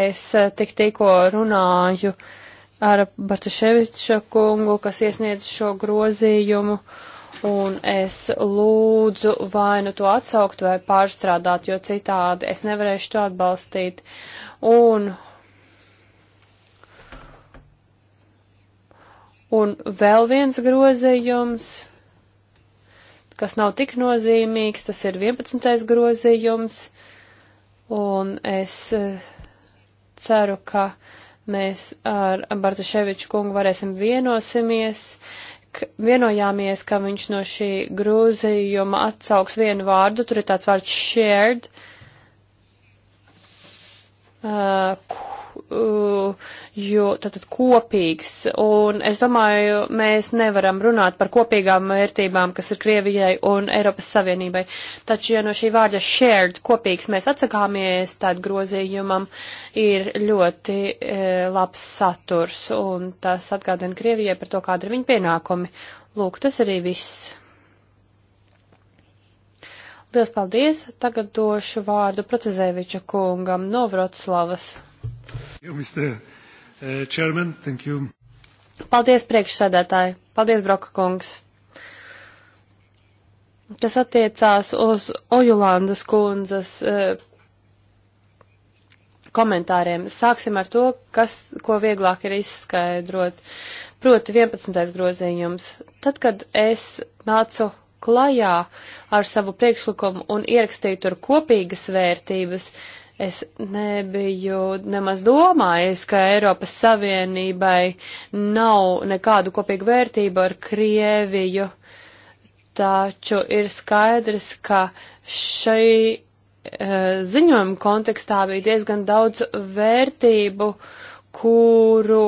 es tik tikko runāju uh, ar Bartuševiča kungu, kas iesniedz šo grozījumu, un es lūdzu vai nu to atsaukt vai pārstrādāt, jo citādi es nevarēšu to atbalstīt. Un, un vēl viens grozījums, kas nav tik nozīmīgs, tas ir 11. grozījums, un es eh, ceru, ka mēs ar Bartuševiču kungu varēsim vienosimies, ka vienojāmies, ka viņš no šī grūzījuma atsauks vienu vārdu, tur ir tāds vārds shared, uh, Uh, jo tātad kopīgs, un es domāju, mēs nevaram runāt par kopīgām vērtībām, kas ir Krievijai un Eiropas Savienībai. Taču, ja no šī vārda shared, kopīgs, mēs atsakāmies, tad grozījumam ir ļoti e, labs saturs, un tas atgādina Krievijai par to, kāda ir viņa pienākumi. Lūk, tas arī viss. Liels paldies! Tagad došu vārdu Protezēviča kungam no Vroclavas. Uh, Paldies, priekšsēdētāji. Paldies, Broka kungs. Kas attiecās uz Ojulandas kundzes uh, komentāriem. Sāksim ar to, kas, ko vieglāk ir izskaidrot. Proti 11. grozījums. Tad, kad es nācu klajā ar savu priekšlikumu un ierakstīju tur kopīgas vērtības, uh, Es nebiju nemaz domājis, ka Eiropas Savienībai nav nekādu kopīgu vērtību ar Krieviju, taču ir skaidrs, ka šai eh, ziņojuma kontekstā bija diezgan daudz vērtību, kuru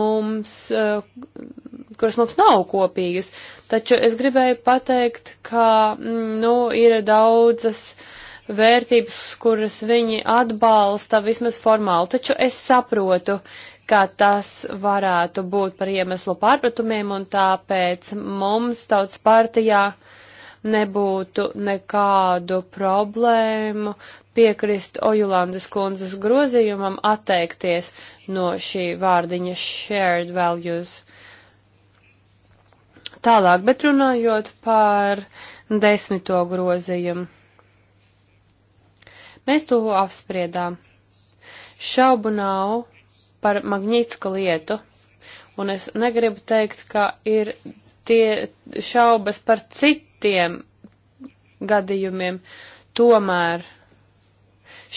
mums, eh, kuras mums nav kopīgas. Taču es gribēju pateikt, ka, mm, nu, ir daudzas uh, vērtības, kuras viņi atbalsta vismaz formāli, taču es saprotu, ka tas varētu būt par iemeslu pārpratumiem un tāpēc mums tautas partijā nebūtu nekādu problēmu piekrist Ojulandes kundzes grozījumam atteikties no šī vārdiņa shared values. Tālāk, bet runājot par desmito grozījumu. Mēs to apspriedām. Šaubu nav par Magnitska lietu, un es negribu teikt, ka ir tie šaubas par citiem gadījumiem. Tomēr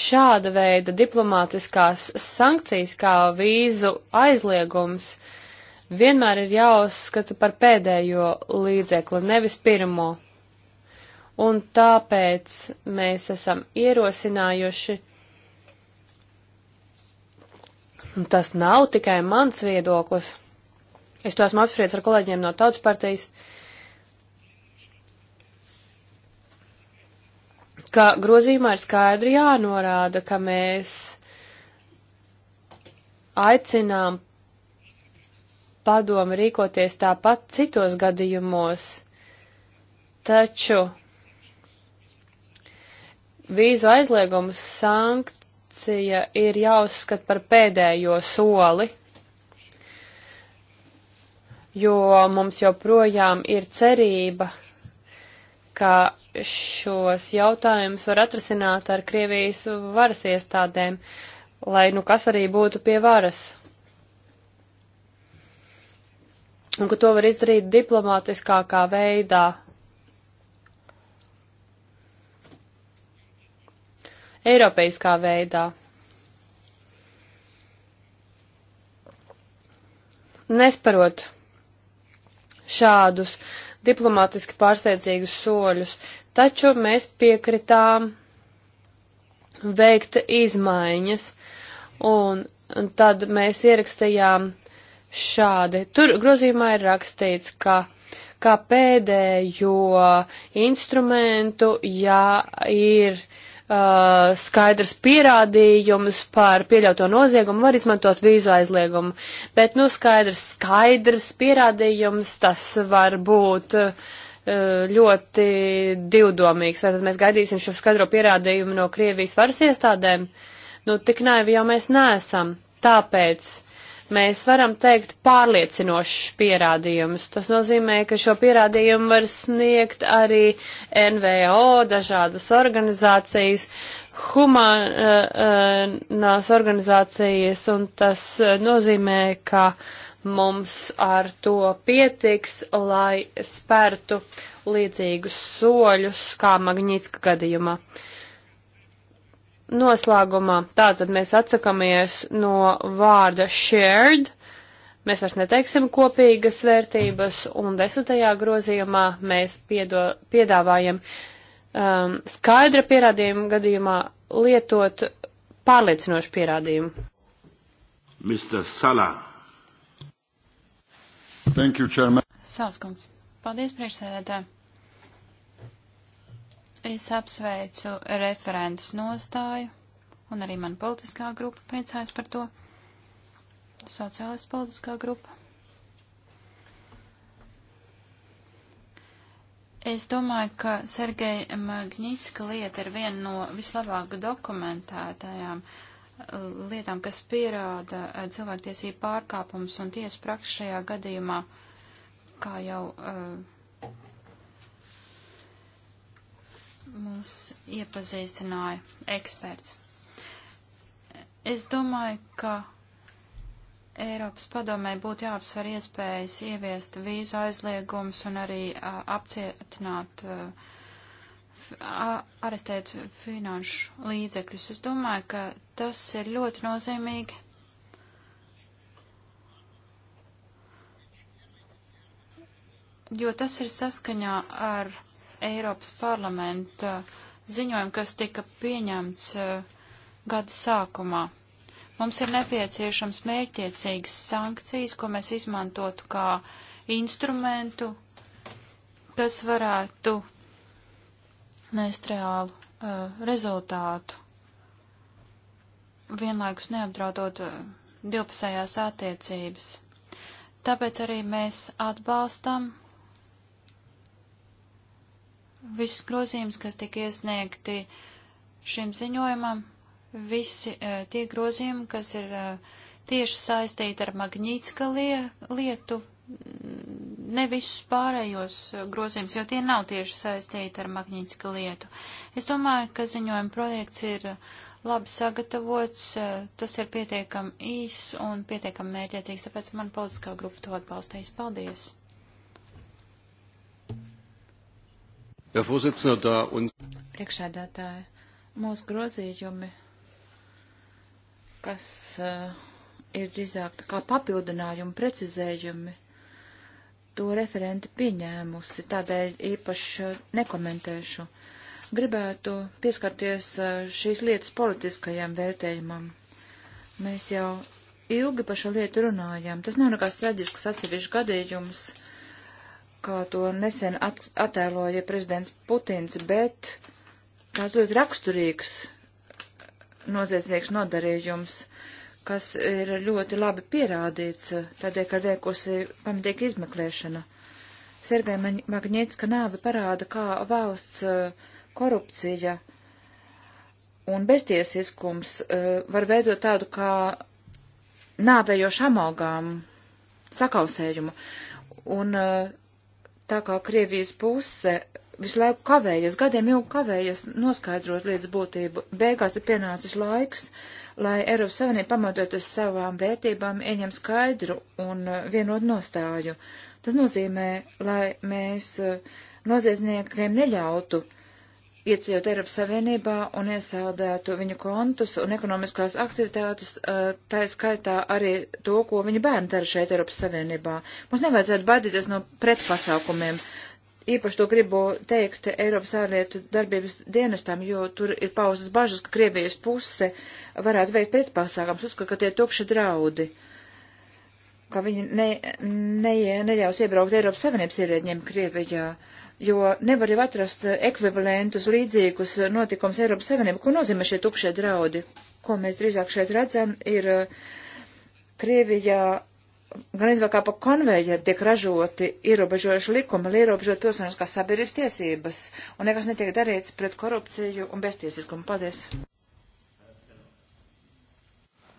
šāda veida diplomātiskās sankcijas kā vīzu aizliegums vienmēr ir jāuzskata par pēdējo līdzekli, nevis pirmo un tāpēc mēs esam ierosinājuši, un tas nav tikai mans viedoklis, es to esmu apspriedis ar kolēģiem no tautas partijas, ka grozījumā ir skaidri jānorāda, ka mēs aicinām padomu rīkoties tāpat citos gadījumos, taču vīzu aizliegumu sankcija ir jāuzskat par pēdējo soli, jo mums joprojām ir cerība, ka šos jautājumus var atrasināt ar Krievijas varas iestādēm, lai nu kas arī būtu pie varas. Un ka to var izdarīt diplomātiskākā veidā, Eiropeiskā veidā. Nesparot šādus diplomātiski pārsteidzīgus soļus, taču mēs piekritām veikt izmaiņas, un tad mēs ierakstījām šādi. Tur grozījumā ir rakstīts, ka kā pēdējo instrumentu, ja ir uh, uh, skaidrs pierādījums par pieļauto noziegumu, var izmantot vīzu aizliegumu. Bet, nu, skaidrs, skaidrs pierādījums, tas var būt uh, ļoti divdomīgs. Vai tad mēs gaidīsim šo skaidro pierādījumu no Krievijas varas iestādēm? Nu, tik naivi jau mēs neesam. Tāpēc mēs varam teikt pārliecinošus pierādījumus. Tas nozīmē, ka šo pierādījumu var sniegt arī NVO, dažādas organizācijas, humanās uh, uh, organizācijas, un tas uh, nozīmē, ka mums ar to pietiks, lai spērtu līdzīgus soļus kā Magnītska gadījumā. Uh, Noslēgumā tātad mēs atsakamies no vārda shared, mēs vairs neteiksim kopīgas vērtības, un desmitajā grozījumā mēs piedo, piedāvājam um, skaidra pierādījuma gadījumā lietot pārliecinošu pierādījumu. Mr. Salā. Thank you, Chairman. Sāskums. Paldies, priekšsēdētāji. Es apsveicu referentus nostāju, un arī man politiskā grupa priecājas par to. Sociālistu politiskā grupa. Es domāju, ka Sergeja Magnitska lieta ir viena no vislabāk dokumentētajām uh, lietām, kas pierāda uh, cilvēktiesību pārkāpums un tiesu prakšajā gadījumā, kā jau uh, mums iepazīstināja eksperts. Es domāju, ka Eiropas padomē būtu jāapsver iespējas ieviest vīzu aizliegums un arī a, apcietināt, a, arestēt finanšu līdzekļus. Es domāju, ka tas ir ļoti nozīmīgi. Jo tas ir saskaņā ar Eiropas parlamenta ziņojumu, kas tika pieņemts eh, gada sākumā. Mums ir nepieciešams mērķiecīgas sankcijas, ko mēs izmantotu kā instrumentu, kas varētu nest reālu uh, rezultātu, vienlaikus neapdraudot uh, divpusējās attiecības. Tāpēc arī mēs atbalstam visus grozījumus, kas tika iesniegti šim ziņojumam, visi uh, tie grozījumi, kas ir uh, tieši saistīti ar Magnītiska lie, lietu, ne visus pārējos e, grozījumus, jo tie nav tieši saistīti ar Magnītiska lietu. Es domāju, ka ziņojuma projekts ir labi sagatavots, tas ir pietiekami īs un pietiekami mērķiecīgs, tāpēc man politiskā grupa to atbalstīs. Paldies! Priekšsēdētāji, mūsu grozījumi, kas uh, ir drīzāk kā papildinājumi, precizējumi, to referenti pieņēmusi, tādēļ īpaši nekomentēšu. Gribētu pieskarties eh, šīs lietas politiskajam vērtējumam. Mēs jau ilgi par šo lietu runājam. Tas nav nekāds traģisks atsevišķs gadījums. Uh, kā to nesen at attēloja prezidents Putins, bet tāds ļoti raksturīgs noziedznieks nodarījums, kas ir ļoti labi pierādīts, eh, tādēļ, ka rēkosi pamatīga izmeklēšana. Sergei Magnētiska nāve parāda, kā valsts eh, korupcija un beztiesiskums eh, var veidot tādu kā nāvējošu amalgām sakausējumu. Un uh, tā kā Krievijas puse visu laiku kavējas, gadiem ilgi kavējas noskaidrot lietas būtību. Beigās ir pienācis laiks, lai Eiropas Savienība pamatotas savām vērtībām ieņem skaidru un uh, vienotu nostāju. Tas nozīmē, lai mēs uh, noziedzniekiem neļautu uh, ieceļot Eiropas Savienībā un iesaldētu viņu kontus un ekonomiskās aktivitātes, eh, tā ir skaitā arī to, ko viņa bērni dara šeit Eiropas Savienībā. Mums nevajadzētu baidīties no pretpasākumiem. Īpaši to gribu teikt Eiropas ārlietu darbības dienestam, jo tur ir pauzas bažas, ka Krievijas puse varētu veikt pretpasākums, uzskat, ka tie tukši draudi ka viņi ne, ne, neļaus iebraukt Eiropas Savienības ierēģiem Krievijā. Uh, jo nevar jau atrast eh, ekvivalentus līdzīgus eh, notikums Eiropas Savienību. Ko nozīmē šie tukšie draudi? Ko mēs drīzāk šeit redzam, ir eh, Krievijā gan izvēlkā pa konvejeru tiek ražoti ierobežojuši likumi, lai ierobežot pilsoniskās sabiedrības tiesības, un nekas netiek darīts pret korupciju un beztiesiskumu. Paldies!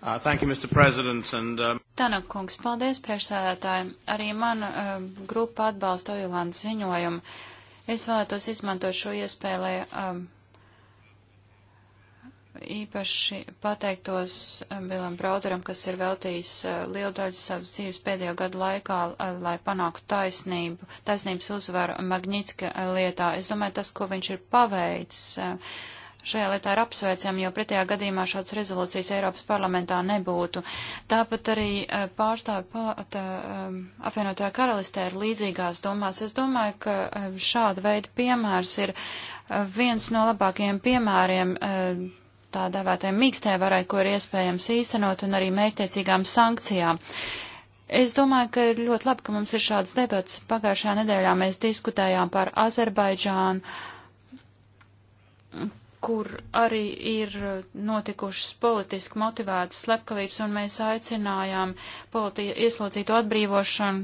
Uh, thank you, Mr. President. And, um... Tanak kungs, paldies priekšsēdētājiem. Arī mana uh, grupa atbalsta Ojulāna ziņojumu. Uh, Es vēlētos izmantot šo iespēju, lai um, īpaši pateiktos Bilam um, Brauderam, kas ir veltījis uh, lielu daļu savas dzīves pēdējo gadu laikā, uh, lai panāktu taisnību, taisnības uzvaru Magnitska uh, lietā. Es domāju, tas, ko viņš ir paveicis, šajā lietā ir apsveicama, jo pretējā gadījumā šādas rezolūcijas Eiropas parlamentā nebūtu. Tāpat arī e, pārstāvi e, apvienotajā karalistē ir līdzīgās domās. Es domāju, ka e, šāda veida piemērs ir viens no labākajiem piemēriem tā dēvētajai mīkstē varai, ko ir iespējams īstenot, un arī mērķtiecīgām sankcijām. Es domāju, ka ir ļoti labi, ka mums ir šāds debats. Pagājušajā nedēļā mēs diskutējām par Azerbaidžānu kur arī ir notikušas politiski motivētas slepkavības, un mēs aicinājām ieslodzītu atbrīvošanu,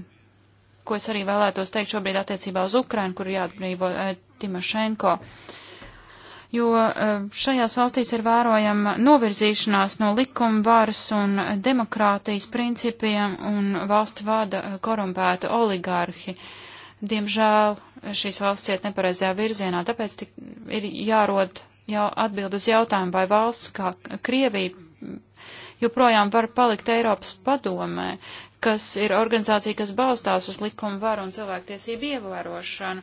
ko es arī vēlētos teikt šobrīd attiecībā uz Ukrainu, kur jāatbrīvo e, Timošenko. Jo e, šajās valstīs ir vērojama novirzīšanās no likuma varas un demokrātijas principiem, un valsti vada eh, korumpēta oligārhi. Diemžēl šīs valsts iet nepareizajā virzienā, tāpēc tik ir jārod jau atbild uz jautājumu, vai valsts kā Krievija joprojām var palikt Eiropas padomē, kas ir organizācija, kas balstās uz likumu varu un cilvēktiesību ievērošanu.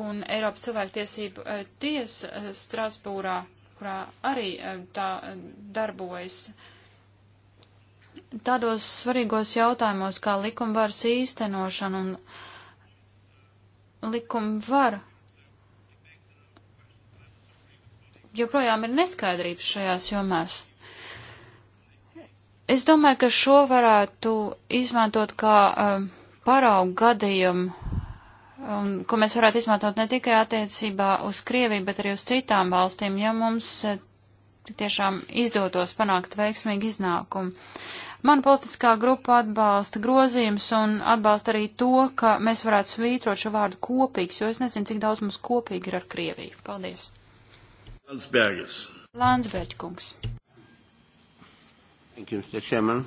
Un Eiropas cilvēktiesību eh, tiesa eh, Strasbūrā, kurā arī eh, tā darbojas, tādos svarīgos jautājumos kā likumvaras īstenošana un likumvara joprojām ir neskaidrības šajās jomās. Es domāju, ka šo varētu izmantot kā um, paraugu gadījumu, um, ko mēs varētu izmantot ne tikai attiecībā uz Krieviju, bet arī uz citām valstīm, ja mums uh, tiešām izdotos panākt veiksmīgu iznākumu. Man politiskā grupa atbalsta grozījums un atbalsta arī to, ka mēs varētu svītrot šo vārdu kopīgs, jo es nezinu, cik daudz mums kopīgi ir ar Krieviju. Paldies! Landsbergis. Landsbergis kungs. Thank you, Mr. Chairman.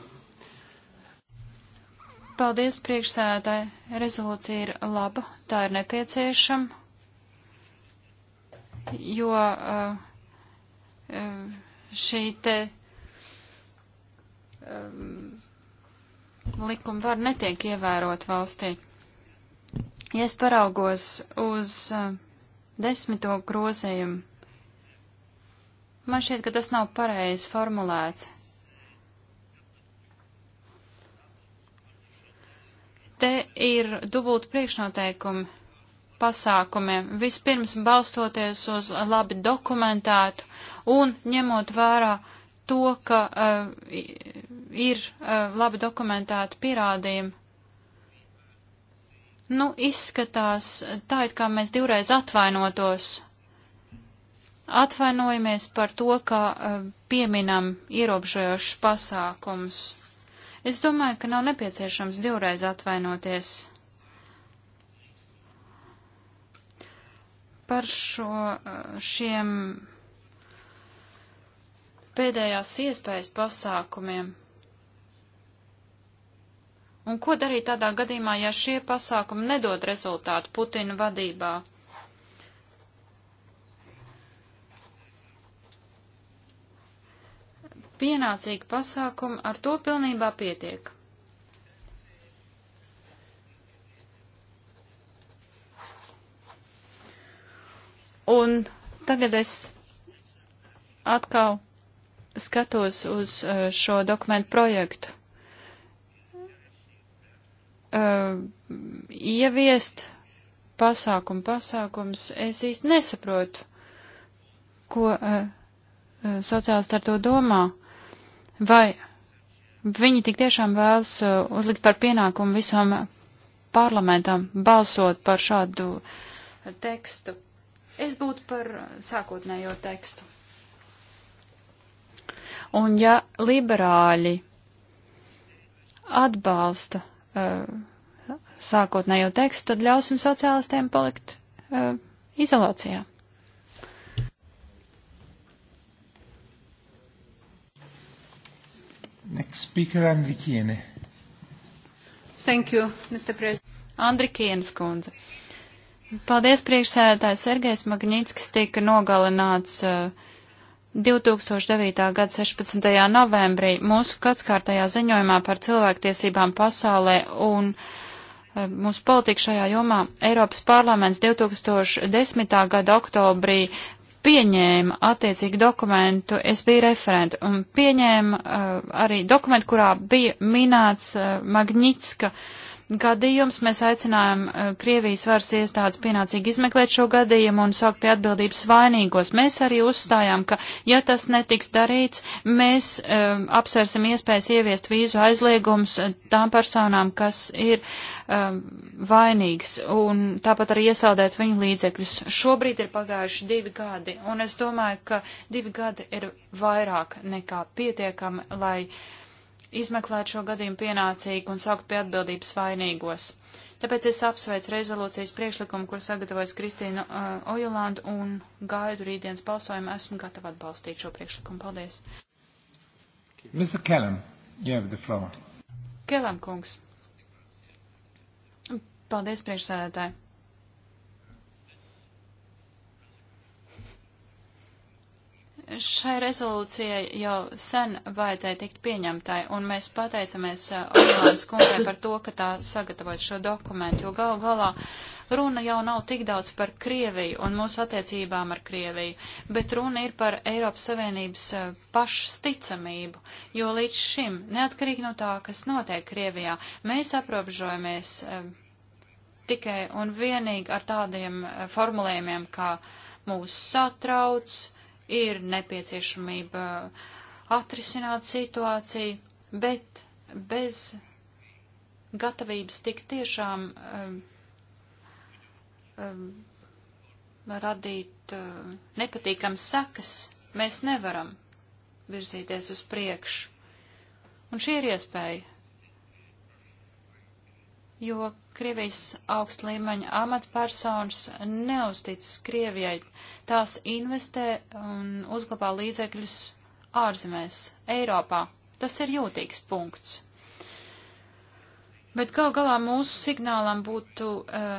Paldies priekšsēdētāji. Rezolūcija ir laba, tā ir nepieciešama, jo uh, uh, šī te um, likuma var netiek ievērot valstī. Ja es paraugos uz uh, desmito grozījumu Man šķiet, ka tas nav pareizi formulēts. Te ir dubult priekšnoteikumi pasākumiem, vispirms balstoties uz labi dokumentētu un ņemot vērā to, ka uh, ir uh, labi dokumentēti pierādījumi. Nu, izskatās tā, it kā mēs divreiz atvainotos Atvainojamies par to, ka e, pieminam ierobežojošus pasākums. Es domāju, ka nav nepieciešams divreiz atvainoties. Par šo, e, šiem pēdējās iespējas pasākumiem. Un ko darīt tādā gadījumā, ja šie pasākumi nedod rezultātu Putina vadībā? pienācīgi pasākumi, ar to pilnībā pietiek. Un tagad es atkal skatos uz uh, šo dokumentu projektu. Uh, ieviest pasākumu pasākums, es īsti nesaprotu, ko uh, uh sociālisti ar to domā. Uh, vai viņi tik tiešām vēlas uh, uzlikt par pienākumu visam parlamentam balsot par šādu tekstu. Es būtu par sākotnējo tekstu. Un ja liberāļi atbalsta uh, sākotnējo tekstu, tad ļausim sociālistiem palikt uh, izolācijā. Next speaker, Andrikiene. Thank you, Mr. President. Andrikienes kundze. Paldies, priekšsēdētājs Sergejs Magnitskis tika nogalināts uh, 2009. gada 16. novembrī mūsu gadskārtajā ziņojumā par cilvēktiesībām pasaulē un uh, mūsu politika šajā jomā Eiropas parlaments 2010. gada oktobrī pieņēma attiecīgi dokumentu, es biju referenta, un pieņēma uh, arī dokumentu, kurā bija minēts uh, Magnitska uh, gadījums. Mēs aicinājām uh, Krievijas varas iestādes pienācīgi izmeklēt šo gadījumu un saukt pie atbildības vainīgos. Mēs arī uzstājām, ka, ja tas netiks darīts, mēs um, apsvērsim iespējas ieviest vīzu aizliegums uh, tām personām, kas ir um, vainīgs, un tāpat arī iesaldēt viņu līdzekļus. Šobrīd ir pagājuši divi gadi, un es domāju, ka divi gadi ir vairāk nekā pietiekami, lai uh, izmeklēt šo gadījumu pienācīgi un saukt pie atbildības vainīgos. Tāpēc es apsveicu rezolūcijas priekšlikumu, kur sagatavojas Kristīna uh, Ojulanda un gaidu rītdienas balsojumu. Esmu gatava atbalstīt šo priekšlikumu. Paldies. Mr. Kellam, you have the floor. Kellam kungs. Paldies priekšsēdētāji. Šai rezolūcijai jau sen vajadzēja tikt pieņemtai, un mēs pateicamies eh, Olimānas kundzei par to, ka tā sagatavoja šo dokumentu, jo gal galā runa jau nav tik daudz par Krieviju un mūsu attiecībām ar Krieviju, bet runa ir par Eiropas Savienības eh, pašas ticamību, jo līdz šim, neatkarīgi no tā, kas notiek Krievijā, mēs aprobežojamies eh, tikai un vienīgi ar tādiem formulējumiem, kā mūs satrauc, ir nepieciešamība atrisināt situāciju, bet bez gatavības tik tiešām um, um, radīt uh, nepatīkams sekas, mēs nevaram virzīties uz priekšu. Un šī ir iespēja, jo Krievijas augst līmeņa amatpersonas neuzticas Krievijai tās investē un uzglabā līdzekļus ārzemēs, Eiropā. Tas ir jūtīgs punkts. Bet gal galā mūsu signālam būtu uh,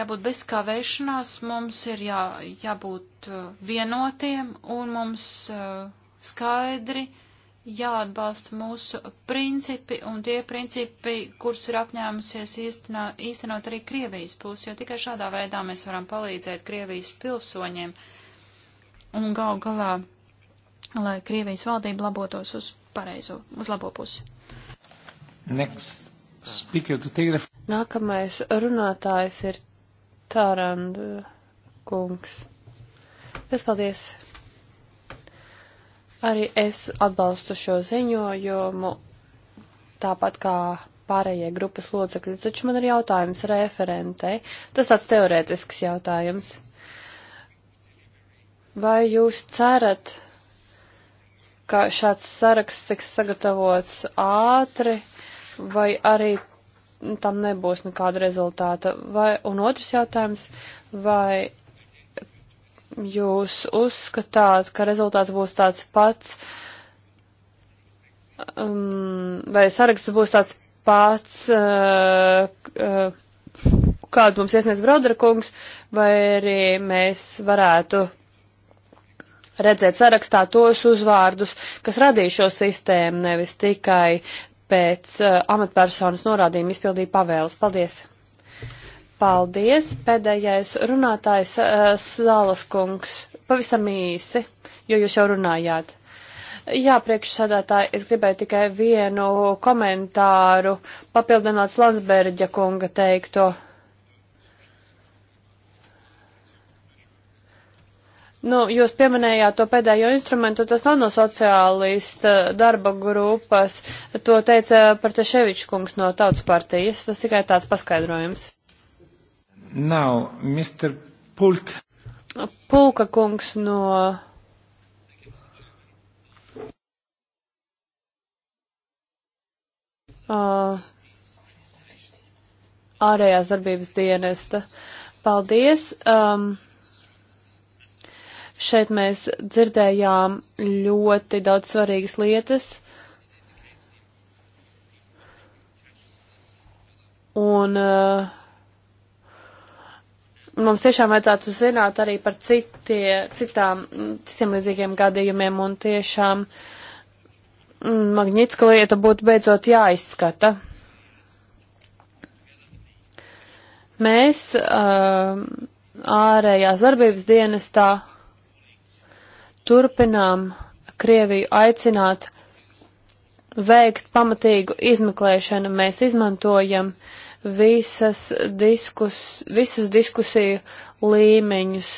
jābūt bez kavēšanās, mums ir jā, jābūt eh, vienotiem un mums uh, skaidri jāatbalsta mūsu principi un tie principi, kurus ir apņēmusies īstenā, īstenot arī Krievijas pusi, jo tikai šādā veidā mēs varam palīdzēt Krievijas pilsoņiem un gal galā, lai Krievijas valdība labotos uz pareizo, uz labo pusi. Next speaker to take the... Nākamais runātājs ir Tārand uh, kungs. Es paldies. Arī es atbalstu šo ziņojumu, tāpat kā pārējie grupas locekļi, taču man ir jautājums referentei. Tas tāds teorētisks jautājums. Vai jūs cerat, ka šāds saraksts tiks sagatavots ātri, vai arī tam nebūs nekāda rezultāta? Vai, un otrs jautājums, vai jūs uzskatāt, ka rezultāts būs tāds pats, um, vai saraksts būs tāds pats, uh, uh, kādu mums iesniedz Braudera kungs, vai arī mēs varētu redzēt sarakstā tos uzvārdus, kas radīja šo sistēmu, nevis tikai pēc uh, amatpersonas norādījuma izpildīja pavēles. Paldies! Paldies, pēdējais runātājs Zāles eh, kungs. Pavisam īsi, jo jūs jau runājāt. Jā, priekšsādātāji, es gribēju tikai vienu komentāru papildināt Lasberģa kunga teikto. Nu, jūs pieminējāt to pēdējo instrumentu, tas nav no sociālista darba grupas, to teica Parteševičs kungs no Tautas partijas, tas tikai tāds paskaidrojums. Now, Mr. Pulk. Pulka kungs no. Uh, ārējās darbības dienesta. Paldies! Um, šeit mēs dzirdējām ļoti daudz svarīgas lietas. Un uh, mums tiešām vajadzētu zināt arī par citie, citām, citiem līdzīgiem gadījumiem un tiešām mm, Magnitska lieta būtu beidzot jāizskata. Mēs uh, ārējās darbības dienestā turpinām Krieviju aicināt veikt pamatīgu izmeklēšanu. Mēs izmantojam uh, visas diskus, visus diskusiju līmeņus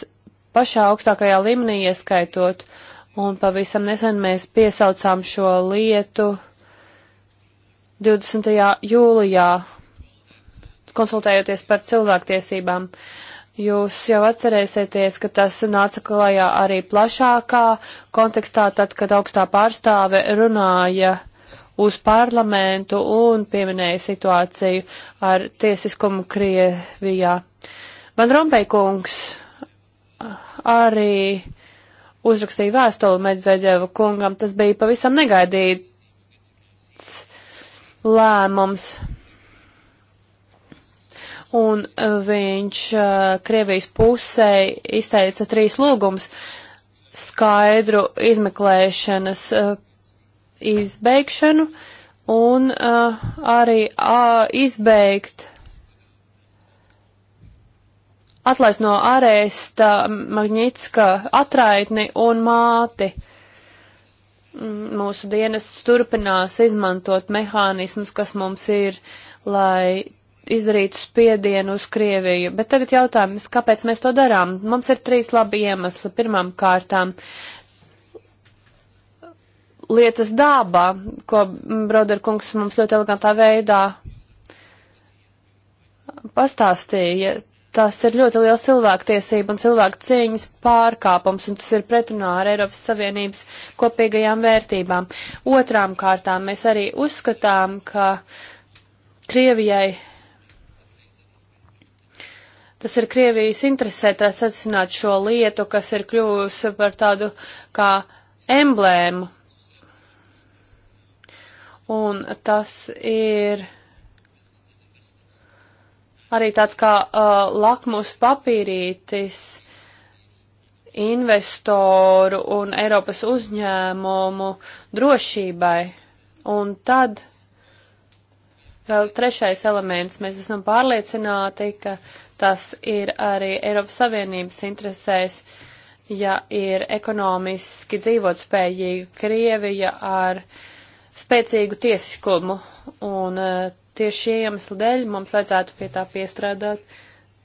pašā augstākajā līmenī ieskaitot, un pavisam nesen mēs piesaucām šo lietu 20. jūlijā, konsultējoties par cilvēktiesībām. Jūs jau atcerēsieties, ka tas nāca klajā arī plašākā kontekstā, tad, kad augstā pārstāve runāja uh, uz parlamentu un pieminēja situāciju ar tiesiskumu Krievijā. Van Rompeikungs arī uzrakstīja vēstuli Medvedeva kungam. Tas bija pavisam negaidīts lēmums. Un viņš Krievijas pusē izteica trīs lūgums skaidru izmeklēšanas izbeigšanu un uh, arī uh, izbeigt atlaist no arēsta Magnitska atraitni un māti. Mm, mūsu dienas turpinās izmantot mehānismus, kas mums ir, lai izdarītu spiedienu uz Krieviju. Bet tagad jautājums, kāpēc mēs to darām? Mums ir trīs labi iemesli. Pirmām kārtām, uh, lietas dābā, ko Broderkungs mums ļoti elegantā veidā pastāstīja. Tas ir ļoti liels cilvēktiesība un cilvēku cieņas pārkāpums, un tas ir pretrunā ar Eiropas Savienības kopīgajām vērtībām. Otrām kārtām mēs arī uzskatām, ka Krievijai tas ir Krievijas interesē atrisināt šo lietu, kas ir kļuvusi par tādu kā emblēmu Un tas ir arī tāds kā uh, lakmus papīrītis investoru un Eiropas uzņēmumu drošībai. Un tad vēl trešais elements. Mēs esam pārliecināti, ka tas ir arī Eiropas Savienības interesēs, ja ir ekonomiski dzīvotspējīga Krievija ar uh, spēcīgu tiesiskumu, un eh, tieši šie iemesli dēļ mums vajadzētu pie tā piestrādāt.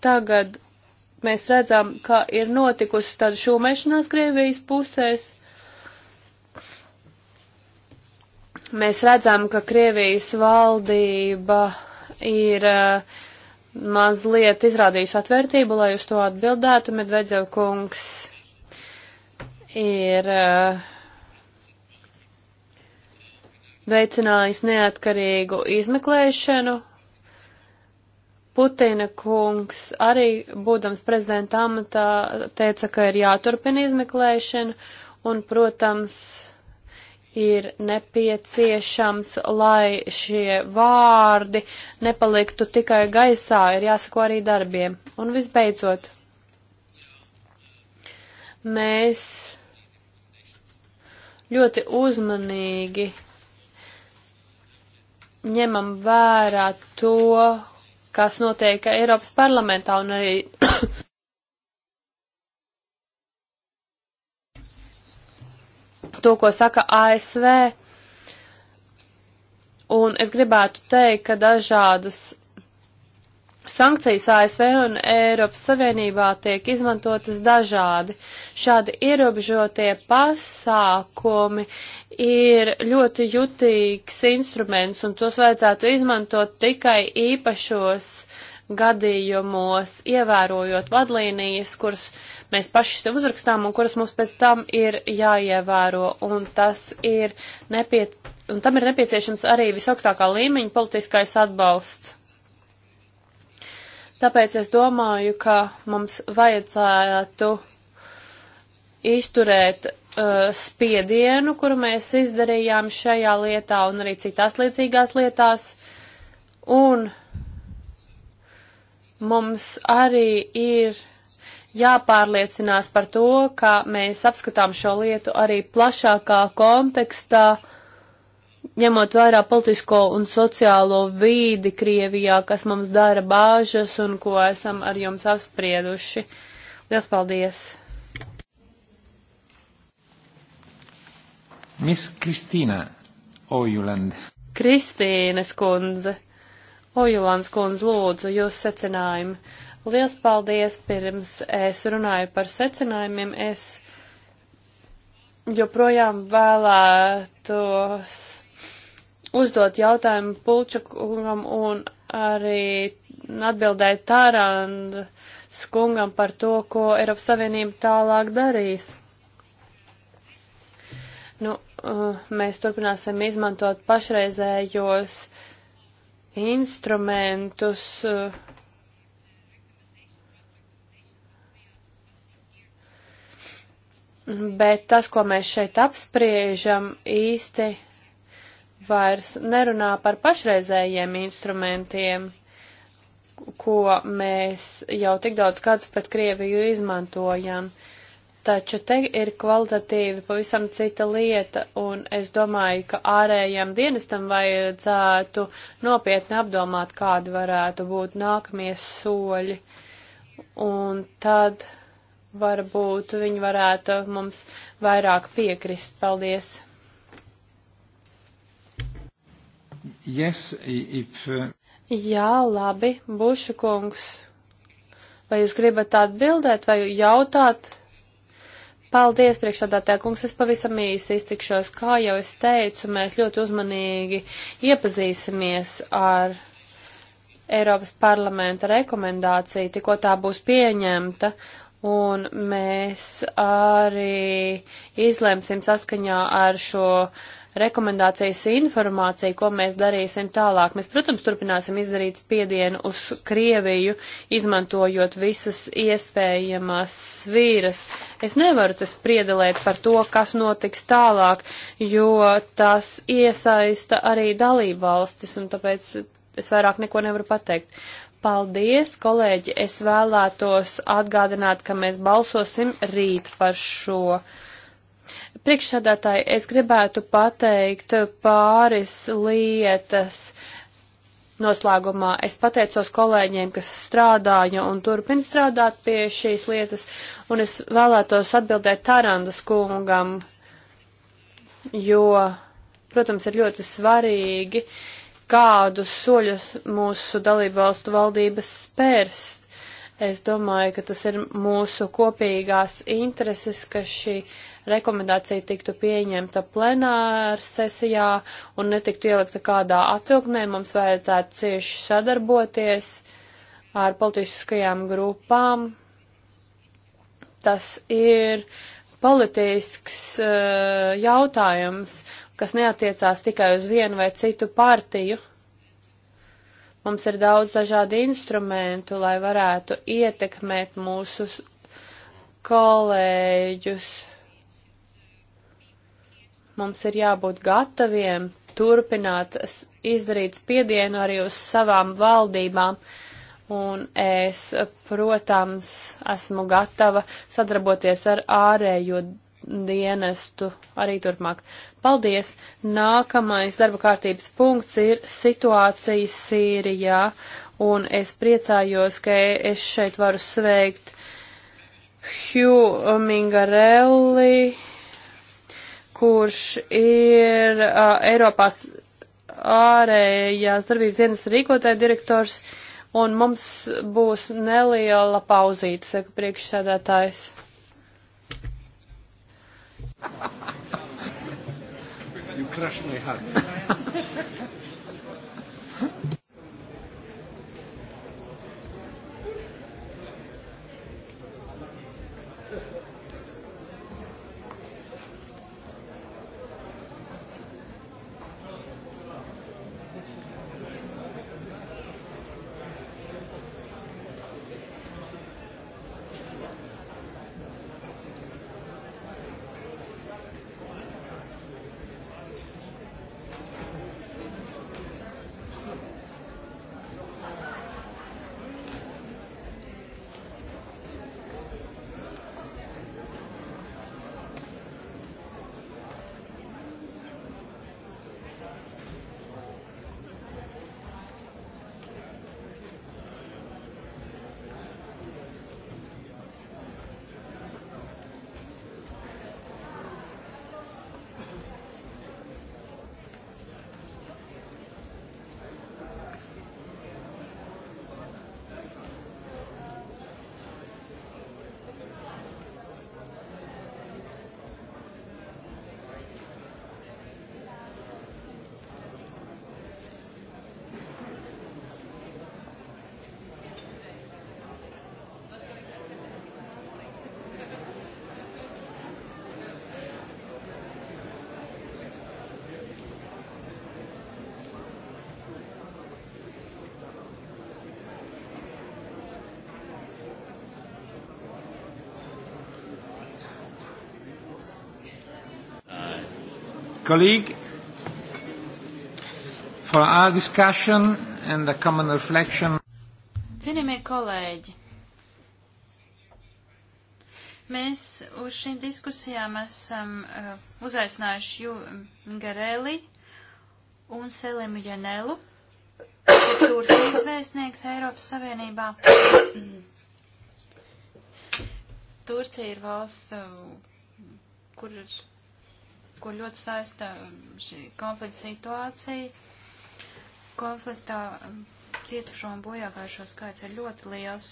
Tagad mēs redzam, ka ir notikusi tāda šūmešanās Krievijas pusēs. Mēs redzam, ka Krievijas valdība ir eh, mazliet izrādījusi atvērtību, lai uz to atbildētu. Medvedzev kungs ir uh, veicinājis neatkarīgu izmeklēšanu. Putina kungs arī, būdams prezidenta amatā, teica, ka ir jāturpina izmeklēšana un, protams, ir nepieciešams, lai šie vārdi nepaliktu tikai gaisā, ir jāsako arī darbiem. Un visbeidzot, mēs ļoti uzmanīgi ņemam vērā to, kas notiek Eiropas parlamentā un arī to, ko saka ASV. Un es gribētu teikt, ka dažādas sankcijas ASV un Eiropas Savienībā tiek izmantotas dažādi. Šādi ierobežotie pasākumi uh, ir ļoti jutīgs instruments, un tos vajadzētu izmantot tikai īpašos gadījumos, ievērojot vadlīnijas, kuras mēs paši sev uzrakstām un kuras mums pēc tam ir jāievēro, un tas ir nepiet... un tam ir nepieciešams arī visaugstākā līmeņa politiskais atbalsts. Tāpēc es domāju, ka mums vajadzētu izturēt Eh, spiedienu, kuru mēs izdarījām šajā lietā un arī citās līdzīgās lietās. Un mums arī ir jāpārliecinās par to, ka mēs apskatām šo lietu arī plašākā kontekstā, ņemot vērā politisko un sociālo vīdi Krievijā, kas mums dara bāžas un ko esam ar jums apsprieduši. Liels paldies! Miss Kristīna Ojuland. Kristīnes kundze. Ojulands kundze, lūdzu, jūs secinājumi. Liels paldies, pirms es runāju par secinājumiem, es joprojām vēlētos uzdot jautājumu Pulčakungam un arī atbildēt Tāranda skungam par to, ko Eiropas Savienība tālāk darīs. Nu, uh, mēs turpināsim izmantot pašreizējos instrumentus. Uh, bet tas, ko mēs šeit apspriežam, īsti vairs nerunā par pašreizējiem instrumentiem, ko mēs jau tik daudz gadus pret Krieviju izmantojam. Uh, Taču te ir kvalitatīvi pavisam cita lieta, un es domāju, ka ārējiem dienestam vajadzētu nopietni apdomāt, kādi varētu būt nākamie soļi. Un tad varbūt viņi varētu mums vairāk piekrist. Paldies! Yes, if, uh... Jā, labi, Bušu kungs. Vai jūs gribat atbildēt vai jautāt? Paldies, priekšādātā kungs, es pavisam īsi iztikšos. Kā jau es teicu, mēs ļoti uzmanīgi iepazīsimies ar Eiropas parlamenta rekomendāciju, tikko tā būs pieņemta, un mēs arī izlemsim saskaņā ar šo uh, rekomendācijas informācija, ko mēs darīsim tālāk. Mēs, protams, turpināsim izdarīt spiedienu uz Krieviju, izmantojot visas iespējamās svīras. Es nevaru tas priedelēt par to, kas notiks tālāk, jo tas iesaista arī dalību valstis, un tāpēc es vairāk neko nevaru pateikt. Paldies, kolēģi! Es vēlētos atgādināt, ka mēs balsosim rīt par šo Priekšsādātāji, es gribētu pateikt pāris lietas. Noslēgumā es pateicos kolēģiem, kas strādāja un turpin strādāt pie šīs lietas, un es vēlētos atbildēt Tarandas kungam, jo, protams, ir ļoti svarīgi, kādus soļus mūsu dalībvalstu valdības spērst. Es domāju, ka tas ir mūsu kopīgās intereses, ka šī rekomendācija tiktu pieņemta plenāra sesijā un netiktu ielikta kādā atvilknē, mums vajadzētu cieši sadarboties ar politiskajām grupām. Tas ir politisks uh, jautājums, kas neatiecās tikai uz vienu vai citu partiju. Mums ir daudz dažādu instrumentu, lai varētu ietekmēt mūsu kolēģus. Mums ir jābūt gataviem turpināt izdarīt spiedienu arī uz savām valdībām. Un es, protams, esmu gatava sadarboties ar ārējo dienestu arī turpmāk. Paldies! Nākamais darba kārtības punkts ir situācija Sīrijā, un es priecājos, ka es šeit varu sveikt Hugh Mingarelli kurš ir uh, Eiropās ārējās darbības dienas rīkotāja direktors, un mums būs neliela pauzīte, saka priekšsēdētājs. You crushed my heart. colleague, for our discussion and the common reflection. Cienījamie kolēģi, mēs uz šīm diskusijām esam uh, uzaicinājuši Jū Gareli un Selimu Janelu, Turcijas vēstnieks Eiropas Savienībā. Turcija ir valsts, uh, kur ir ko ļoti saista um, šī konflikta situācija. Konfliktā um, cietušo un bojāgājušo skaits ir ļoti liels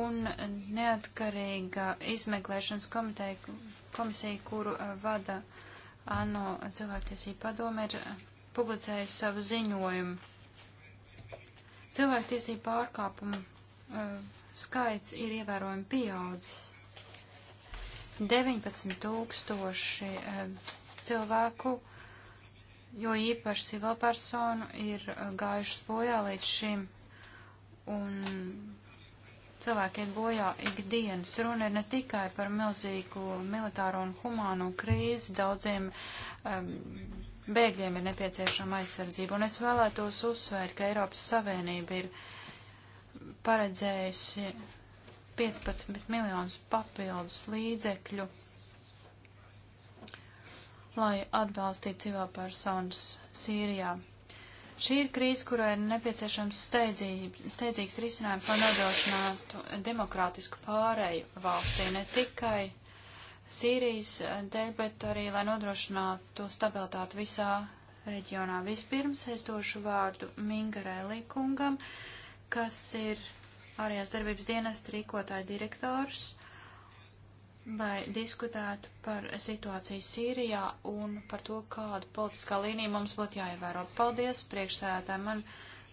un neatkarīga izmeklēšanas komiteja, komisija, kuru uh, vada ANO cilvēktiesība padome, ir uh, publicējusi savu ziņojumu. Cilvēktiesība pārkāpumu uh, skaits ir ievērojami pieaudzis. 19 tūkstoši eh, cilvēku, jo īpaši civilpersonu, ir eh, gājušas bojā līdz šim. Un cilvēki iet bojā ikdienas. Runa ir ne tikai par milzīgu militāro un humāno krīzi, daudziem um, bēgļiem ir nepieciešama aizsardzība. Un es vēlētos uzsvērt, ka Eiropas Savienība ir paredzējusi 15 miljonus papildus līdzekļu, lai atbalstītu civilpersonas Sīrijā. Šī ir krīze, kurai ir nepieciešams steidzīgi, steidzīgs risinājums, lai nodrošinātu demokrātisku pārēju valstī ne tikai Sīrijas dēļ, bet arī, lai nodrošinātu stabilitāti visā reģionā. Vispirms es došu vārdu Mingarelī kungam, kas ir ārējās darbības dienesta rīkotāja direktors, lai diskutētu par situāciju Sīrijā un par to, kādu politiskā līniju mums būtu jāievēro. Paldies, priekšsēdētāji. Man,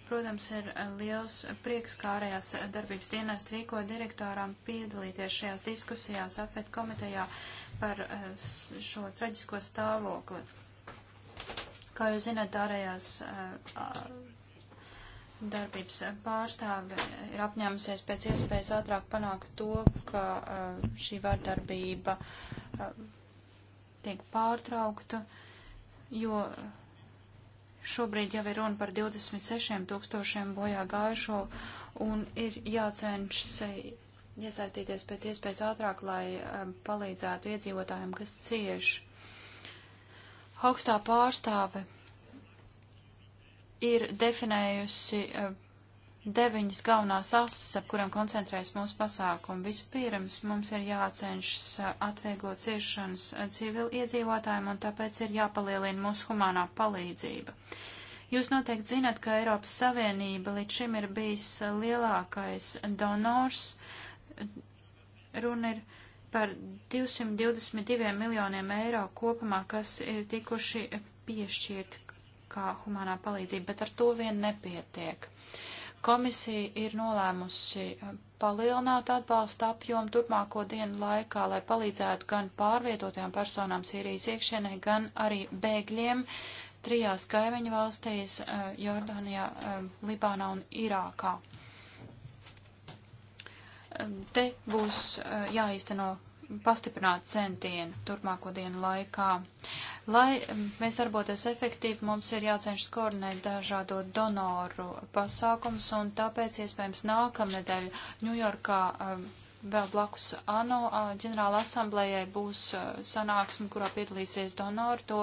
protams, ir eh, liels prieks, kā ārējās darbības dienesta rīko direktoram piedalīties šajās diskusijās AFET komitejā par eh, šo traģisko stāvokli. Kā jūs zināt, ārējās eh, darbības pārstāve ir apņēmusies pēc iespējas ātrāk panākt to, ka uh, šī vardarbība uh, tiek pārtraukta, jo šobrīd jau ir runa par 26 tūkstošiem bojā gājušo un ir jācenšas uh, iesaistīties pēc iespējas ātrāk, lai palīdzētu iedzīvotājiem, kas cieš. Augstā pārstāve ir definējusi eh, deviņas galvenās asas, ap kurām koncentrējas mūsu pasākumi. Vispirms mums ir jācenšas eh, atvieglot ciešanas eh, civili iedzīvotājiem, un tāpēc ir jāpalielina mūsu humanā palīdzība. Jūs noteikti zinat, ka Eiropas Savienība līdz šim ir bijis lielākais donors. Runa ir par 222 miljoniem eiro kopumā, kas ir tikuši piešķirti kā humānā palīdzība, bet ar to vien nepietiek. Komisija ir nolēmusi uh, palielināt atbalsta apjomu turpmāko dienu laikā, lai palīdzētu gan pārvietotajām personām Sīrijas iekšienē, gan arī bēgļiem trijās kaimiņu valstīs uh, - Jordānijā, um, Libānā un Irākā. Um, te būs uh, jāīsteno pastiprināt centienu turpmāko dienu laikā. Uh, Lai mēs darbotos efektīvi, mums ir jācenšas koordinēt dažādo donoru pasākums, un tāpēc iespējams nākamnedēļ Ņujorkā um, vēl blakus ANO uh, ģenerāla asamblējai būs uh, sanāksme, kurā piedalīsies donori. To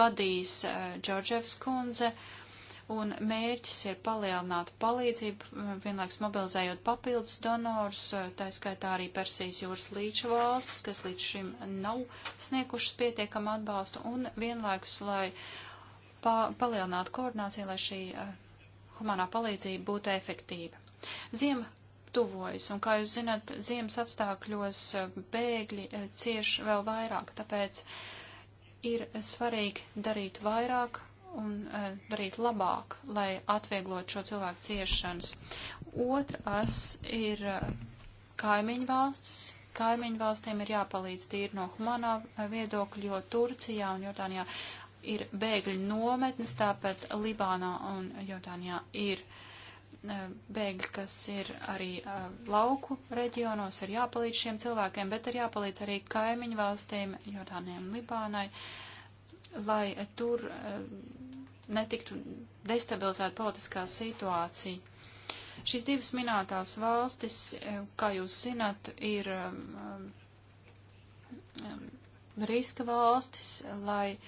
vadīs uh, Džordževs kundze. Uh, un mērķis ir palielināt palīdzību, vienlaiks mobilizējot papildus donors, tā skaitā arī Persijas jūras līča valstis, kas līdz šim nav sniegušas pietiekam atbalstu, un vienlaikus, lai pa palielinātu koordināciju, lai šī uh, humanā palīdzība būtu efektīva. Ziema tuvojas, un, kā jūs zināt, ziemas apstākļos eh, bēgļi eh, cieš vēl vairāk, tāpēc ir svarīgi darīt vairāk, un uh, darīt labāk, lai atvieglot šo cilvēku ciešanas. Otras ir uh, kaimiņu valsts. Kaimiņu valstīm ir jāpalīdz tīri no humanā eh, viedokļa, jo Turcijā un Jordānijā ir bēgļu nometnes, tāpēc Libānā un Jordānijā ir uh, bēgļi, kas ir arī uh, lauku reģionos, ir jāpalīdz šiem cilvēkiem, bet ir jāpalīdz arī kaimiņu valstīm, Jordānijai un Libānai. Uh, lai tur eh, netiktu destabilizēta politiskā situācija. Šīs divas minētās valstis, eh, kā jūs zināt, ir um, um, um, riska valstis, lai,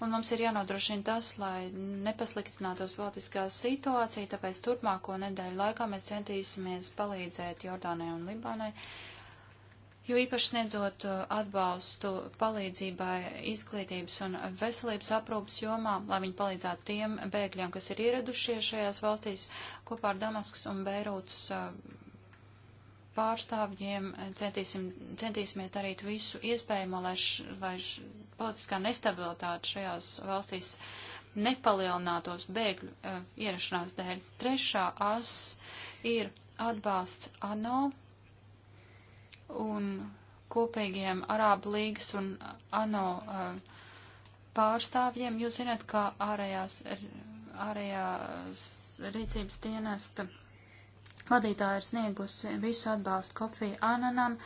un mums ir jānodrošina tas, lai nepasliktinātos politiskā situācija, tāpēc turpmāko nedēļu laikā mēs centīsimies palīdzēt Jordānai un Libānai. Uh, jo īpaši sniedzot uh, atbalstu palīdzībai izglītības un veselības aprūpas jomā, lai viņi palīdzētu tiem bēgļiem, kas ir ieradušies šajās valstīs kopā ar Damaskas un Beirūtas uh, pārstāvjiem. Centīsim, centīsimies darīt visu iespējamo, lai, š, lai š, politiskā nestabilitāte šajās valstīs nepalielinātos bēgļu uh, ierašanās dēļ. Trešā as ir atbalsts ANO un kopīgiem Arābu līgas un ANO eh, pārstāvjiem. Jūs zināt, kā ārējās, ārējās rīcības dienesta vadītāja ir sniegusi visu atbalstu Kofiju Ananam.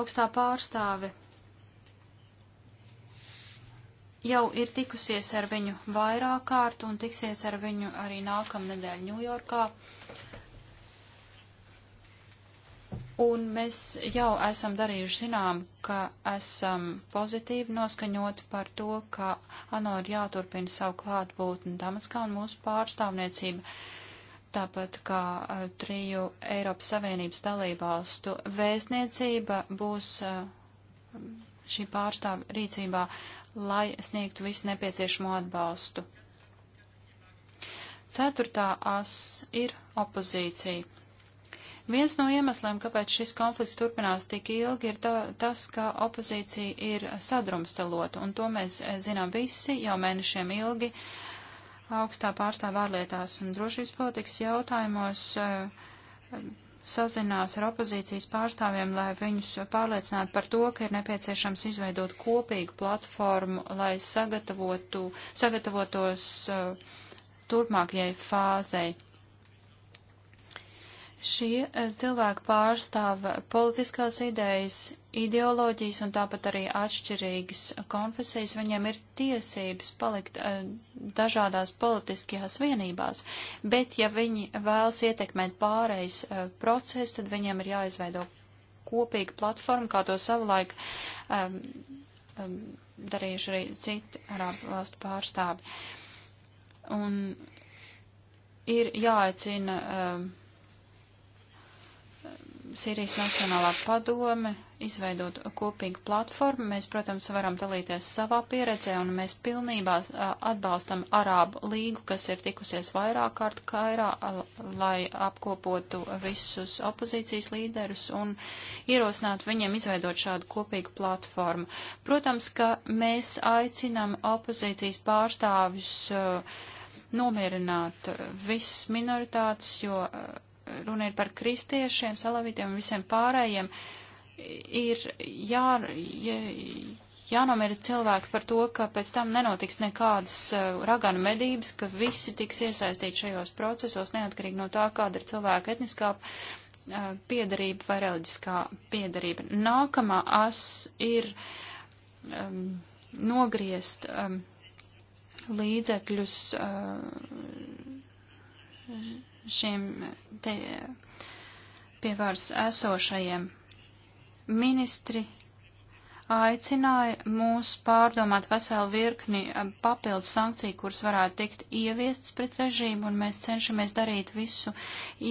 Augstā pārstāve jau ir tikusies ar viņu vairāk kārt un tiksies ar viņu arī nākamnedēļ Ņujorkā. Uh, Un mēs jau esam darījuši zinām, ka esam pozitīvi noskaņoti par to, ka ANO ir jāturpina savu klātbūtni Damaskā un mūsu pārstāvniecība, tāpat kā uh, triju Eiropas Savienības dalībvalstu vēstniecība būs uh, šī pārstāva rīcībā, lai sniegtu visu nepieciešamo atbalstu. Ceturtā as ir opozīcija. Viens no iemesliem, kāpēc šis konflikts turpinās tik ilgi, ir tā, tas, ka opozīcija ir sadrumstalota, un to mēs eh, zinām visi jau mēnešiem ilgi augstā pārstāvā ārlietās un drošības politikas jautājumos eh, sazinās ar opozīcijas pārstāvjiem, lai viņus pārliecinātu par to, ka ir nepieciešams izveidot kopīgu platformu, lai sagatavotu, sagatavotos eh, turpmākajai fāzei. Šie eh, cilvēki pārstāv politiskās idejas, ideoloģijas un tāpat arī atšķirīgas konfesijas. Viņiem ir tiesības palikt eh, dažādās politiskajās vienībās, bet ja viņi vēlas ietekmēt pārējais eh, procesu, tad viņiem ir jāizveido kopīga platforma, kā to savulaik um, um, darījuši arī citi arābu valstu pārstāvi. Un ir jāaicina. Um, Sīrijas Nacionālā padome izveidot kopīgu platformu. Mēs, protams, varam dalīties savā pieredzē, un mēs pilnībā atbalstam Arābu līgu, kas ir tikusies vairāk kārt kairā, lai apkopotu visus opozīcijas līderus un ierosinātu viņiem izveidot šādu kopīgu platformu. Protams, ka mēs aicinam opozīcijas pārstāvjus nomierināt visas minoritātes, jo runa ir par kristiešiem, salavītiem un visiem pārējiem, ir jā, jā, jānomira cilvēki par to, ka pēc tam nenotiks nekādas uh, raganu medības, ka visi tiks iesaistīti šajos procesos, neatkarīgi no tā, kāda ir cilvēka etniskā uh, piedarība vai reliģiskā piedarība. Nākamā as ir um, nogriezt um, līdzekļus. Um, šiem te, pie varas esošajiem. Ministri aicināja mūs pārdomāt veselu virkni eh, papildu sankciju, kuras varētu tikt ieviestas pret režīmu, un mēs cenšamies darīt visu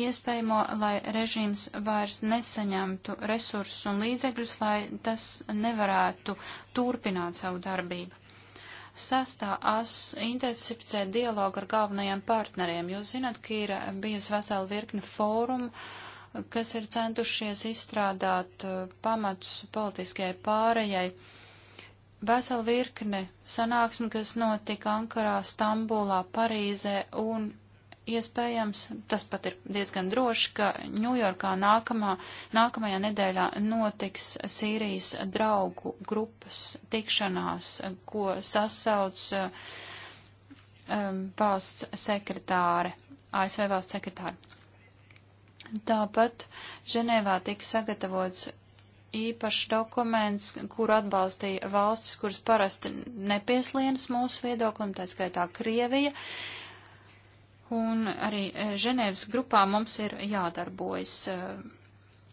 iespējamo, lai režīms vairs nesaņemtu resursus un līdzekļus, lai tas nevarētu turpināt savu darbību. Sastā as intensificēt dialogu ar galvenajiem partneriem. Jūs zināt, ka ir bijusi vesela virkne fórumu, kas ir centušies izstrādāt uh, pamatus politiskajai pārējai. Vesela virkne sanāksmi, kas notika Ankarā, Stambulā, Parīzē un iespējams, tas pat ir diezgan droši, ka Ņujorkā nākamā, nākamajā nedēļā notiks Sīrijas draugu grupas tikšanās, ko sasauc um, valsts sekretāre, ASV valsts sekretāre. Tāpat Ženēvā tika sagatavots īpašs dokuments, kuru atbalstīja valstis, kuras parasti nepieslienas mūsu viedoklim, tā skaitā Krievija. Uh, Un arī e, Ženēvas grupā mums ir jādarbojas uh,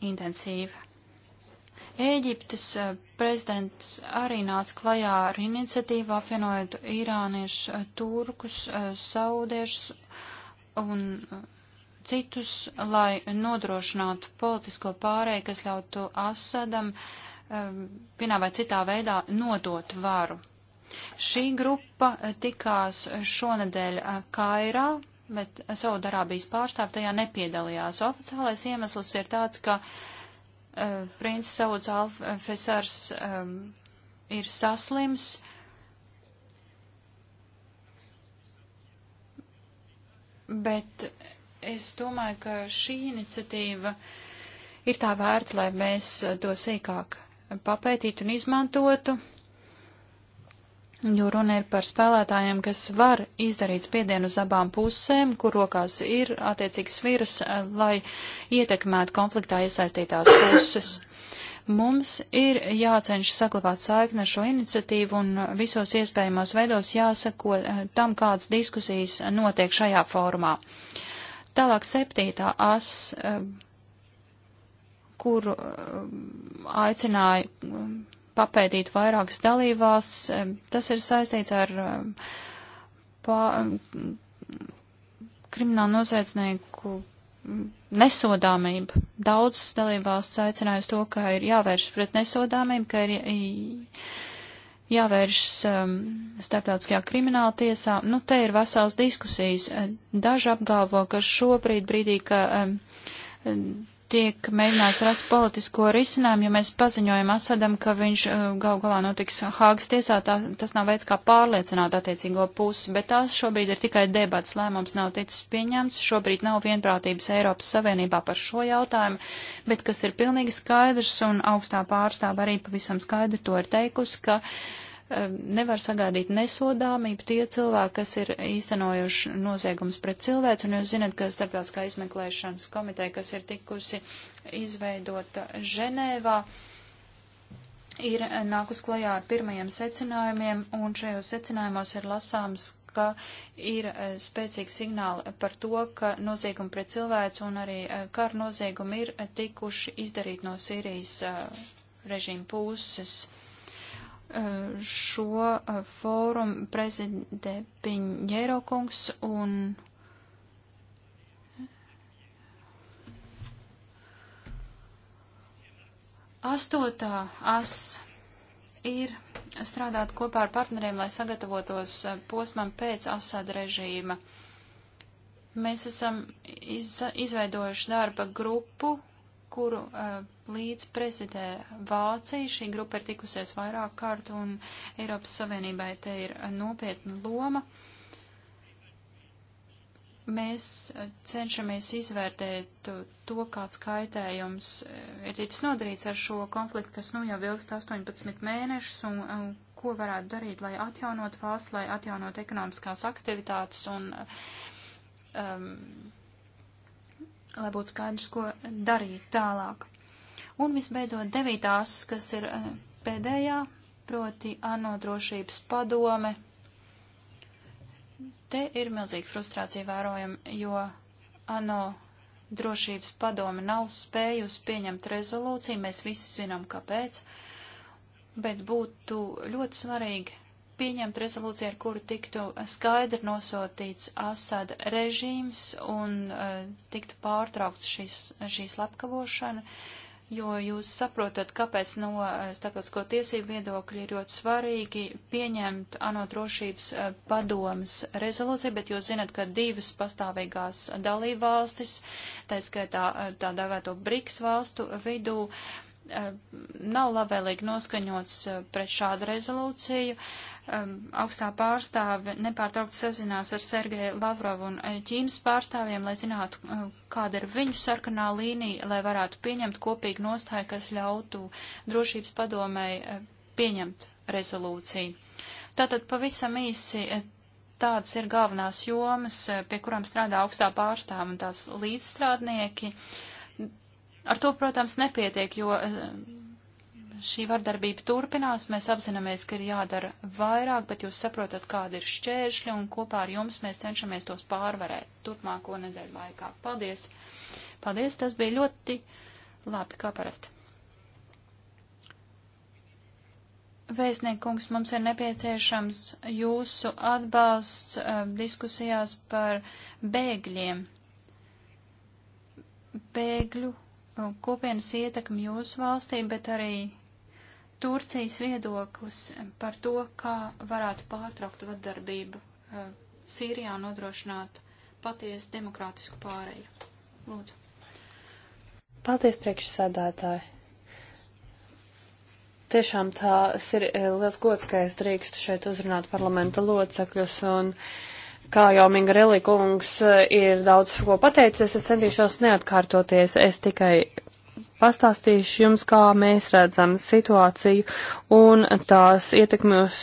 intensīvi. Ēģiptes uh, prezidents arī nāca klajā ar iniciatīvu apvienojot īrāniešus, uh, turkus, saudiešus un citus, lai nodrošinātu politisko pārēju, kas ļautu Asadam vienā vai citā veidā nodot varu. Šī grupa tikās šonadēļ Kairā, bet Saudarābijas pārstāv tajā nepiedalījās. Oficiālais iemesls ir tāds, ka uh, eh, princis Sauds Alfesars um, ir saslims. Bet es domāju, ka šī iniciatīva ir tā vērta, lai mēs to sīkāk papētītu un izmantotu jo runa ir par spēlētājiem, kas var izdarīt spiedienu uz abām pusēm, kur rokās ir attiecīgs vīrus, eh, lai ietekmētu konfliktā iesaistītās puses. Mums ir jācenšas saglabāt saikni ar šo iniciatīvu un visos iespējamos veidos jāsako eh, tam, kādas diskusijas notiek šajā formā. Tālāk septītā as eh, kuru aicināja papētīt vairākas dalībās. Tas ir saistīts ar pā, kriminālu noziedznieku nesodāmību. Daudzas dalībvalsts aicināja uz to, ka ir jāvēršas pret nesodāmību, ka ir jāvēršas um, starptautiskajā krimināla tiesā. Nu, te ir vesels diskusijas. Daži apgalvo, ka šobrīd brīdī, ka um, tiek mēģināts rast politisko risinājumu, ja mēs paziņojam Asadam, ka viņš uh, gal galā notiks Hāgas tiesā, tā, tas nav veids, kā pārliecināt attiecīgo pusi, bet tās šobrīd ir tikai debats, lēmums nav ticis pieņemts, šobrīd nav vienprātības Eiropas Savienībā par šo jautājumu, bet kas ir pilnīgi skaidrs un augstā pārstāva arī pavisam skaidri to ir teikusi, ka uh, nevar sagādīt nesodāmību tie cilvēki, kas ir īstenojuši noziegums pret cilvēku, un jūs zinat, ka starptautiskā izmeklēšanas komiteja, kas ir tikusi izveidota Ženēvā, ir nākus klajā ar pirmajiem secinājumiem, un šajos secinājumos ir lasāms, ka ir eh, spēcīgi signāli par to, ka noziegumi pret cilvēku un arī eh, kara noziegumi ir tikuši izdarīti no Sīrijas eh, režīma puses šo fórumu prezidē Piņģēro kungs un astotā as ir strādāt kopā ar partneriem, lai sagatavotos posmam pēc Asad režīma. Mēs esam iz, izveidojuši darba grupu, kuru uh, eh, līdz prezidē Vācija. Šī grupa ir tikusies vairāk kārt un Eiropas Savienībai te ir nopietna loma. Mēs cenšamies izvērtēt to, kāds kaitējums eh, ir ticis nodarīts ar šo konfliktu, kas nu jau ilgst 18 mēnešus, un, un ko varētu darīt, lai atjaunot valsts, lai atjaunot ekonomiskās aktivitātes un eh, um, lai būtu skaidrs, ko darīt tālāk. Un visbeidzot, devītās, kas ir eh, pēdējā, proti ANO drošības padome. Te ir milzīga frustrācija vērojama, jo ANO drošības padome nav spējusi pieņemt rezolūciju, mēs visi zinām, kāpēc, bet būtu ļoti svarīgi pieņemt rezolūciju, ar kuru tiktu skaidri nosūtīts Asada režīms un uh, tiktu pārtraukts šīs, šīs lapkavošana, jo jūs saprotat, kāpēc no eh, starptautisko tiesību viedokļa ir ļoti svarīgi pieņemt ANO drošības uh, padomas rezolūciju, bet jūs zinat, ka divas pastāvīgās dalībvalstis, tā skaitā tā dēvēto BRICS valstu vidū, uh, Eh, nav labvēlīgi noskaņots eh, pret šādu rezolūciju. Augstā pārstāve nepārtraukti sazinās ar Sergeju Lavrovu un eh, Ķīnas pārstāvjiem, lai zinātu, kāda ir viņu sarkanā līnija, lai varētu pieņemt kopīgu nostāju, kas ļautu drošības padomēji pieņemt rezolūciju. Tātad pavisam īsi tādas ir galvenās jomas, pie kurām strādā augstā pārstāva un tās līdzstrādnieki. Uh, Ar to, protams, nepietiek, jo eh, šī vardarbība turpinās, mēs apzināmies, ka ir jādara vairāk, bet jūs saprotat, kāda ir šķēršļa, un kopā ar jums mēs cenšamies tos pārvarēt turpmāko nedēļu laikā. Paldies! Paldies, tas bija ļoti labi, kā parasti. Vēstniekungs, mums ir nepieciešams jūsu atbalsts uh, diskusijās par bēgļiem. Bēgļu kopienas ietekmi jūsu valstī, bet arī Turcijas viedoklis par to, kā varētu pārtraukt vardarbību eh, Sīrijā un nodrošināt patiesu demokrātisku pāreju. Lūdzu. Paldies, priekšsēdētāji. Tiešām tās ir eh, liels gods, ka es drīkstu šeit uzrunāt parlamenta locekļus un uh, Kā jau Minga Relikungs eh, ir daudz ko pateicis, es centīšos neatkārtoties. Es tikai pastāstīšu jums, kā mēs redzam situāciju un tās ietekmi uz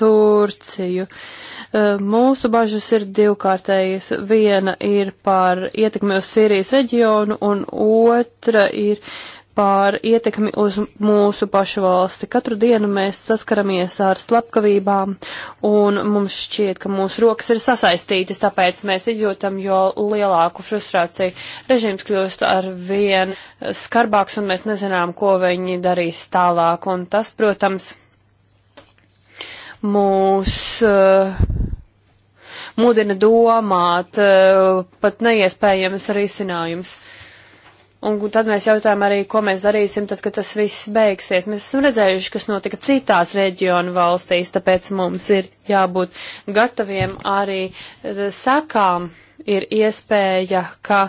Turciju. Eh, mūsu bažas ir divkārtējas. Viena ir par ietekmi uz Sīrijas reģionu, un otra ir pār ietekmi uz mūsu pašu valsti. Katru dienu mēs saskaramies ar slepkavībām, un mums šķiet, ka mūsu rokas ir sasaistītas, tāpēc mēs izjūtam jo lielāku frustrāciju. Režīms kļūst ar vien skarbāks, un mēs nezinām, ko viņi darīs tālāk, un tas, protams, mūs. Uh, Mudina domāt, uh, pat neiespējams risinājums. Uh, Un tad mēs jautājām arī, ko mēs darīsim tad, kad tas viss beigsies. Mēs esam redzējuši, kas notika citās reģionu valstīs, tāpēc mums ir jābūt gataviem arī eh, sakām. Ir iespēja, ka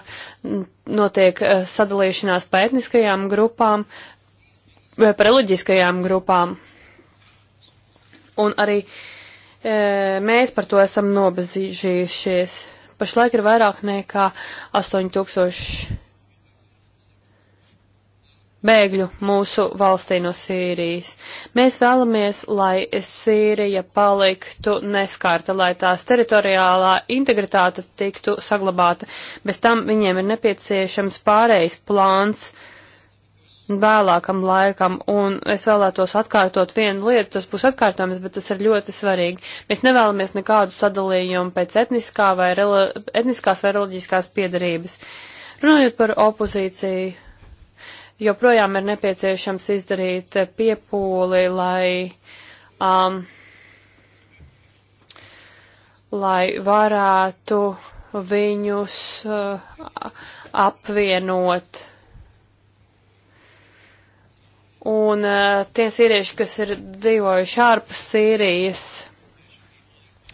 mm, notiek eh, sadalīšanās pa etniskajām grupām vai pa reliģiskajām grupām. Un arī e, mēs par to esam nobezījušies. Pašlaik ir vairāk nekā 8000 bēgļu mūsu valstī no Sīrijas. Mēs vēlamies, lai Sīrija paliktu neskārta, lai tās teritoriālā integritāte tiktu saglabāta. Bez tam viņiem ir nepieciešams pārējais plāns vēlākam laikam, un es vēlētos atkārtot vienu lietu, tas būs atkārtojums, bet tas ir ļoti svarīgi. Mēs nevēlamies nekādu sadalījumu pēc etniskā vai reli etniskās vai reliģiskās piedarības. Runājot par opozīciju, joprojām ir nepieciešams izdarīt piepūli, lai, um, lai varētu viņus uh, apvienot. Un uh, tie sīrieši, kas ir dzīvojuši ārpus Sīrijas,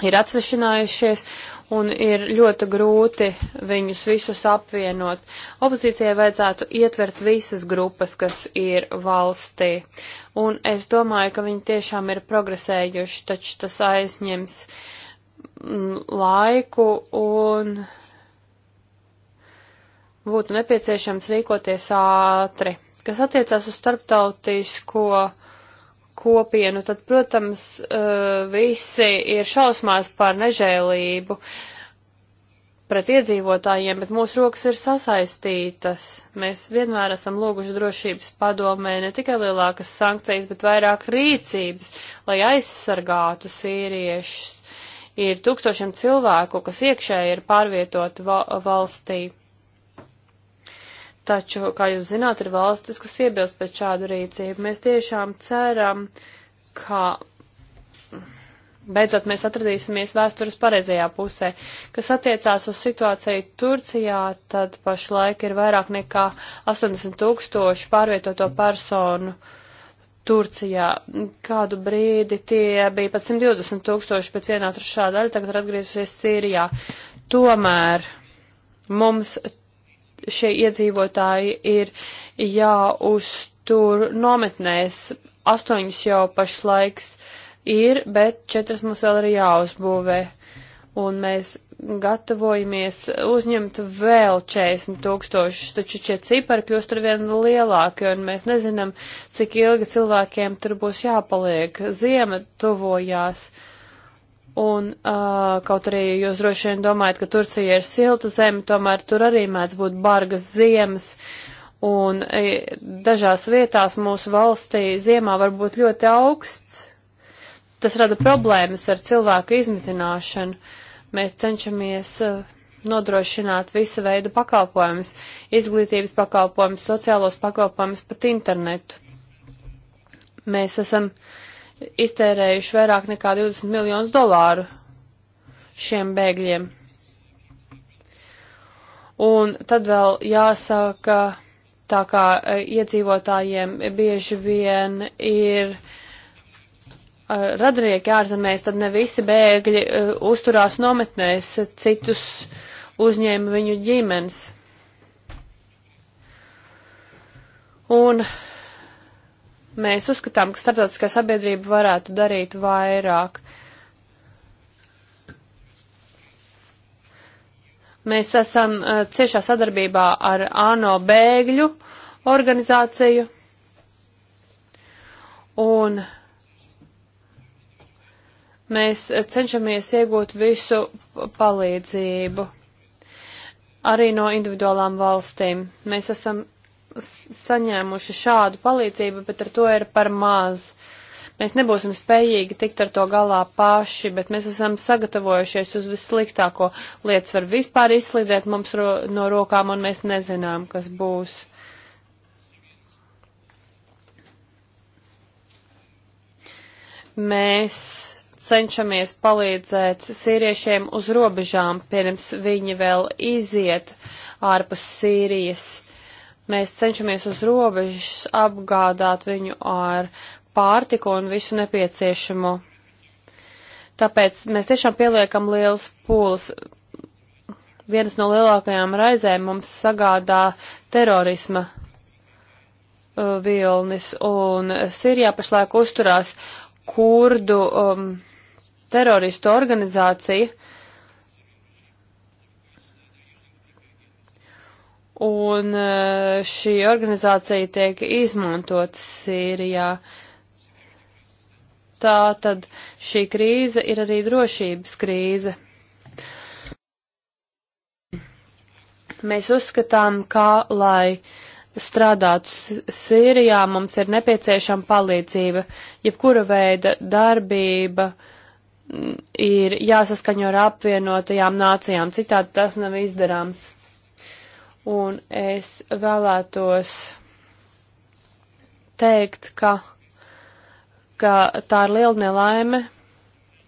ir atsvešinājušies un ir ļoti grūti viņus visus apvienot. Opozīcijai vajadzētu ietvert visas grupas, kas ir valstī, un es domāju, ka viņi tiešām ir progresējuši, taču tas aizņems mm, laiku un būtu nepieciešams rīkoties ātri. Kas attiecās uz starptautisko kopienu, tad, protams, eh, visi ir šausmās par nežēlību pret iedzīvotājiem, bet mūsu rokas ir sasaistītas. Mēs vienmēr esam lūguši drošības padomē ne tikai lielākas sankcijas, bet vairāk rīcības, lai aizsargātu sīriešus. Ir tūkstošiem cilvēku, kas iekšēji ir pārvietoti valstī. Taču, kā jūs zināt, ir valstis, kas iebilst pēc šādu rīcību. Mēs tiešām ceram, ka beidzot mēs atradīsimies vēstures pareizajā pusē. Kas attiecās uz situāciju Turcijā, tad pašlaik ir vairāk nekā 80 tūkstoši pārvietoto personu. Turcijā kādu brīdi tie bija pat 120 tūkstoši, bet vienā trešā daļa tagad ir atgriezusies Sīrijā. Tomēr mums šie iedzīvotāji ir jāuztur nometnēs. Astoņas jau pašlaiks ir, bet četras mums vēl ir jāuzbūvē. Un mēs gatavojamies uzņemt vēl 40 tūkstošus, taču šie cipari kļūst ar vien lielāki, un mēs nezinām, cik ilgi cilvēkiem tur būs jāpaliek. Ziema tuvojās. Uh, Un uh, kaut arī jūs droši vien domājat, ka Turcija ir silta zeme, tomēr tur arī mēdz būt bargas ziemas. Un e, dažās vietās mūsu valstī ziemā var būt ļoti augsts. Tas rada problēmas ar cilvēku izmitināšanu. Mēs cenšamies uh, nodrošināt visa veida pakalpojumus, izglītības pakalpojumus, sociālos pakalpojumus, pat internetu. Mēs esam uh, iztērējuši vairāk nekā 20 miljonus dolāru šiem bēgļiem. Un tad vēl jāsaka, tā kā e, iedzīvotājiem bieži vien ir e, radnieki ārzemēs, tad ne visi bēgļi e, uzturās nometnēs, citus uzņēma viņu ģimenes. Un Mēs uzskatām, ka starptautiskā sabiedrība varētu darīt vairāk. Mēs esam uh, ciešā sadarbībā ar ANO bēgļu organizāciju. Un mēs cenšamies iegūt visu palīdzību. Arī no individuālām valstīm. Mēs esam saņēmuši šādu palīdzību, bet ar to ir par maz. Mēs nebūsim spējīgi tikt ar to galā paši, bet mēs esam sagatavojušies uz vissliktāko. Lietas var vispār izslīdēt mums ro no rokām, un mēs nezinām, kas būs. Mēs cenšamies palīdzēt sīriešiem uz robežām, pirms viņi vēl iziet ārpus Sīrijas Mēs cenšamies uz robežas apgādāt viņu ar pārtiku un visu nepieciešamo. Tāpēc mēs tiešām pieliekam liels pūles. Vienas no lielākajām raizēm mums sagādā terorisma uh, vilnis, un Sirijā pašlaik uzturās kurdu um, teroristu organizācija, uh, un eh, šī organizācija tiek izmantota Sīrijā. Tā tad šī krīze ir arī drošības krīze. Mēs uzskatām, kā lai strādātu Sīrijā, mums ir nepieciešama palīdzība. Jebkura veida darbība mm, ir jāsaskaņo ar apvienotajām nācijām, citādi tas nav izdarāms. Un es vēlētos teikt, ka, ka tā ir liela nelaime,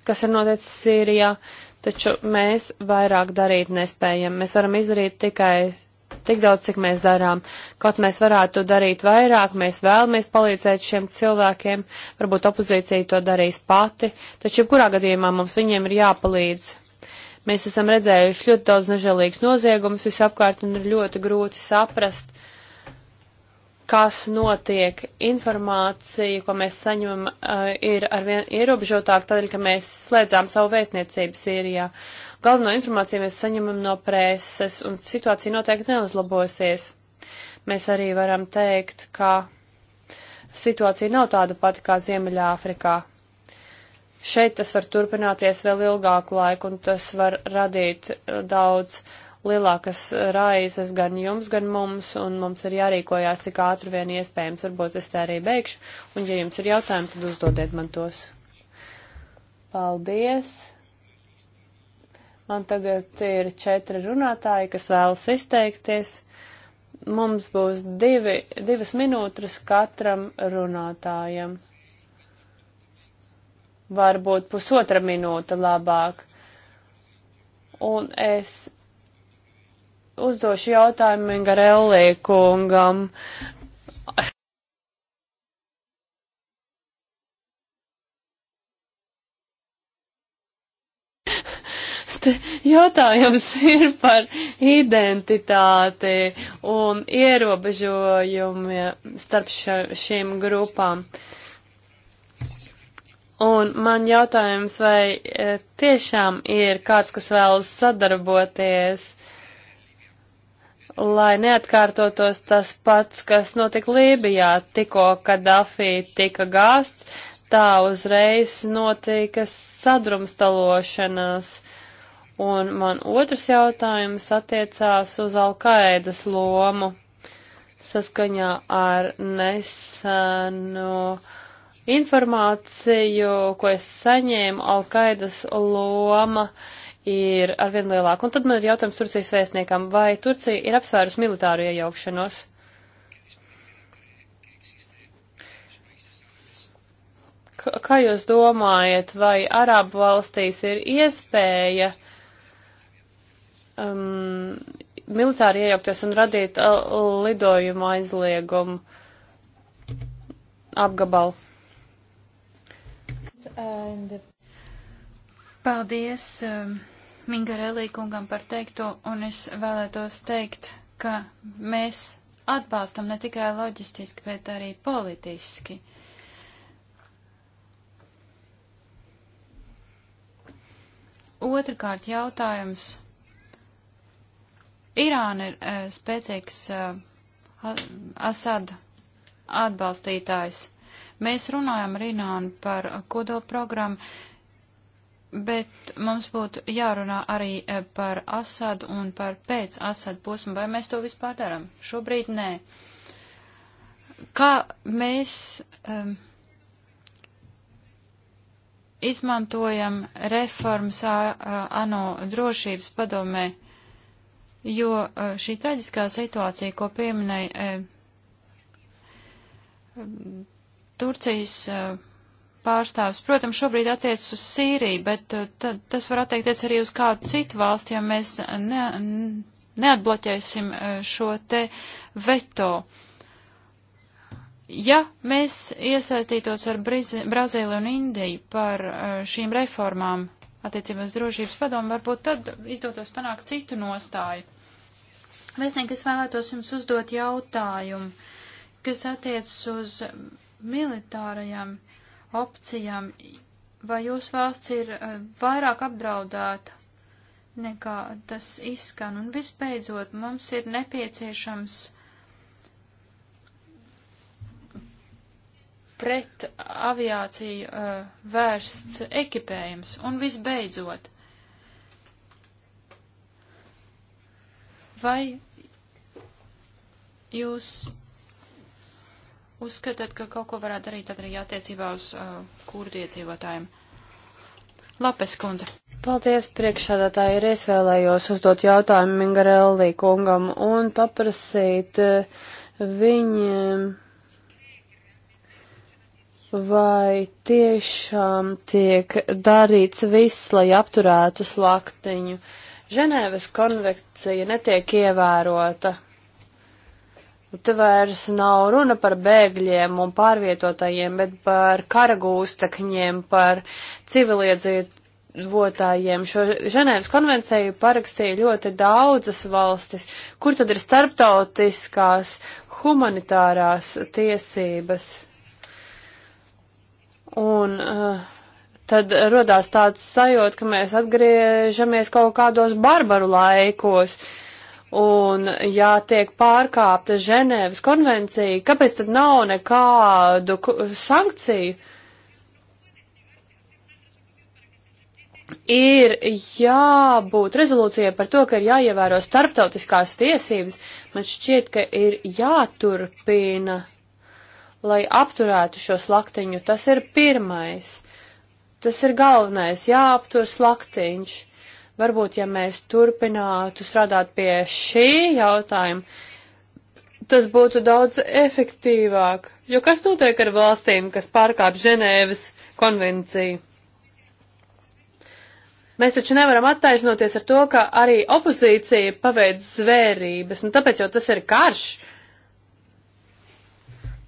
kas ir noticis Sīrijā, taču mēs vairāk darīt nespējam. Mēs varam izdarīt tikai tik daudz, cik mēs darām. Kaut mēs varētu darīt vairāk, mēs vēlamies palīdzēt šiem cilvēkiem, varbūt opozīcija to darīs pati, taču jebkurā gadījumā mums viņiem ir jāpalīdz. Mēs esam redzējuši ļoti daudz nežēlīgus noziegumus visapkārt un ir ļoti grūti saprast, kas notiek. Informācija, ko mēs saņemam, uh, ir arvien ierobežotāk, tādēļ, ka mēs slēdzām savu vēstniecību Sīrijā. Galveno informāciju mēs saņemam no preses un situācija noteikti neuzlabosies. Mēs arī varam teikt, ka situācija nav tāda pati kā Ziemeļāfrikā. Šeit tas var turpināties vēl ilgāku laiku, un tas var radīt uh, daudz lielākas uh, raizes gan jums, gan mums, un mums ir jārīkojās cik ātri vien iespējams. Varbūt es tā arī beigšu, un ja jums ir jautājumi, tad uzdodiet man tos. Paldies! Man tagad ir četri runātāji, kas vēlas izteikties. Mums būs divi, divas minūtes katram runātājam varbūt pusotra minūte labāk. Un es uzdošu jautājumu Ingarelli kungam. Jautājums ir par identitāti un ierobežojumiem starp šīm grupām. Un man jautājums, vai e, tiešām ir kāds, kas vēlas sadarboties, lai neatkārtotos tas pats, kas notika Lībijā, tikko, kad Dafī tika gāsts, tā uzreiz notika sadrumstalošanās. Un man otrs jautājums attiecās uz Alkaidas lomu saskaņā ar nesenu. No informāciju, ko es saņēmu, Alkaidas loma ir arvien lielāka. Un tad man ir jautājums Turcijas vēstniekam, vai Turcija ir apsvērus militāru iejaukšanos? K kā jūs domājat, vai Arābu valstīs ir iespēja um, militāri iejaukties un radīt uh, lidojumu aizliegumu apgabalu? and... Paldies um, Mingarelī kungam par teikto, un es vēlētos teikt, ka mēs atbalstam ne tikai loģistiski, bet arī politiski. Otrakārt jautājums. Irāna ir uh, spēcīgs uh, eh, Asada atbalstītājs. Mēs runājam Rināni par kodolprogrammu, bet mums būtu jārunā arī e, par Asadu un par pēc Asadu posmu, vai mēs to vispār darām. Šobrīd nē. Kā mēs um, izmantojam reformas ANO drošības padomē, jo e, šī traģiskā situācija, ko pieminēja, um, Turcijas pārstāvis. Protams, šobrīd attiecas uz Sīriju, bet tas var attiekties arī uz kādu citu valsti, ja mēs ne, neatbloķēsim šo te veto. Ja mēs iesaistītos ar Brizi, Brazīliju un Indiju par šīm reformām attiecībās drošības padomu, varbūt tad izdotos panākt citu nostāju. Vēstnieki, es vēlētos jums uzdot jautājumu, kas attiecas uz militārajām opcijām, vai jūsu valsts ir eh, vairāk apdraudēta nekā tas izskan. Un visbeidzot, mums ir nepieciešams pret aviāciju uh, vērsts ekipējums. Un visbeidzot, vai jūs uzskatāt, ka kaut ko varētu darīt arī attiecībā uz uh, kurdu iedzīvotājiem? Lapes kundze. Paldies, priekšsādātāji, arī es vēlējos uzdot jautājumu Mingarelli kungam un paprasīt uh, viņiem, vai tiešām tiek darīts viss, lai apturētu slaktiņu. Ženēvas konvekcija netiek ievērota, Nu, te vairs nav runa par bēgļiem un pārvietotajiem, bet par karagūstekņiem, par civiliedzīvotājiem. Šo Ženēvas konvenciju parakstīja ļoti daudzas valstis. Kur tad ir starptautiskās humanitārās tiesības? Un uh, tad rodās tāds sajūta, ka mēs atgriežamies kaut kādos barbaru laikos. Uh, un ja tiek pārkāpta Ženēvas konvencija, kāpēc tad nav nekādu sankciju? Ir jābūt rezolūcijai par to, ka ir jāievēro starptautiskās tiesības. Man šķiet, ka ir jāturpina, lai apturētu šo slaktiņu. Tas ir pirmais. Tas ir galvenais, jāaptur slaktiņš. Varbūt, ja mēs turpinātu strādāt pie šī jautājuma, tas būtu daudz efektīvāk. Jo kas notiek ar valstīm, kas pārkāp Ženēvas konvenciju? Mēs taču nevaram attaisnoties ar to, ka arī opozīcija paveic zvērības, nu tāpēc jau tas ir karš.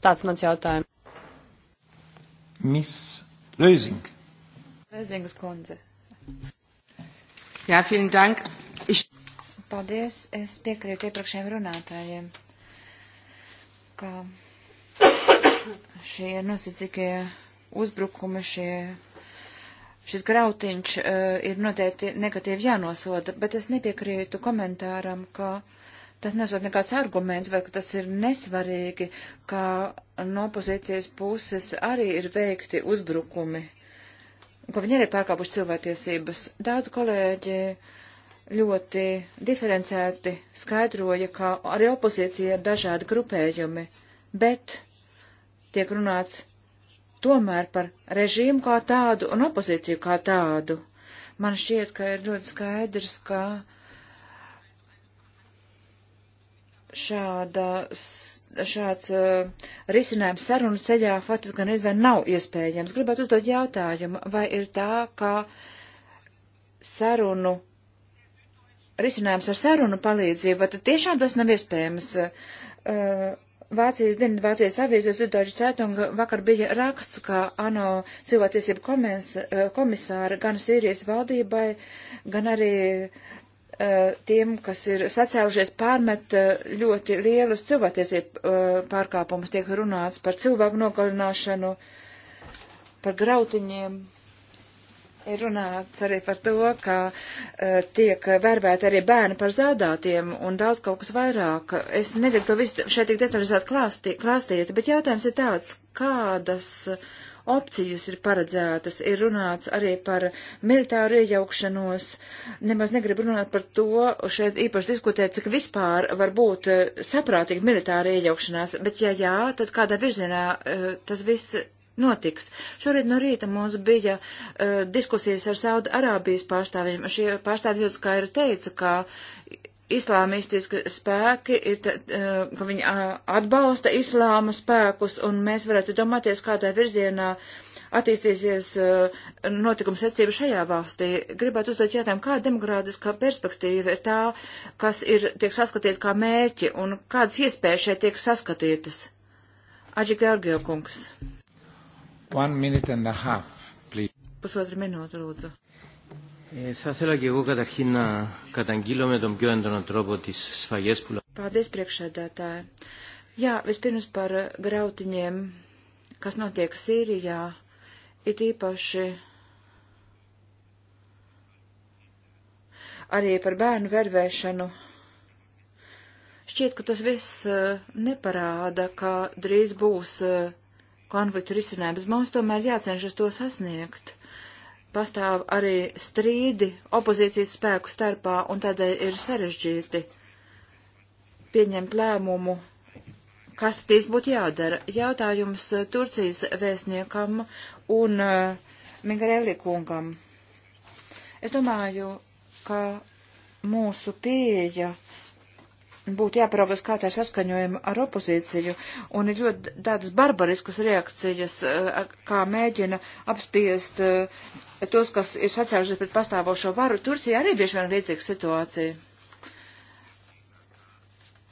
Tāds mans jautājums. Miss Lēzing. Lēzingas kundze. Jā, vielen dank. Ich... Paldies, es piekrītu iepriekšējiem runātājiem, ka šie nosacīgie nu, uzbrukumi, šie šis grautiņš uh, ir noteikti negatīvi jānosoda, bet es nepiekrītu komentāram, ka tas nesot nekāds arguments vai ka tas ir nesvarīgi, ka no opozīcijas puses arī ir veikti uzbrukumi ka viņi arī ir pārkāpuši cilvēktiesības. Daudz kolēģi ļoti diferencēti skaidroja, ka arī opozīcija ir dažādi grupējumi, bet tiek runāts tomēr par režīmu kā tādu un opozīciju kā tādu. Man šķiet, ka ir ļoti skaidrs, ka uh, šāda, šāds uh, risinājums sarunu ceļā faktiski gan izvien nav iespējams. Gribētu uzdot jautājumu, vai ir tā, ka sarunu, risinājums ar sarunu palīdzību, vai tad tiešām tas nav iespējams? Uh, Vācijas dienas Vācijas avīzes Udoģa Cētunga vakar bija raksts, ka ANO cilvēktiesību e, komisāra gan Sīrijas valdībai, gan arī Eh, tiem, kas ir sacēlušies pārmet eh, ļoti lielas cilvēktiesību eh, pārkāpumus, tiek runāts par cilvēku nogalināšanu, par grautiņiem. Ir runāts arī par to, ka tiek verbēti arī bērni par zādātiem un daudz kaut kas vairāk. Es negribu to visu šeit tik detalizēt klāstīt, klāstīt, bet jautājums ir tāds, kādas. Uh, opcijas ir paredzētas, ir runāts arī par militāru iejaukšanos. Nemaz negribu runāt par to, šeit īpaši diskutēt, cik vispār var būt eh, saprātīgi militāra iejaukšanās, bet ja jā, tad kādā virzienā eh, tas viss notiks. Šorīt no rīta mums bija uh, diskusijas ar Sauda Arābijas pārstāvjiem. Šie pārstāvji ļoti skaidri teica, ka islāmistiski spēki, ir, eh, ka viņi atbalsta islāma spēkus, un mēs varētu domāties, kādā virzienā attīstīsies eh, notikuma secība šajā valstī. Gribētu uzdot jautājumu, kāda demokrātiskā perspektīva ir tā, kas ir, tiek saskatīta kā mērķi, un kādas iespējas šeit tiek saskatītas? Aģi Georgio kungs. One minute and a half, please. Pusotra minūte, lūdzu. Θα ήθελα και εγώ καταρχήν να καταγγείλω με τον πιο έντονο τρόπο τις σφαγές που... Paldies, priekšsēdētāji. Jā, vispirms par grautiņiem, kas notiek Sīrijā, it īpaši arī par bērnu vervēšanu. Šķiet, ka tas viss e, neparāda, ka drīz būs e, konfliktu risinājums. Mums tomēr jācenšas to sasniegt pastāv arī strīdi opozīcijas spēku starpā, un tādēļ ir sarežģīti pieņemt lēmumu, kas tīs būtu jādara. Jautājums eh, Turcijas vēstniekam un uh, eh, Mingarelli kungam. Es domāju, ka mūsu pieeja būtu jāparaugās, kā tā saskaņojama ar opozīciju, un ir ļoti tādas barbariskas reakcijas, eh, kā mēģina apspiest eh, tos, kas ir sacēlušies pret pastāvošo varu. Turcija arī bieži vien līdzīga situācija.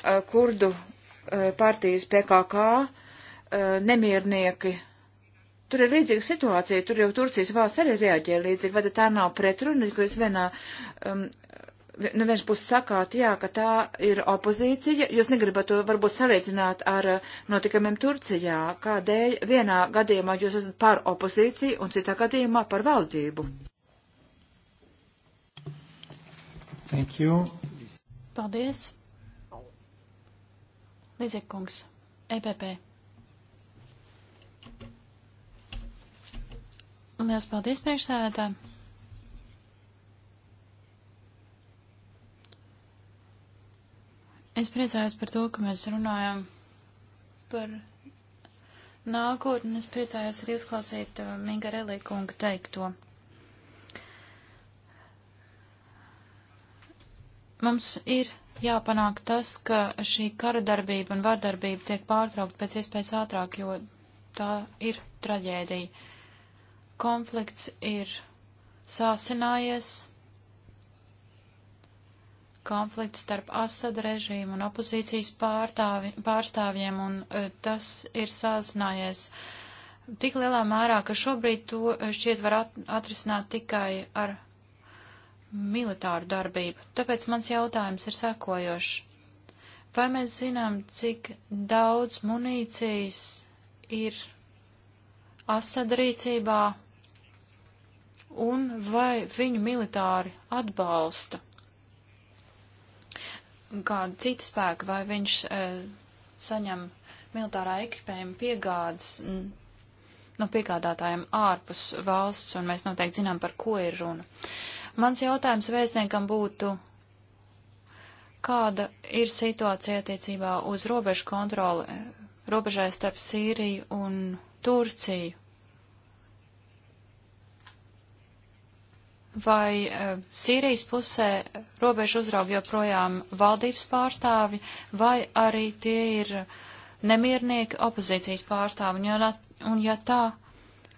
Eh, kurdu partijas PKK nemiernieki. Tur ir līdzīga situācija, tur jau Turcijas valsts arī reaģē līdzīgi, vai tā nav pretruna, ka es vienā um, no nu, vienas puses sakāt, jā, ka tā ir opozīcija, jūs negribat to varbūt salīdzināt ar eh, notikumiem Turcijā, kādēļ vienā gadījumā jūs esat par opozīciju un citā gadījumā par valdību. Thank you. Paldies. Līdzekungs, EPP. Mēs paldies priekšsēdētājiem. Es priecājos par to, ka mēs runājam par nākotni, un es priecājos arī uzklausīt uh, Minga Relikunga teikto. Mums ir jāpanāk tas, ka šī kara darbība un vardarbība tiek pārtraukt pēc iespējas ātrāk, jo tā ir traģēdija. Konflikts ir sāsinājies konflikts starp Asada režīmu un opozīcijas pārtāvi, pārstāvjiem, un e, tas ir sāsinājies tik lielā mērā, ka šobrīd to e, šķiet var at atrisināt tikai ar militāru darbību. Tāpēc mans jautājums ir sekojošs. Vai mēs zinām, cik daudz munīcijas ir Asada rīcībā un vai viņu militāri atbalsta? kāda cita spēka, vai viņš e, saņem militārā ekipējuma piegādes no piegādātājiem ārpus valsts, un mēs noteikti zinām, par ko ir runa. Mans jautājums vēstniekam būtu, kāda ir situācija attiecībā uz robežu kontroli, e, robežai starp Sīriju un Turciju? vai uh, Sīrijas pusē robežu uzrauga joprojām valdības pārstāvi, vai arī tie ir nemiernieki opozīcijas pārstāvi. Un, ja, un ja tā,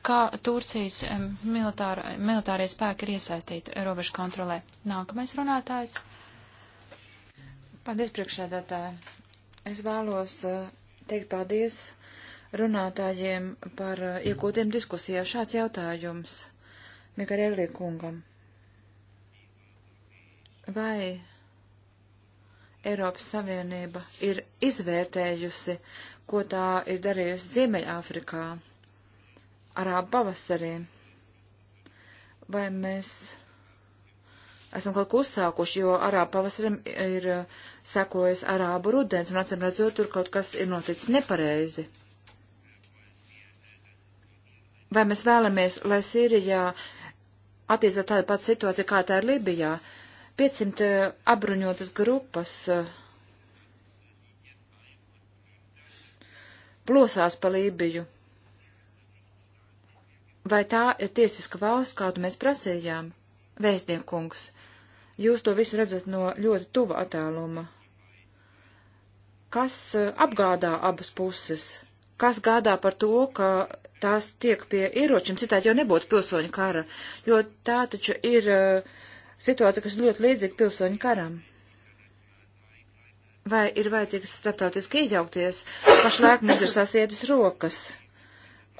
kā Turcijas militāra, militārie spēki ir iesaistīti robežu kontrolē? Nākamais runātājs. Paldies, priekšsēdētāji. Es vēlos uh, teikt paldies runātājiem par uh, iegūtiem diskusijā šāds jautājums. Mikarēlī kungam vai Eiropas Savienība ir izvērtējusi, ko tā ir darījusi Ziemeļāfrikā, Arābu pavasarī, vai mēs esam kaut ko uzsākuši, jo Arābu pavasarim ir eh, sekojas Arābu rudens, un acīm redzot, tur kaut kas ir noticis nepareizi. Vai mēs vēlamies, lai Sīrijā attīstītu tādu pati situāciju, kā tā ir Libijā? Uh, 500 eh, apbruņotas grupas plosās eh, pa Lībiju. Vai tā ir tiesiska valsts, kādu mēs prasījām? Vēstniekungs, jūs to visu redzat no ļoti tuva attēluma. Kas eh, apgādā abas puses? Kas gādā par to, ka tās tiek pie ieročiem, citādi jau nebūtu pilsoņu kara, jo tā taču ir uh, situācija, kas ļoti līdzīga pilsoņu karam. Vai ir vajadzīgs starptautiski iejaukties? Pašlaik mums ir sasietas rokas.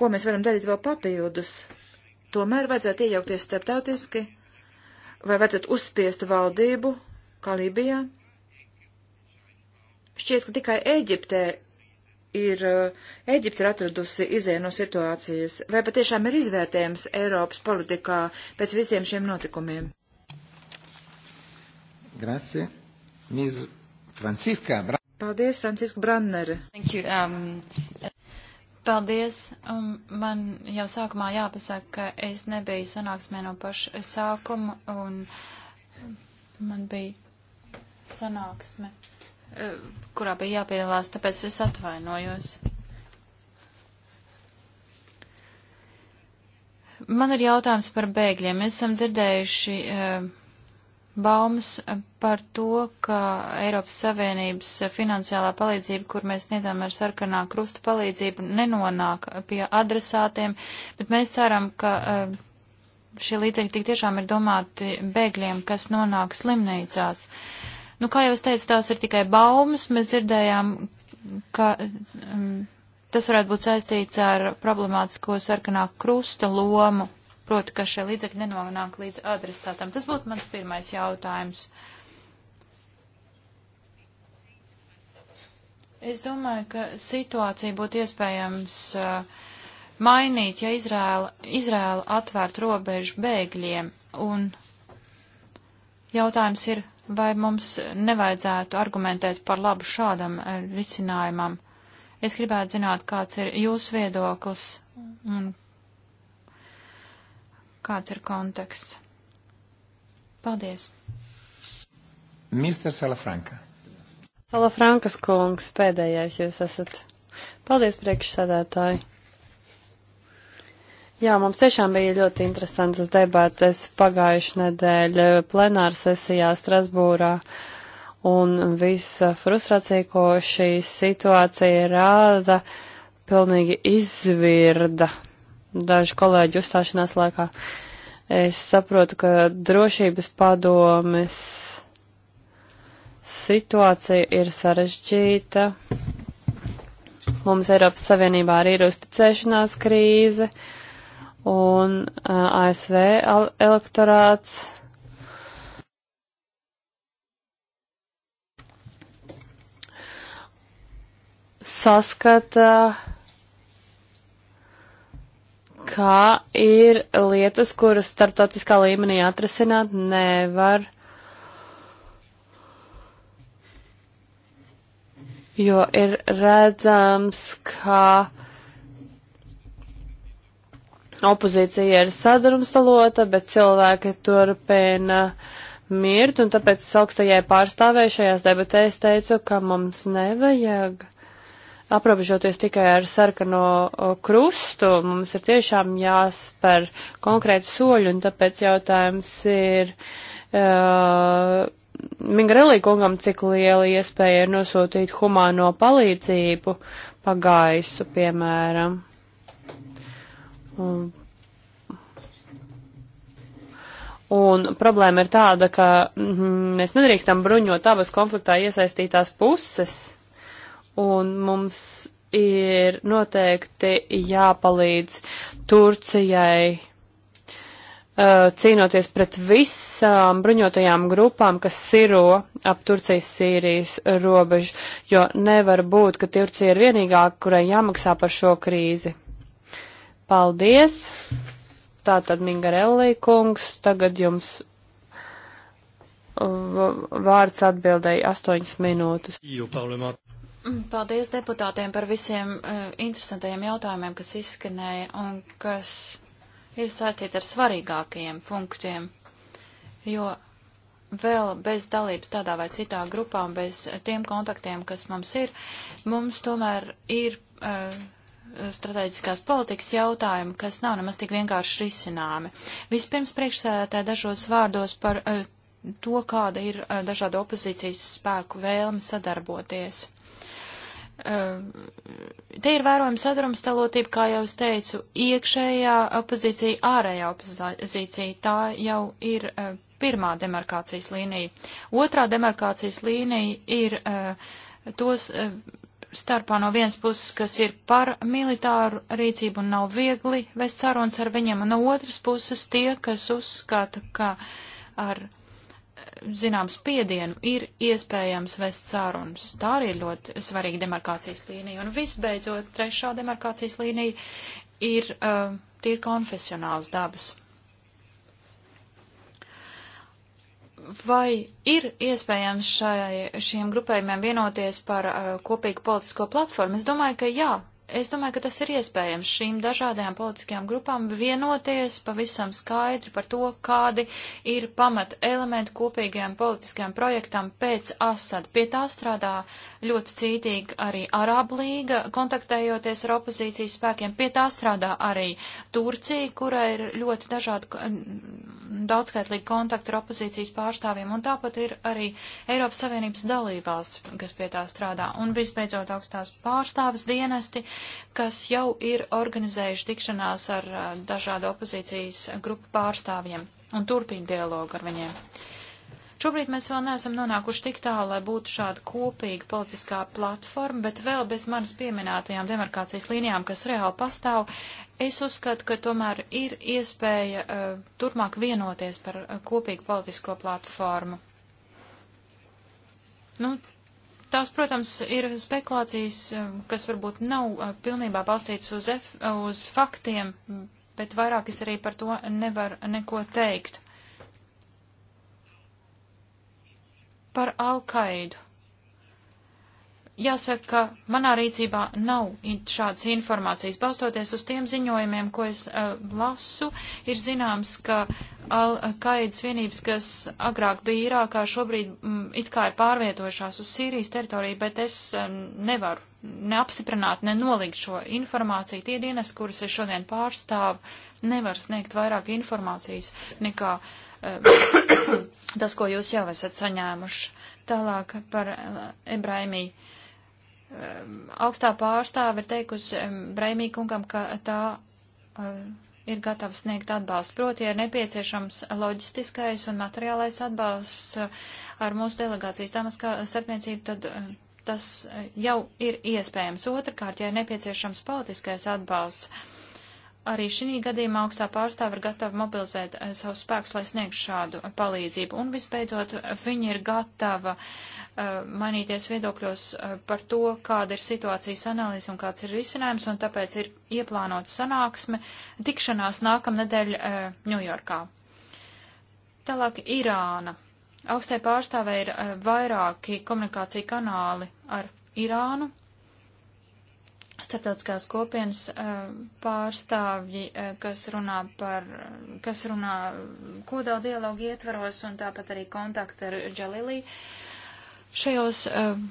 Ko mēs varam darīt vēl papildus? Tomēr vajadzētu iejaukties starptautiski, vai vajadzētu uzspiest valdību, kā Libijā? Šķiet, ka tikai Eģiptē ir Eģipte eh, ir atradusi izēju no situācijas, vai patiešām ir izvērtējums Eiropas politikā pēc visiem šiem notikumiem? Grazie. Ms. Franciska Brandner. Paldies, Franciska Brandner. Thank you. Um, Paldies. Um, man jau sākumā jāpasaka, ka es nebiju sanāksmē no paša sākuma un man bija sanāksme, uh, kurā bija jāpiedalās, tāpēc es atvainojos. Man ir jautājums par bēgļiem. Mēs esam dzirdējuši uh, baumas par to, ka Eiropas Savienības finansiālā palīdzība, kur mēs sniedzām ar sarkanā krusta palīdzību, nenonāk pie adresātiem, bet mēs ceram, ka eh, šie līdzekļi tik tiešām ir domāti bēgļiem, kas nonāk slimnīcās. Nu, kā jau es teicu, tās ir tikai baumas. Mēs dzirdējām, ka um, tas varētu būt saistīts ar problemātisko sarkanā krusta lomu proti, ka šie līdzekļi nenonāk līdz adresātam. Tas būtu mans pirmais jautājums. Es domāju, ka situācija būtu iespējams uh, mainīt, ja Izrēla, Izrēla atvērt robežu bēgļiem. Un jautājums ir, vai mums nevajadzētu argumentēt par labu šādam uh, risinājumam. Es gribētu zināt, kāds ir jūsu viedoklis un kāds ir konteksts. Paldies. Mr. Salafranka. Salafrankas kungs, pēdējais jūs esat. Paldies, priekšsēdētāji. Jā, mums tiešām bija ļoti interesantas debates pagājušajā nedēļā plenāra sesijā Strasbūrā. Un visa frustrācija, ko šī situācija rāda, pilnīgi izvirda dažu kolēģu uzstāšanās laikā. Es saprotu, ka drošības padomes situācija ir sarežģīta. Mums Eiropas Savienībā arī ir uzticēšanās krīze un uh, ASV elektorāts. Saskata uh, kā ir lietas, kuras starptautiskā līmenī atrasināt nevar. Jo ir redzams, ka opozīcija ir sadrumstalota, bet cilvēki turpina mirt, un tāpēc augstajai pārstāvējušajās debatēs teicu, ka mums nevajag aprobežoties tikai ar sarkano krustu, mums ir tiešām jāspēr konkrēti soļi, un tāpēc jautājums ir uh, Mingrelī kungam, cik liela iespēja ir nosūtīt humāno palīdzību pa gaisu, piemēram. Un, un problēma ir tāda, ka mm, mēs nedrīkstam bruņot abas konfliktā iesaistītās puses un mums ir noteikti jāpalīdz Turcijai uh, cīnoties pret visām bruņotajām grupām, kas siro ap Turcijas Sīrijas robežu, jo nevar būt, ka Turcija ir vienīgā, kurai jāmaksā par šo krīzi. Paldies! Tātad Mingarelli kungs, tagad jums vārds atbildēja astoņas minūtes. Paldies deputātiem par visiem uh, interesantajiem jautājumiem, kas izskanēja un kas ir saistīti ar svarīgākajiem punktiem, jo vēl bez dalības tādā vai citā grupā un bez tiem kontaktiem, kas mums ir, mums tomēr ir. Uh, strateģiskās politikas jautājumi, kas nav nemaz tik vienkārši risināmi. Vispirms priekšsēdētāji dažos vārdos par uh, to, kāda ir uh, dažāda opozīcijas spēku vēlme sadarboties. Ehm, te ir vērojama sadrumstalotība, kā jau es teicu, iekšējā opozīcija, ārējā opozīcija. Tā jau ir ehm, pirmā demarkācijas līnija. Otrā demarkācijas līnija ir ehm, tos starpā no vienas puses, kas ir par militāru rīcību un nav viegli vest sarunas ar viņiem, un no otras puses tie, kas uzskata, ka ar zināms piedienu ir iespējams vest sārunas. Tā arī ir ļoti svarīga demarkācijas līnija. Un visbeidzot, trešā demarkācijas līnija ir uh, tīri konfesionāls dabas. Vai ir iespējams šai, šiem grupējumiem vienoties par uh, kopīgu politisko platformu? Es domāju, ka jā, Es domāju, ka tas ir iespējams šīm dažādajām politiskajām grupām vienoties pavisam skaidri par to, kādi ir pamata elementi kopīgajām politiskajām projektām pēc Asad. Pie tā strādā ļoti cītīgi arī Arābu līga, kontaktējoties ar opozīcijas spēkiem. Pie tā strādā arī Turcija, kura ir ļoti dažādi daudzskaitlīgi kontakti ar opozīcijas pārstāvjiem, un tāpat ir arī Eiropas Savienības dalībvalsts, kas pie tā strādā. Un visbeidzot augstās pārstāvis dienesti, kas jau ir organizējuši tikšanās ar dažādu opozīcijas grupu pārstāvjiem un turpina dialogu ar viņiem. Šobrīd mēs vēl neesam nonākuši tik tālu, lai būtu šāda kopīga politiskā platforma, bet vēl bez manas pieminētajām demarkācijas līnijām, kas reāli pastāv, es uzskatu, ka tomēr ir iespēja uh, turpmāk vienoties par uh, kopīgu politisko platformu. Nu, tās, protams, ir spekulācijas, eh, kas varbūt nav pilnībā balstītas uz, F, uz faktiem, bet vairāk es arī par to nevaru neko teikt. par Alkaidu. Jāsaka, ka manā rīcībā nav šādas informācijas. Balstoties uz tiem ziņojumiem, ko es uh, lasu, ir zināms, ka Al-Qaidas vienības, kas agrāk bija Irākā, šobrīd mm, it kā ir pārvietojušās uz Sīrijas teritoriju, bet es uh, nevaru neapstiprināt, nenolikt šo informāciju. Tie dienesti, kurus es šodien pārstāvu, nevar sniegt vairāk informācijas nekā uh, tas, ko jūs jau esat saņēmuši. Tālāk par Ebraimī. Eh, eh, augstā pārstāve ir teikusi eh, Braimī kungam, ka tā ir gatava sniegt atbalstu. Proti, ir nepieciešams loģistiskais un materiālais atbalsts ar mūsu delegācijas Damaskā starpniecību, tad tas jau ir iespējams. Otrakārt, ja ir nepieciešams politiskais atbalsts, arī šī gadījumā augstā pārstāva ir gatava mobilizēt eh, savus spēkus, lai sniegtu šādu palīdzību. Un visbeidzot, viņi ir gatava uh, mainīties viedokļos uh, par to, kāda ir situācijas analīze un kāds ir risinājums, un tāpēc ir ieplānota sanāksme tikšanās nākamnedēļ Ņujorkā. Uh, Tālāk Irāna. Augstai pārstāvē ir vairāki komunikācija kanāli ar Irānu, starptautiskās kopienas eh, pārstāvji, eh, kas runā par, kas runā kodā dialogu ietvaros un tāpat arī kontakti ar Džalilī. Šajos eh,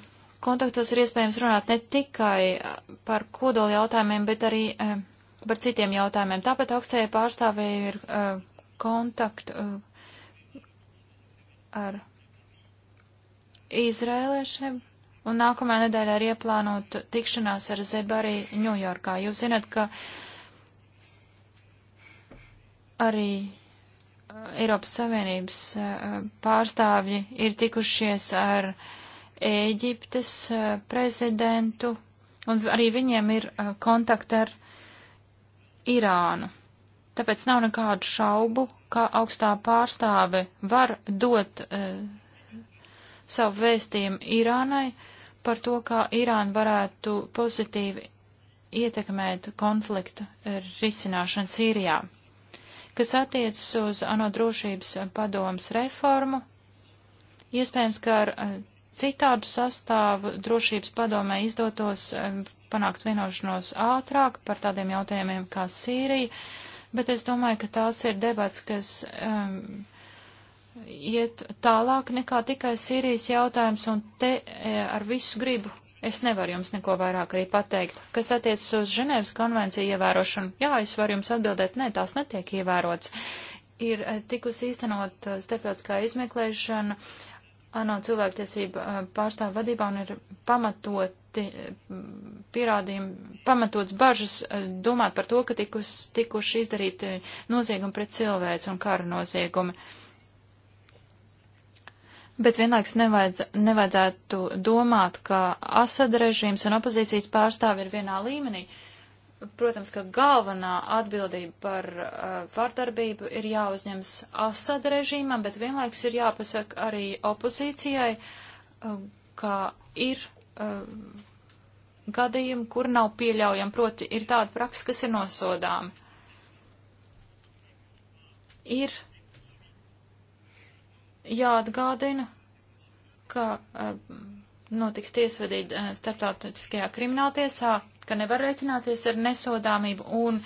kontaktos ir iespējams runāt ne tikai par kodoli jautājumiem, bet arī par citiem jautājumiem. Tāpat augstajai pārstāvēji ir kontakti ar Izrēliešiem Un nākamajā nedēļā ir ieplānot tikšanās ar Zebari Ņujorkā. Jūs zināt, ka arī uh, Eiropas Savienības uh, pārstāvji ir tikušies ar Ēģiptes uh, prezidentu, un arī viņiem ir kontakti ar Irānu. Tāpēc nav nekādu šaubu, ka augstā pārstāve var dot savu vēstījumu Irānai, uh, par to, kā Irāna varētu pozitīvi ietekmēt konfliktu risināšanu Sīrijā. Kas attiecas uz ANO drošības padomas reformu, iespējams, ka ar eh, citādu sastāvu drošības padomē izdotos eh, panākt vienošanos ātrāk par tādiem jautājumiem kā Sīrija, bet es domāju, ka tās ir debats, kas. Um, iet tālāk nekā tikai Sīrijas jautājums, un te e, ar visu gribu es nevaru jums neko vairāk arī pateikt. Kas attiecas uz Ženēvas konvenciju ievērošanu, jā, es varu jums atbildēt, nē, tās netiek ievērots. Ir e, tikusi īstenot e, starptautiskā izmeklēšana, ANO cilvēktiesība pārstāv vadībā un ir pamatoti pierādījumi, pamatots bažas domāt par to, ka tikus, tikuši izdarīti noziegumi pret cilvēks un kara noziegumi. Uh, Bet vienlaiks nevajadz, nevajadzētu domāt, ka Asad režīms un opozīcijas pārstāvi ir vienā līmenī. Protams, ka galvenā atbildība par uh, vardarbību ir jāuzņems Asad režīmam, bet vienlaiks ir jāpasaka arī opozīcijai, uh, ka ir uh, gadījumi, kur nav pieļaujami, proti ir tāda praksa, kas ir nosodāma. Ir jāatgādina, ka eh, notiks tiesvedība eh, starptautiskajā krimināltiesā, ka nevar rēķināties ar nesodāmību un,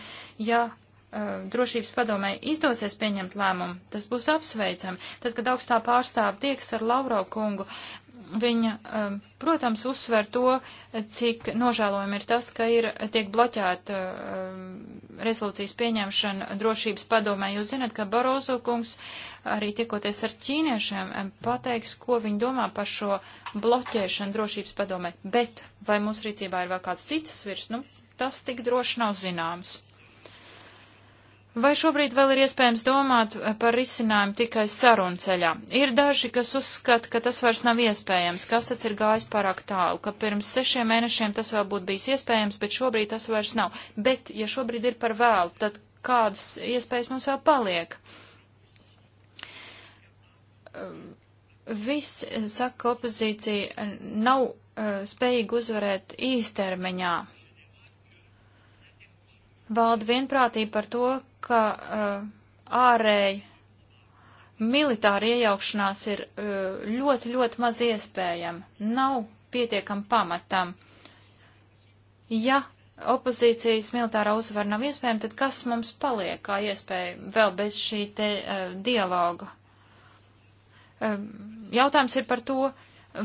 ja eh, drošības padomē izdosies pieņemt lēmumu, tas būs apsveicami. Tad, kad augstā pārstāva tieks ar Lavrov kungu, viņa, um, protams, uzsver to, cik nožēlojami ir tas, ka ir tiek bloķēta um, rezolūcijas pieņemšana drošības padomē. Jūs zinat, ka Barozo kungs arī tiekoties ar ķīniešiem um, pateiks, ko viņi domā par šo bloķēšanu drošības padomē. Bet vai mūsu rīcībā ir vēl kāds cits virs, nu, tas tik droši nav zināms. Vai šobrīd vēl ir iespējams domāt par risinājumu tikai sarunu ceļā? Ir daži, kas uzskata, ka tas vairs nav iespējams, kas tas ir gājis pārāk tālu, ka pirms sešiem mēnešiem tas vēl būtu bijis iespējams, bet šobrīd tas vairs nav. Bet, ja šobrīd ir par vēlu, tad kādas iespējas mums vēl paliek? Viss, saka opozīcija, nav uh, spējīgi uzvarēt īstermeņā valda vienprātība par to, ka uh, ārēji militāra iejaukšanās ir uh, ļoti, ļoti maz iespējama. Nav pietiekam pamatam. Ja opozīcijas militārā uzvara nav iespējama, tad kas mums paliek kā iespēja vēl bez šī te uh, dialoga? Uh, jautājums ir par to,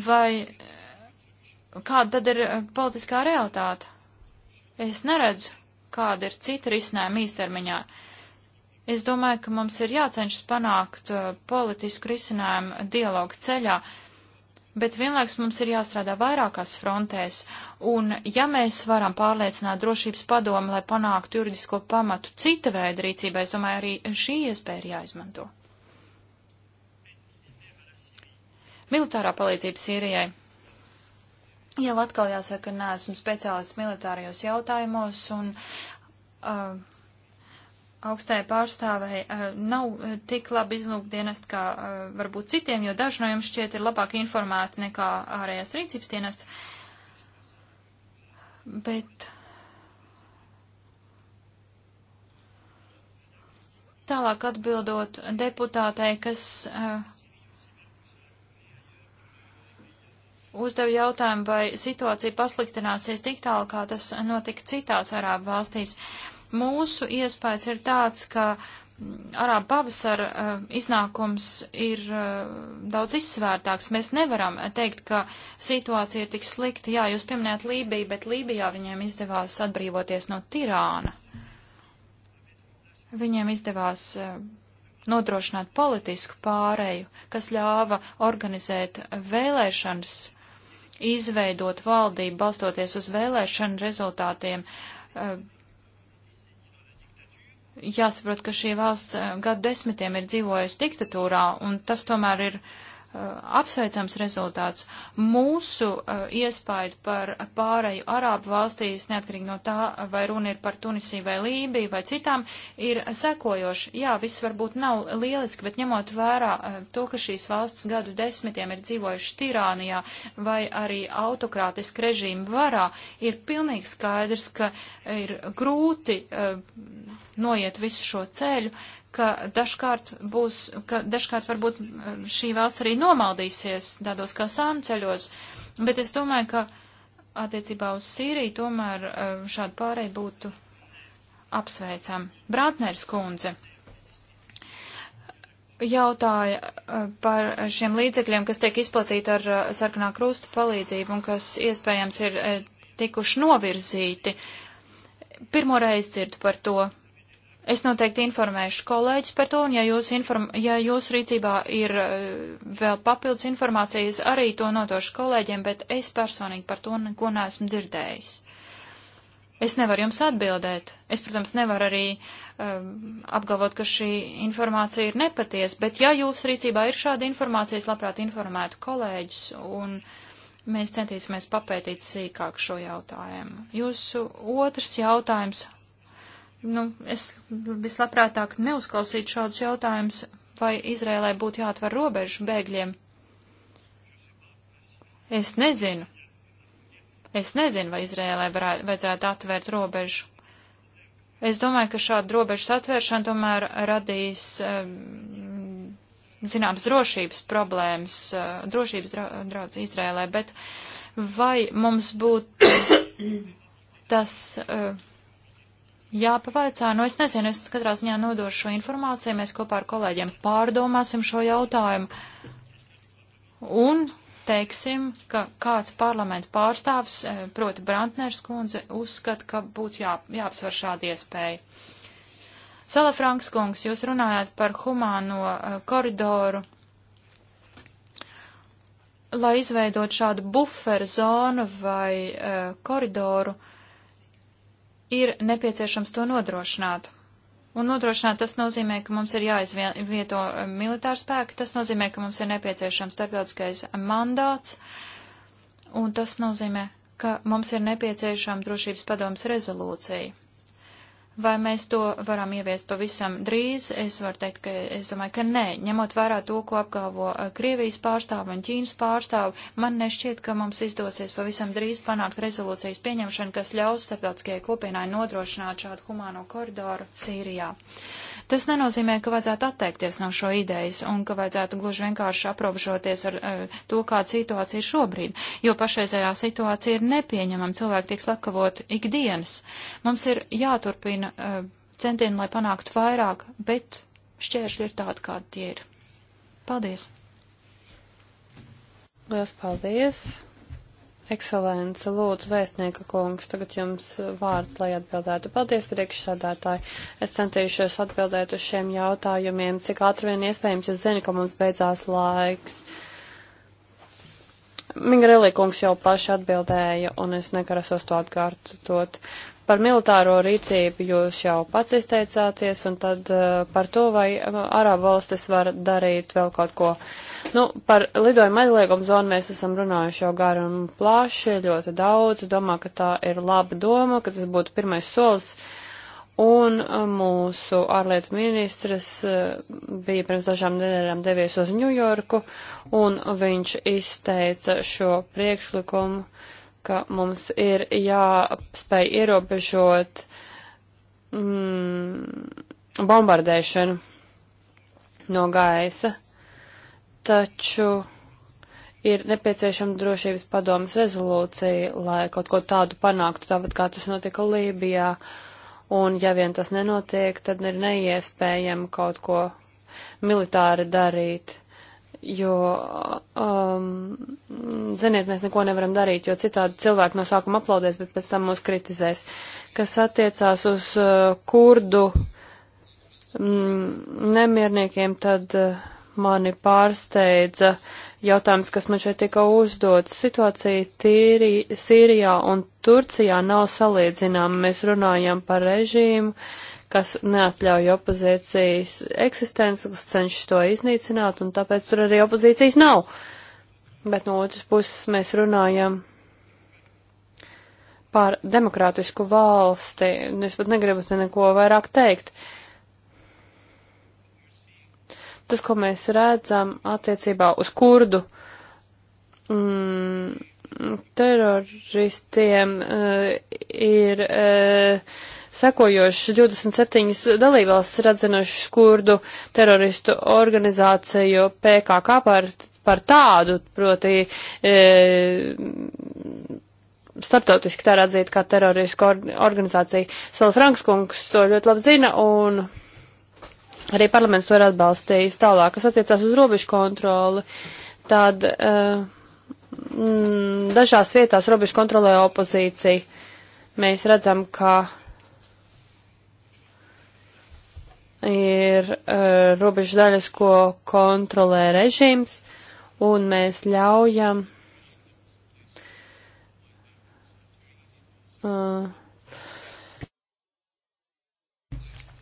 vai uh, kāda tad ir uh, politiskā realitāte? Es neredzu kāda ir cita risinājuma īstermiņā. Es domāju, ka mums ir jācenšas panākt uh, politisku risinājumu dialogu ceļā, bet vienlaiks mums ir jāstrādā vairākās frontēs, un ja mēs varam pārliecināt drošības padomu, lai panāktu juridisko pamatu cita veida rīcībai, es domāju, arī šī iespēja ir jāizmanto. Militārā palīdzība Sīrijai. Jau atkal jāsaka, neesmu speciālists militārajos jautājumos un uh, augstai pārstāvēji uh, nav uh, tik labi izlūkdienest kā uh, varbūt citiem, jo daži no jums šķiet ir labāk informēti nekā ārējās rīcības dienests. Bet. Tālāk atbildot deputātei, kas uh, uzdevu jautājumu, vai situācija pasliktināsies tik tālu, kā tas notika citās Arābu valstīs. Mūsu iespējas ir tāds, ka mm, Arābu pavasara uh, iznākums ir uh, daudz izsvērtāks. Mēs nevaram teikt, ka situācija ir tik slikta. Jā, jūs pieminējat Lībiju, bet Lībijā viņiem izdevās atbrīvoties no tirāna. Viņiem izdevās uh, nodrošināt politisku pāreju, kas ļāva organizēt vēlēšanas izveidot valdību balstoties uz vēlēšanu rezultātiem. Eh, jāsaprot, ka šī valsts eh, gadu desmitiem ir dzīvojusi diktatūrā, un tas tomēr ir uh, Eh, apsveicams rezultāts. Mūsu uh, eh, iespaidu par pārēju Arābu valstīs, neatkarīgi no tā, vai runa ir par Tunisiju vai Lībiju vai citām, ir sekojoši. Jā, viss varbūt nav lieliski, bet ņemot vērā uh, to, ka šīs valsts gadu desmitiem ir dzīvojuši tirānijā vai arī autokrātiski režīmu varā, ir pilnīgi skaidrs, ka ir grūti uh, noiet visu šo ceļu. Uh, ka dažkārt būs, ka dažkārt varbūt eh, šī valsts arī nomaldīsies tādos kā sāmceļos, bet es domāju, ka attiecībā uz Sīriju tomēr eh, šāda pārēja būtu apsveicam. Brātners kundze jautāja eh, par šiem līdzekļiem, kas tiek izplatīti ar sarkanā krusta palīdzību un kas iespējams ir tikuši novirzīti. Pirmo reizi dzirdu par to. Es noteikti informēšu kolēģis par to, un ja jūs, inform, ja jūs rīcībā ir eh, vēl papildus informācijas, arī to nodošu kolēģiem, bet es personīgi par to neko neesmu dzirdējis. Es nevaru jums atbildēt. Es, protams, nevaru arī um, apgalvot, ka šī informācija ir nepaties, bet ja jūs rīcībā ir šāda informācija, es labprāt informētu kolēģus un mēs centīsimies papētīt sīkāk šo jautājumu. Jūsu otrs jautājums Nu, es vislabprātāk neuzklausītu šādus jautājumus, vai Izrēlē būtu jāatver robežu bēgļiem. Es nezinu. Es nezinu, vai Izrēlē varētu, vajadzētu atvērt robežu. Es domāju, ka šāda robežas atvēršana tomēr radīs, um, zināms, drošības problēmas, uh, drošības draudz Izrēlē, bet vai mums būtu tas. Uh, jāpavaicā. Nu, es nezinu, es katrā ziņā nodošu šo informāciju, mēs kopā ar kolēģiem pārdomāsim šo jautājumu un teiksim, ka kāds parlamenta pārstāvs, eh, proti Brantners kundze, uzskata, ka būtu jā, jāapsver šāda iespēja. Sala Franks kungs, jūs runājāt par humāno eh, koridoru lai izveidot šādu buferu zonu vai uh, koridoru, ir nepieciešams to nodrošināt. Un nodrošināt tas nozīmē, ka mums ir jāizvieto eh, militāri spēki, tas nozīmē, ka mums ir nepieciešams starptautiskais mandāts, un tas nozīmē, ka mums ir nepieciešama drošības padomas rezolūcija. Vai mēs to varam ieviest pavisam drīz? Es varu teikt, ka es domāju, ka nē. Ņemot vērā to, ko apgalvo uh, Krievijas pārstāvi un Ķīnas pārstāvi, man nešķiet, ka mums izdosies pavisam drīz panākt rezolūcijas pieņemšanu, kas ļaus starptautiskajai kopienai nodrošināt šādu humāno koridoru Sīrijā. Tas nenozīmē, ka vajadzētu atteikties no šo idejas un ka vajadzētu gluži vienkārši aprobežoties ar uh, to, kāda situācija ir šobrīd, jo pašreizējā situācija ir nepieņemama, cilvēki tiek slepkavot ikdienas. Mums ir jāturpina jāturpina uh, centieni, lai panāktu vairāk, bet šķēršļi ir tādi, kādi tie ir. Paldies! Lielas paldies! Ekscelence, lūdzu, vēstnieka kungs, tagad jums vārds, lai atbildētu. Paldies, priekšsādātāji. Es centīšos atbildēt uz šiem jautājumiem, cik ātri vien iespējams. Es zinu, ka mums beidzās laiks. Mingarelī kungs jau plaši atbildēja, un es nekarasos to atkārtot. Par militāro rīcību jūs jau pats izteicāties, un tad eh, par to, vai eh, Arābu valstis var darīt vēl kaut ko. Nu, par lidojuma aizliegumu zonu mēs esam runājuši jau gari un plaši, ļoti daudz. Domā, ka tā ir laba doma, ka tas būtu pirmais solis. Un eh, mūsu ārlietu ministrs bija pirms dažām nedēļām devies uz Ņujorku, un viņš izteica šo priekšlikumu ka mums ir jāspēj ierobežot mm, bombardēšanu no gaisa, taču ir nepieciešama drošības padomas rezolūcija, lai kaut ko tādu panāktu, tāpat kā tas notika Lībijā. Un ja vien tas nenotiek, tad ir neiespējami kaut ko militāri darīt jo, um, ziniet, mēs neko nevaram darīt, jo citādi cilvēki no sākuma aplaudēs, bet pēc tam mūs kritizēs. Kas attiecās uz uh, kurdu mm, nemierniekiem, tad uh, mani pārsteidza jautājums, kas man šeit tika uzdots. Situācija tīri, Sīrijā un Turcijā nav salīdzināma. Mēs runājam par režīmu. Uh, kas neatļauj opozīcijas eksistenci, kas cenšas to iznīcināt, un tāpēc tur arī opozīcijas nav. Bet no otras puses mēs runājam par demokrātisku valsti, un es pat negribu te neko vairāk teikt. Tas, ko mēs redzam attiecībā uz kurdu mm, teroristiem, uh, ir. Uh, sekojošas 27 dalībvalstis ir atzinušas kurdu teroristu organizāciju PKK par, par tādu, proti, e, starptautiski tā ir atzīta kā terorisku or organizācija. Sala Frankskungs to ļoti labi zina un arī parlaments to ir atbalstījis tālāk, kas attiecās uz robežu kontroli. Tad uh, dažās vietās robežu kontrolē opozīcija. Mēs redzam, ka ir uh, eh, robežu daļas, ko kontrolē režīms, un mēs ļaujam uh,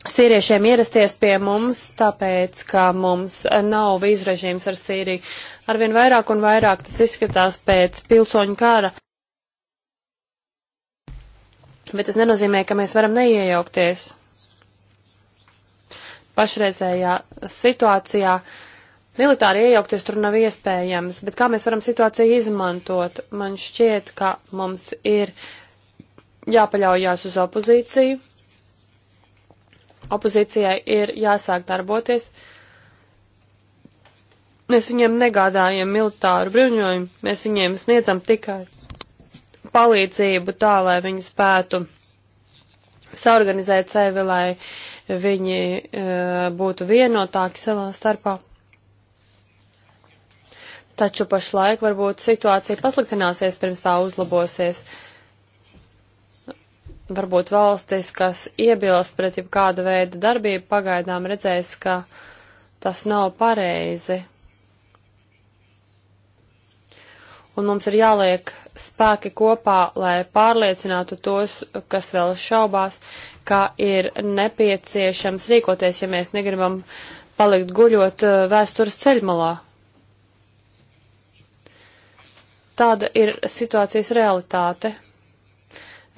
sīriešiem ierasties pie mums, tāpēc, ka mums nav vīzu režīms ar Sīriju. Arvien vairāk un vairāk tas izskatās pēc pilsoņu kara. Bet tas nenozīmē, ka mēs varam neiejaukties pašreizējā situācijā. Militāri iejaukties tur nav iespējams, bet kā mēs varam situāciju izmantot? Man šķiet, ka mums ir jāpaļaujās uz opozīciju. Opozīcijai ir jāsāk darboties. Mēs viņiem negādājam militāru bruņojumu, mēs viņiem sniedzam tikai palīdzību tā, lai viņi spētu saorganizēt sevi, lai viņi e, būtu vienotāki savā starpā. Taču pašlaik varbūt situācija pasliktināsies pirms tā uzlabosies. Varbūt valstis, kas iebilst pret jau kādu veidu darbību, pagaidām redzēs, ka tas nav pareizi. un mums ir jāliek spēki kopā, lai pārliecinātu tos, kas vēl šaubās, ka ir nepieciešams rīkoties, ja mēs negribam palikt guļot eh, vēstures ceļmalā. Tāda ir situācijas realitāte.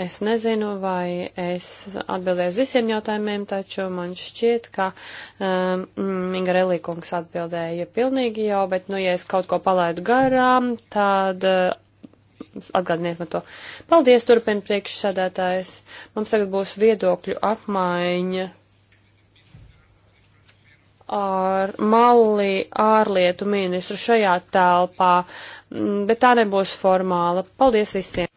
Es nezinu, vai es atbildēju uz visiem jautājumiem, taču man šķiet, ka um, ehm, mm, Inga Relīkungs atbildēja pilnīgi jau, bet, nu, ja es kaut ko palaidu garām, tad uh, atgādiniet man to. Paldies, turpina priekšsādātājs. Mums tagad būs viedokļu apmaiņa ar Mali ārlietu ministru šajā telpā, bet tā nebūs formāla. Paldies visiem!